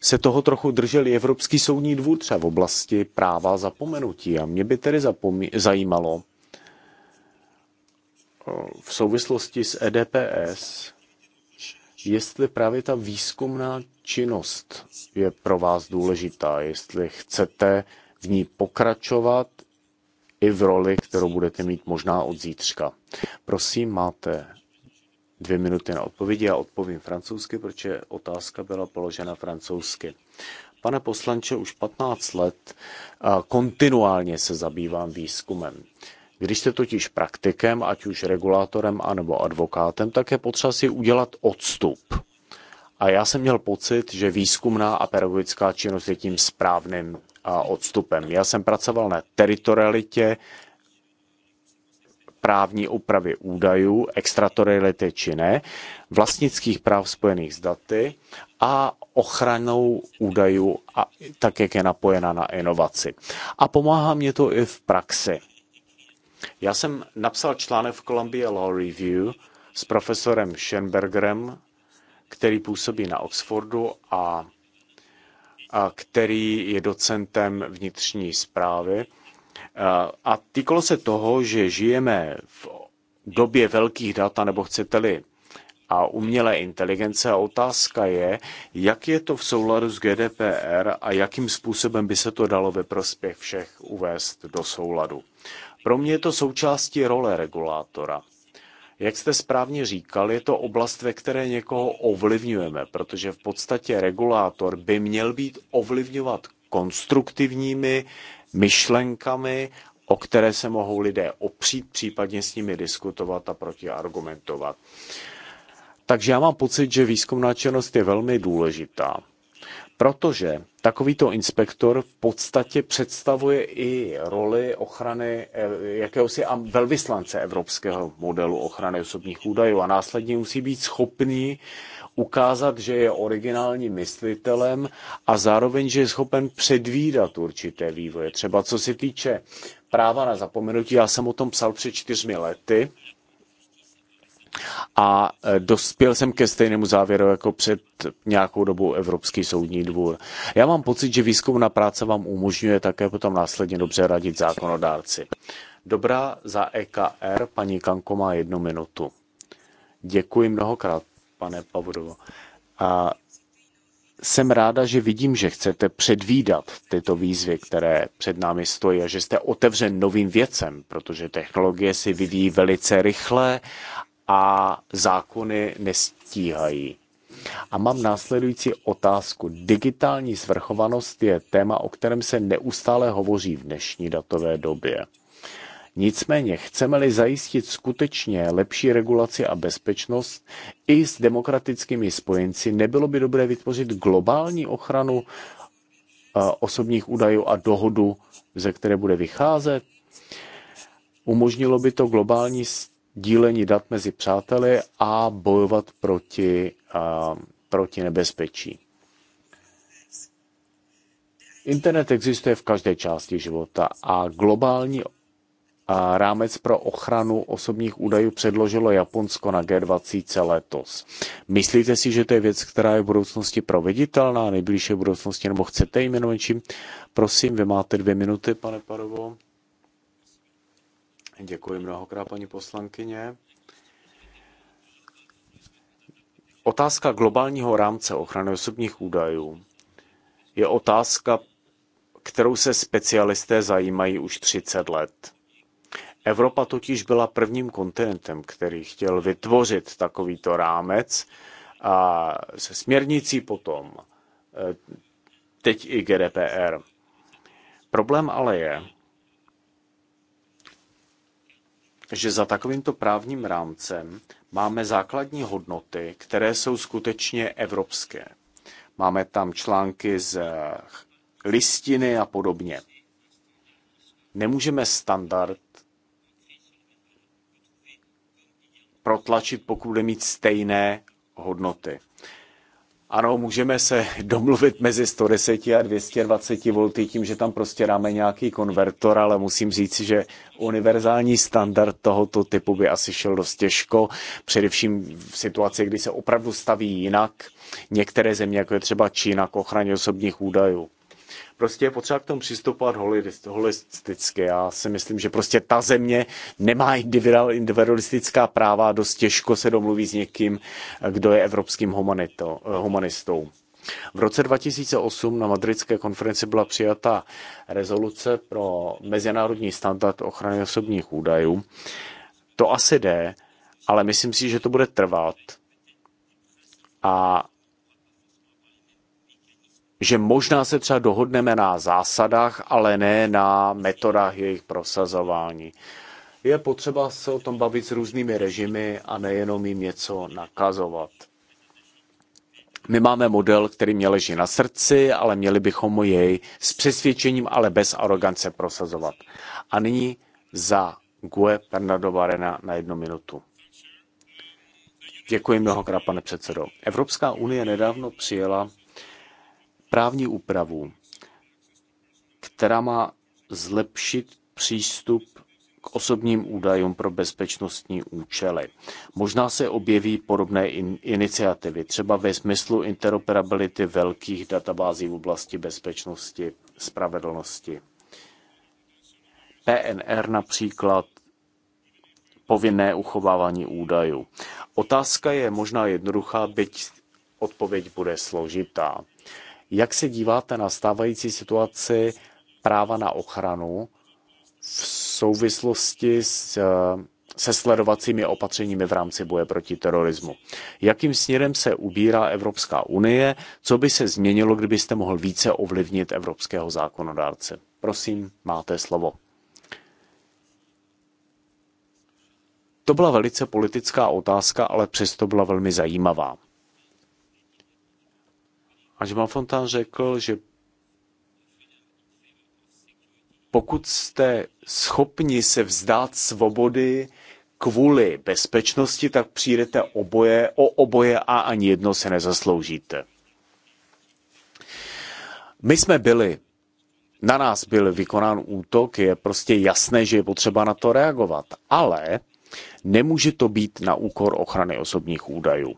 se toho trochu držel i Evropský soudní dvůr třeba v oblasti práva zapomenutí. A mě by tedy zajímalo v souvislosti s EDPS, jestli právě ta výzkumná činnost je pro vás důležitá, jestli chcete v ní pokračovat i v roli, kterou budete mít možná od zítřka. Prosím, máte dvě minuty na odpovědi a odpovím francouzsky, protože otázka byla položena francouzsky. Pane poslanče, už 15 let kontinuálně se zabývám výzkumem. Když jste totiž praktikem, ať už regulátorem anebo advokátem, tak je potřeba si udělat odstup. A já jsem měl pocit, že výzkumná a pedagogická činnost je tím správným odstupem. Já jsem pracoval na teritorialitě, právní úpravy údajů, extratoriality či ne, vlastnických práv spojených s daty a ochranou údajů, a, tak jak je napojena na inovaci. A pomáhá mě to i v praxi. Já jsem napsal článek v Columbia Law Review s profesorem Schenbergerem, který působí na Oxfordu a, a který je docentem vnitřní zprávy a týkalo se toho, že žijeme v době velkých dat, nebo chcete-li a umělé inteligence. A otázka je, jak je to v souladu s GDPR a jakým způsobem by se to dalo ve prospěch všech uvést do souladu. Pro mě je to součástí role regulátora. Jak jste správně říkal, je to oblast, ve které někoho ovlivňujeme, protože v podstatě regulátor by měl být ovlivňovat konstruktivními myšlenkami, o které se mohou lidé opřít, případně s nimi diskutovat a protiargumentovat. Takže já mám pocit, že výzkumná činnost je velmi důležitá, protože takovýto inspektor v podstatě představuje i roli ochrany eh, jakéhosi velvyslance evropského modelu ochrany osobních údajů a následně musí být schopný ukázat, že je originálním myslitelem a zároveň, že je schopen předvídat určité vývoje. Třeba co se týče práva na zapomenutí, já jsem o tom psal před čtyřmi lety a e, dospěl jsem ke stejnému závěru jako před nějakou dobou Evropský soudní dvůr. Já mám pocit, že výzkumná práce vám umožňuje také potom následně dobře radit zákonodárci. Dobrá za EKR, paní Kanko má jednu minutu. Děkuji mnohokrát, pane Pavrovo. A jsem ráda, že vidím, že chcete předvídat tyto výzvy, které před námi stojí a že jste otevřen novým věcem, protože technologie si vyvíjí velice rychle a zákony nestíhají. A mám následující otázku. Digitální svrchovanost je téma, o kterém se neustále hovoří v dnešní datové době. Nicméně chceme-li zajistit skutečně lepší regulaci a bezpečnost i s demokratickými spojenci, nebylo by dobré vytvořit globální ochranu uh, osobních údajů a dohodu, ze které bude vycházet. Umožnilo by to globální dílení dat mezi přáteli a bojovat proti, uh, proti nebezpečí. Internet existuje v každé části života a globální a rámec pro ochranu osobních údajů předložilo Japonsko na G20 letos. Myslíte si, že to je věc, která je v budoucnosti proveditelná, nejbližší v budoucnosti, nebo chcete ji jmenovenčím? Prosím, vy máte dvě minuty, pane Parovo. Děkuji mnohokrát, paní poslankyně. Otázka globálního rámce ochrany osobních údajů je otázka, kterou se specialisté zajímají už 30 let. Evropa totiž byla prvním kontinentem, který chtěl vytvořit takovýto rámec a se směrnicí potom, e, teď i GDPR. Problém ale je, že za takovýmto právním rámcem máme základní hodnoty, které jsou skutečně evropské. Máme tam články z listiny a podobně. Nemůžeme standard protlačit, pokud bude mít stejné hodnoty. Ano, můžeme se domluvit mezi 110 a 220 V tím, že tam prostě dáme nějaký konvertor, ale musím říct, že univerzální standard tohoto typu by asi šel dost těžko, především v situaci, kdy se opravdu staví jinak některé země, jako je třeba Čína, k ochraně osobních údajů. Prostě je potřeba k tomu přistupovat holisticky. Já si myslím, že prostě ta země nemá individualistická práva a dost těžko se domluví s někým, kdo je evropským humanito, humanistou. V roce 2008 na madridské konferenci byla přijata rezoluce pro mezinárodní standard ochrany osobních údajů. To asi jde, ale myslím si, že to bude trvat. A že možná se třeba dohodneme na zásadách, ale ne na metodách jejich prosazování. Je potřeba se o tom bavit s různými režimy a nejenom jim něco nakazovat. My máme model, který mě leží na srdci, ale měli bychom jej s přesvědčením, ale bez arogance prosazovat. A nyní za Gue Bernardo Varena na jednu minutu. Děkuji mnohokrát, pane předsedo. Evropská unie nedávno přijela právní úpravu, která má zlepšit přístup k osobním údajům pro bezpečnostní účely. Možná se objeví podobné in- iniciativy, třeba ve smyslu interoperability velkých databází v oblasti bezpečnosti, spravedlnosti. PNR například povinné uchovávání údajů. Otázka je možná jednoduchá, byť odpověď bude složitá. Jak se díváte na stávající situaci práva na ochranu v souvislosti s, eh, se sledovacími opatřeními v rámci boje proti terorismu? Jakým směrem se ubírá Evropská unie? Co by se změnilo, kdybyste mohl více ovlivnit evropského zákonodárce? Prosím, máte slovo. To byla velice politická otázka, ale přesto byla velmi zajímavá. A Jean Fontaine řekl, že pokud jste schopni se vzdát svobody kvůli bezpečnosti, tak přijdete oboje, o oboje a ani jedno se nezasloužíte. My jsme byli, na nás byl vykonán útok, je prostě jasné, že je potřeba na to reagovat, ale nemůže to být na úkor ochrany osobních údajů.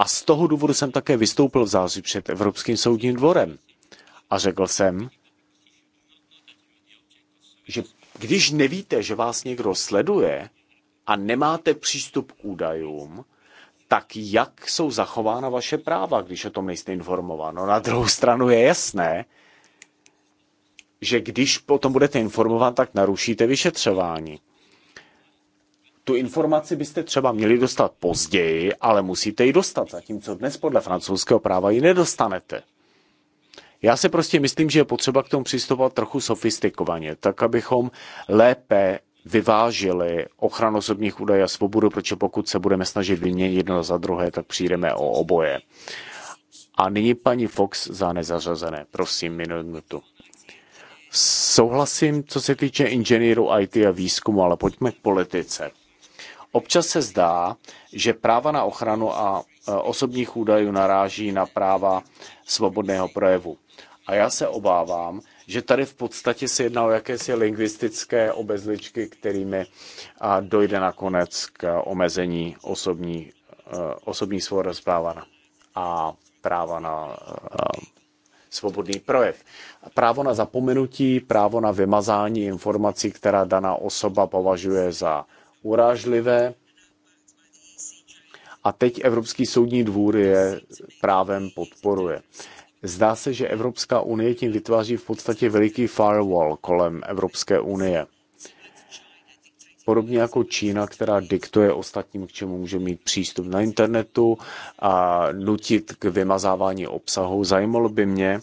A z toho důvodu jsem také vystoupil v září před Evropským soudním dvorem. A řekl jsem, že když nevíte, že vás někdo sleduje a nemáte přístup k údajům, tak jak jsou zachována vaše práva, když o tom nejste informováno? No, na druhou stranu je jasné, že když potom budete informován, tak narušíte vyšetřování tu informaci byste třeba měli dostat později, ale musíte ji dostat, zatímco dnes podle francouzského práva ji nedostanete. Já si prostě myslím, že je potřeba k tomu přistupovat trochu sofistikovaně, tak abychom lépe vyvážili ochranu osobních údajů a svobodu, protože pokud se budeme snažit vyměnit jedno za druhé, tak přijdeme o oboje. A nyní paní Fox za nezařazené. Prosím, minutu. Souhlasím, co se týče inženýrů IT a výzkumu, ale pojďme k politice. Občas se zdá, že práva na ochranu a e, osobních údajů naráží na práva svobodného projevu. A já se obávám, že tady v podstatě se jedná o jakési lingvistické obezličky, kterými e, dojde nakonec k omezení osobní, e, osobní svobody práva a práva na svobodný projev. Právo na zapomenutí, právo na vymazání informací, která daná osoba považuje za urážlivé. A teď Evropský soudní dvůr je právem podporuje. Zdá se, že Evropská unie tím vytváří v podstatě veliký firewall kolem Evropské unie. Podobně jako Čína, která diktuje ostatním, k čemu může mít přístup na internetu a nutit k vymazávání obsahu. Zajímalo by mě,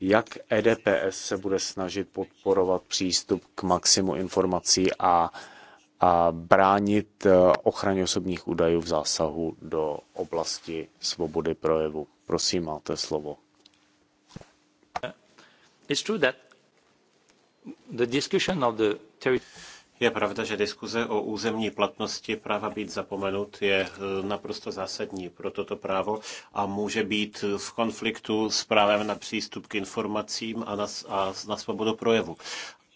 jak EDPS se bude snažit podporovat přístup k maximu informací a a bránit eh, ochraně osobních údajů v zásahu do oblasti svobody projevu. Prosím, máte slovo. je pravda, že diskuze o územní platnosti práva být zapomenut je eh, naprosto zásadní pro toto právo a může být v konfliktu s právem na přístup k informacím a na, a na svobodu projevu.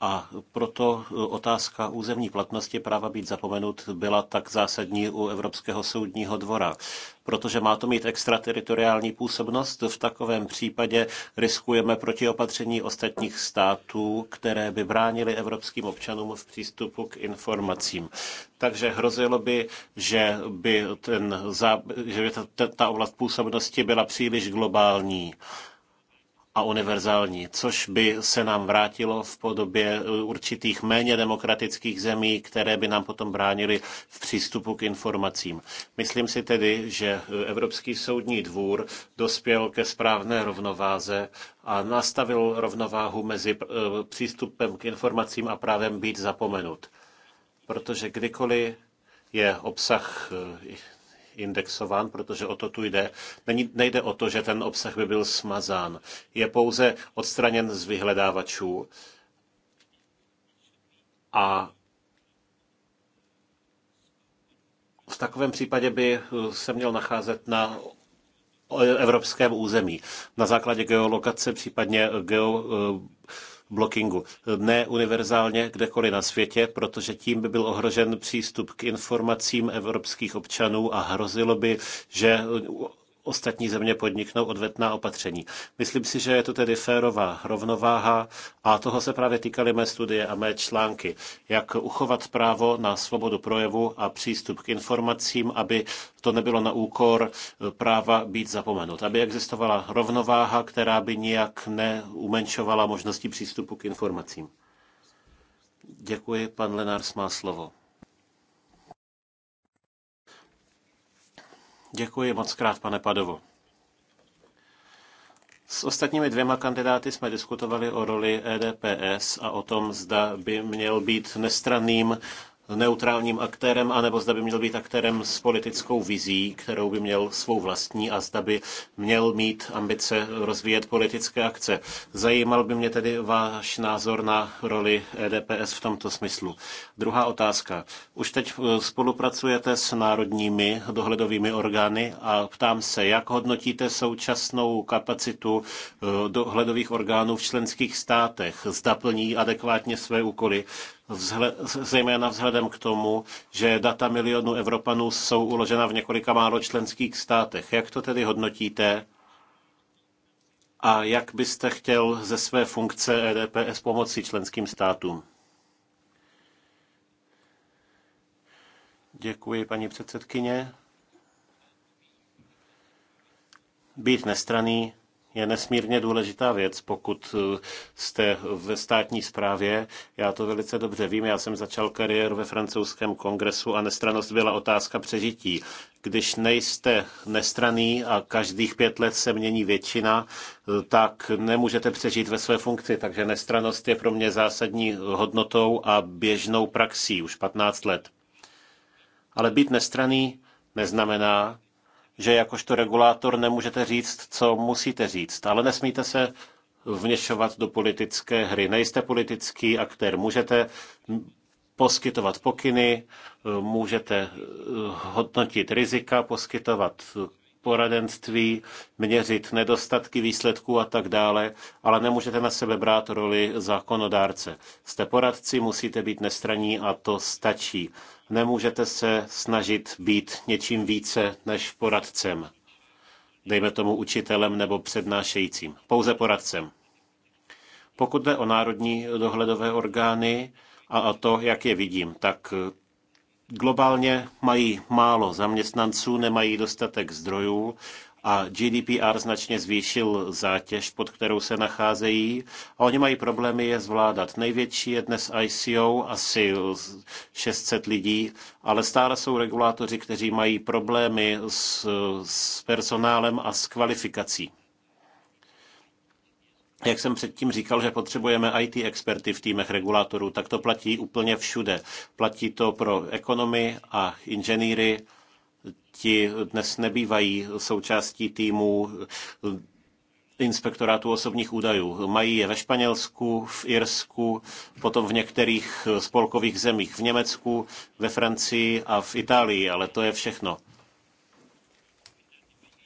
A proto e, otázka územní platnosti práva být zapomenut byla tak zásadní u Evropského soudního dvora. Protože má to mít extrateritoriální působnost, v takovém případě riskujeme opatření ostatních států, které by bránili evropským občanům v přístupu k informacím. Takže hrozilo by, že by, ten, že by ta, ta oblast působnosti byla příliš globální a univerzální, což by se nám vrátilo v podobě eh, určitých méně demokratických zemí, které by nám potom bránily v přístupu k informacím. Myslím si tedy, že eh, Evropský soudní dvůr dospěl ke správné rovnováze a nastavil rovnováhu mezi eh, přístupem k informacím a právem být zapomenut. Protože kdykoliv je obsah indexován, protože o to tu jde. Není, nejde o to, že ten obsah by byl smazán. Je pouze odstraněn z vyhledávačů. A v takovém případě by eh, se měl nacházet na evropském území na základě geolokace, případně geo eh, blockingu. Ne univerzálně kdekoliv na světě, protože tím by byl ohrožen přístup k informacím evropských občanů a hrozilo by, že ostatní země podniknou odvetná opatření. Myslím si, že je to tedy férová rovnováha a toho se právě týkaly mé studie a mé články, jak uchovat právo na svobodu projevu a přístup k informacím, aby to nebylo na úkor eh, práva být zapomenut, aby existovala rovnováha, která by nijak neumenšovala možnosti přístupu k informacím. Děkuji, pan Lenars má slovo. Děkuji moc krát, pane Padovo. S ostatními dvěma kandidáty jsme diskutovali o roli EDPS a o tom, zda by měl být nestranným neutrálním aktérem, anebo zda by měl být aktérem s politickou vizí, kterou by měl svou vlastní a zda by měl mít ambice rozvíjet politické akce. Zajímal by mě tedy váš názor na roli EDPS v tomto smyslu. Druhá otázka. Už teď eh, spolupracujete s národními dohledovými orgány a ptám se, jak hodnotíte současnou kapacitu eh, dohledových orgánů v členských státech? Zda plní adekvátně své úkoly? Vzhled, zejména vzhledem k tomu, že data milionů Evropanů jsou uložena v několika málo členských státech. Jak to tedy hodnotíte? A jak byste chtěl ze své funkce EDPS pomoci členským státům? Děkuji, paní předsedkyně. Být nestraný je nesmírně důležitá věc, pokud eh, jste ve státní správě. Já to velice dobře vím, já jsem začal kariéru ve francouzském kongresu a nestranost byla otázka přežití. Když nejste nestraný a každých pět let se mění většina, eh, tak nemůžete přežít ve své funkci. Takže nestranost je pro mě zásadní hodnotou a běžnou praxí už 15 let. Ale být nestraný neznamená, že jakožto regulátor nemůžete říct, co musíte říct, ale nesmíte se vněšovat do politické hry. Nejste politický aktér, můžete poskytovat pokyny, můžete eh, hodnotit rizika, poskytovat poradenství, měřit nedostatky výsledků a tak dále, ale nemůžete na sebe brát roli zákonodárce. Jste poradci, musíte být nestraní a to stačí nemůžete se snažit být něčím více než poradcem. Dejme tomu učitelem nebo přednášejícím. Pouze poradcem. Pokud jde o národní dohledové orgány a o to, jak je vidím, tak eh, globálně mají málo zaměstnanců, nemají dostatek zdrojů, a GDPR značně zvýšil zátěž, pod kterou se nacházejí a oni mají problémy je zvládat. Největší je dnes ICO, asi 600 lidí, ale stále jsou regulátoři, kteří mají problémy s, s personálem a s kvalifikací. Jak jsem předtím říkal, že potřebujeme IT experty v týmech regulátorů, tak to platí úplně všude. Platí to pro ekonomy a inženýry ti dnes nebývají součástí týmů inspektorátu osobních údajů. Mají je ve Španělsku, v Irsku, potom v některých spolkových zemích, v Německu, ve Francii a v Itálii, ale to je všechno.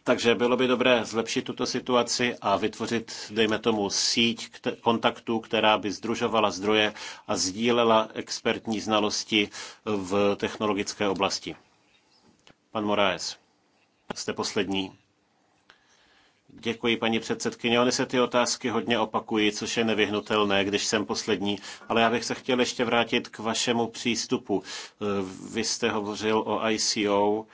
Takže bylo by dobré zlepšit tuto situaci a vytvořit, dejme tomu, síť kontaktů, která by združovala zdroje a sdílela expertní znalosti v technologické oblasti. Pan Moraes, jste poslední. Děkuji, paní předsedkyně. Ony se ty otázky hodně opakují, což je nevyhnutelné, když jsem poslední. Ale já bych se chtěl ještě vrátit k vašemu přístupu. Vy jste hovořil o ICO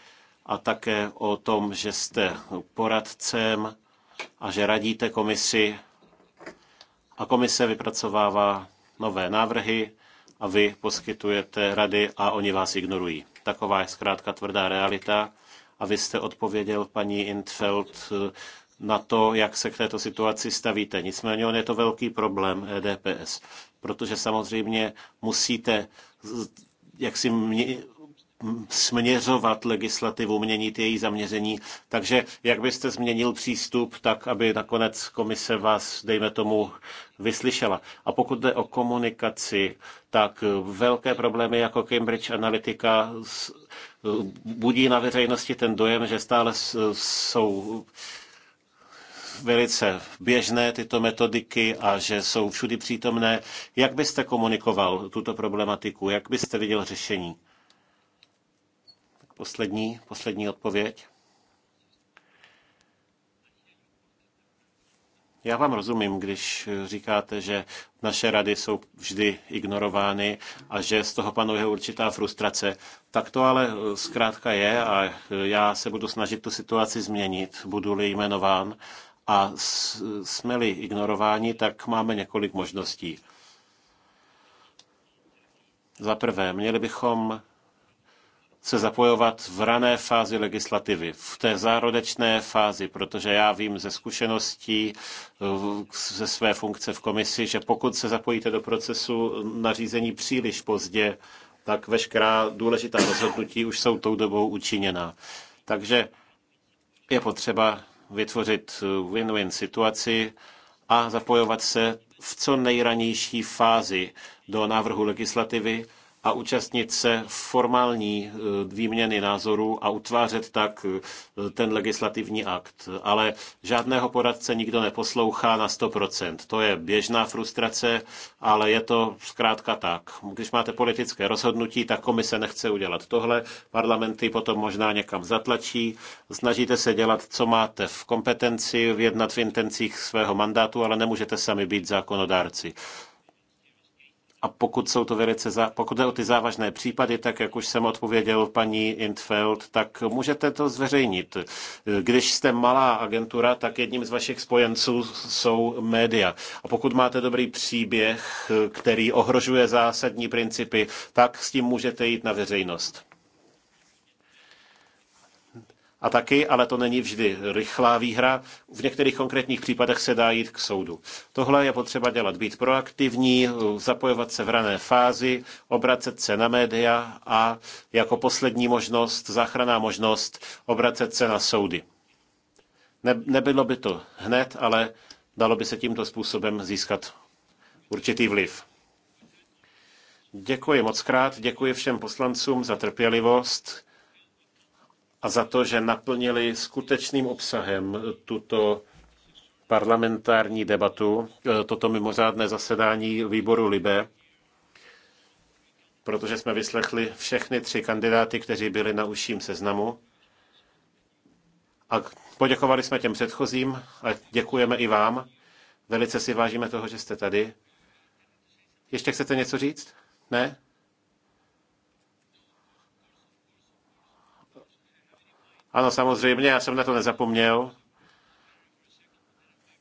a také o tom, že jste poradcem a že radíte komisi a komise vypracovává nové návrhy a vy poskytujete rady a oni vás ignorují. Taková je zkrátka tvrdá realita. A vy jste odpověděl paní Intfeld na to, jak se k této situaci stavíte. Nicméně on je to velký problém EDPS, protože samozřejmě musíte jak si směřovat legislativu, měnit její zaměření. Takže jak byste změnil přístup tak, aby nakonec komise vás, dejme tomu, vyslyšela? A pokud jde o komunikaci, tak velké problémy jako Cambridge Analytica e, budí na veřejnosti ten dojem, že stále e, jsou velice běžné tyto metodiky a že jsou všudy přítomné. Jak byste komunikoval tuto problematiku? Jak byste viděl řešení? Poslední, poslední odpověď. Já vám rozumím, když říkáte, že naše rady jsou vždy ignorovány a že z toho panuje určitá frustrace. Tak to ale eh, zkrátka je a eh, já se budu snažit tu situaci změnit, budu-li jmenován. A jsme-li ignorováni, tak máme několik možností. Za prvé, měli bychom se zapojovat v rané fázi legislativy, v té zárodečné fázi, protože já vím ze zkušeností, eh, ze své funkce v komisi, že pokud se zapojíte do procesu nařízení příliš pozdě, tak veškerá důležitá rozhodnutí už jsou tou dobou učiněná. Takže je potřeba vytvořit eh, win-win situaci a zapojovat se v co nejranější fázi do návrhu legislativy, a účastnit se formální eh, výměny názorů a utvářet tak eh, ten legislativní akt. Ale žádného poradce nikdo neposlouchá na 100%. To je běžná frustrace, ale je to zkrátka tak. Když máte politické rozhodnutí, tak komise nechce udělat tohle, parlamenty potom možná někam zatlačí, snažíte se dělat, co máte v kompetenci, jednat v intencích svého mandátu, ale nemůžete sami být zákonodárci. A pokud jsou to velice, za, pokud jde o ty závažné případy, tak jak už jsem odpověděl paní Intfeld, tak můžete to zveřejnit. Když jste malá agentura, tak jedním z vašich spojenců jsou média. A pokud máte dobrý příběh, který ohrožuje zásadní principy, tak s tím můžete jít na veřejnost a taky, ale to není vždy rychlá výhra. V některých konkrétních případech se dá jít k soudu. Tohle je potřeba dělat, být proaktivní, zapojovat se v rané fázi, obracet se na média a jako poslední možnost, záchranná možnost, obracet se na soudy. Ne, nebylo by to hned, ale dalo by se tímto způsobem získat určitý vliv. Děkuji moc krát, děkuji všem poslancům za trpělivost a za to, že naplnili skutečným obsahem tuto parlamentární debatu, e, toto mimořádné zasedání výboru Libe, protože jsme vyslechli všechny tři kandidáty, kteří byli na užším seznamu. A poděkovali jsme těm předchozím a děkujeme i vám. Velice si vážíme toho, že jste tady. Ještě chcete něco říct? Ne? Ano, samozřejmě, já jsem na to nezapomněl.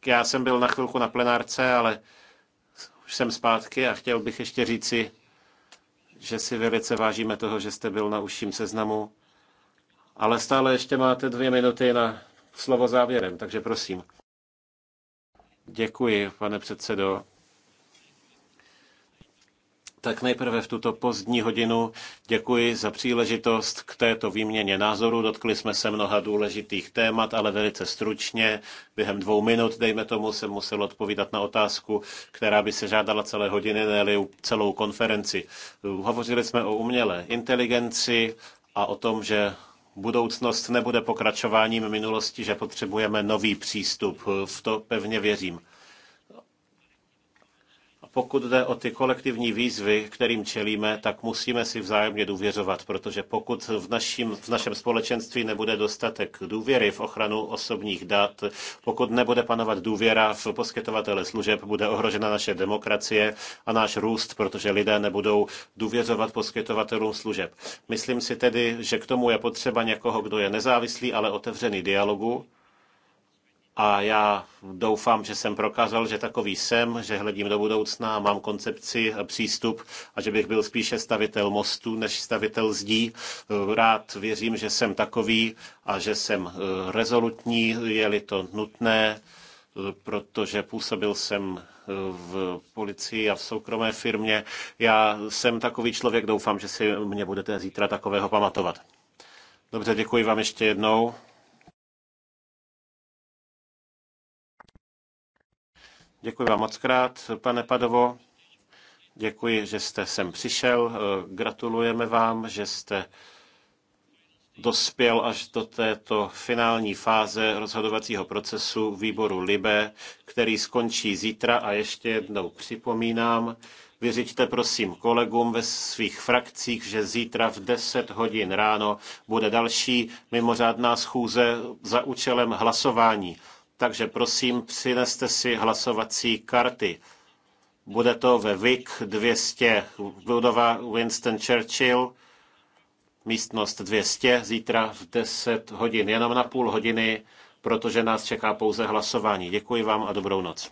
Já jsem byl na chvilku na plenárce, ale už jsem zpátky a chtěl bych ještě říci, že si velice vážíme toho, že jste byl na užším seznamu, ale stále ještě máte dvě minuty na slovo závěrem, takže prosím. Děkuji, pane předsedo. Tak nejprve v tuto pozdní hodinu děkuji za příležitost k této výměně názorů. Dotkli jsme se mnoha důležitých témat, ale velice stručně. Během dvou minut, dejme tomu, jsem musel odpovídat na otázku, která by se žádala celé hodiny, ne celou konferenci. Hovořili jsme o umělé inteligenci a o tom, že budoucnost nebude pokračováním minulosti, že potřebujeme nový přístup. V to pevně věřím pokud jde o ty kolektivní výzvy, kterým čelíme, tak musíme si vzájemně důvěřovat, protože pokud v, našim, v našem společenství nebude dostatek důvěry v ochranu osobních dat, pokud nebude panovat důvěra v poskytovatele služeb, bude ohrožena naše demokracie a náš růst, protože lidé nebudou důvěřovat poskytovatelům služeb. Myslím si tedy, že k tomu je potřeba někoho, kdo je nezávislý, ale otevřený dialogu a já doufám, že jsem prokázal, že takový jsem, že hledím do budoucna, mám koncepci, eh, přístup a že bych byl spíše stavitel mostu než stavitel zdí. Eh, rád věřím, že jsem takový a že jsem eh, rezolutní, je-li to nutné, protože působil jsem v policii a v soukromé firmě. Já jsem takový člověk, doufám, že si mě budete zítra takového pamatovat. Dobře, děkuji vám ještě jednou. Děkuji vám moc krát, pane Padovo. Děkuji, že jste sem přišel. Gratulujeme vám, že jste dospěl až do této finální fáze rozhodovacího procesu výboru LIBE, který skončí zítra a ještě jednou připomínám, Vyřiďte prosím kolegům ve svých frakcích, že zítra v 10 hodin ráno bude další mimořádná schůze za účelem hlasování. Takže prosím, přineste si hlasovací karty. Bude to ve VIC 200, budova Winston Churchill, místnost 200, zítra v 10 hodin, jenom na půl hodiny, protože nás čeká pouze hlasování. Děkuji vám a dobrou noc.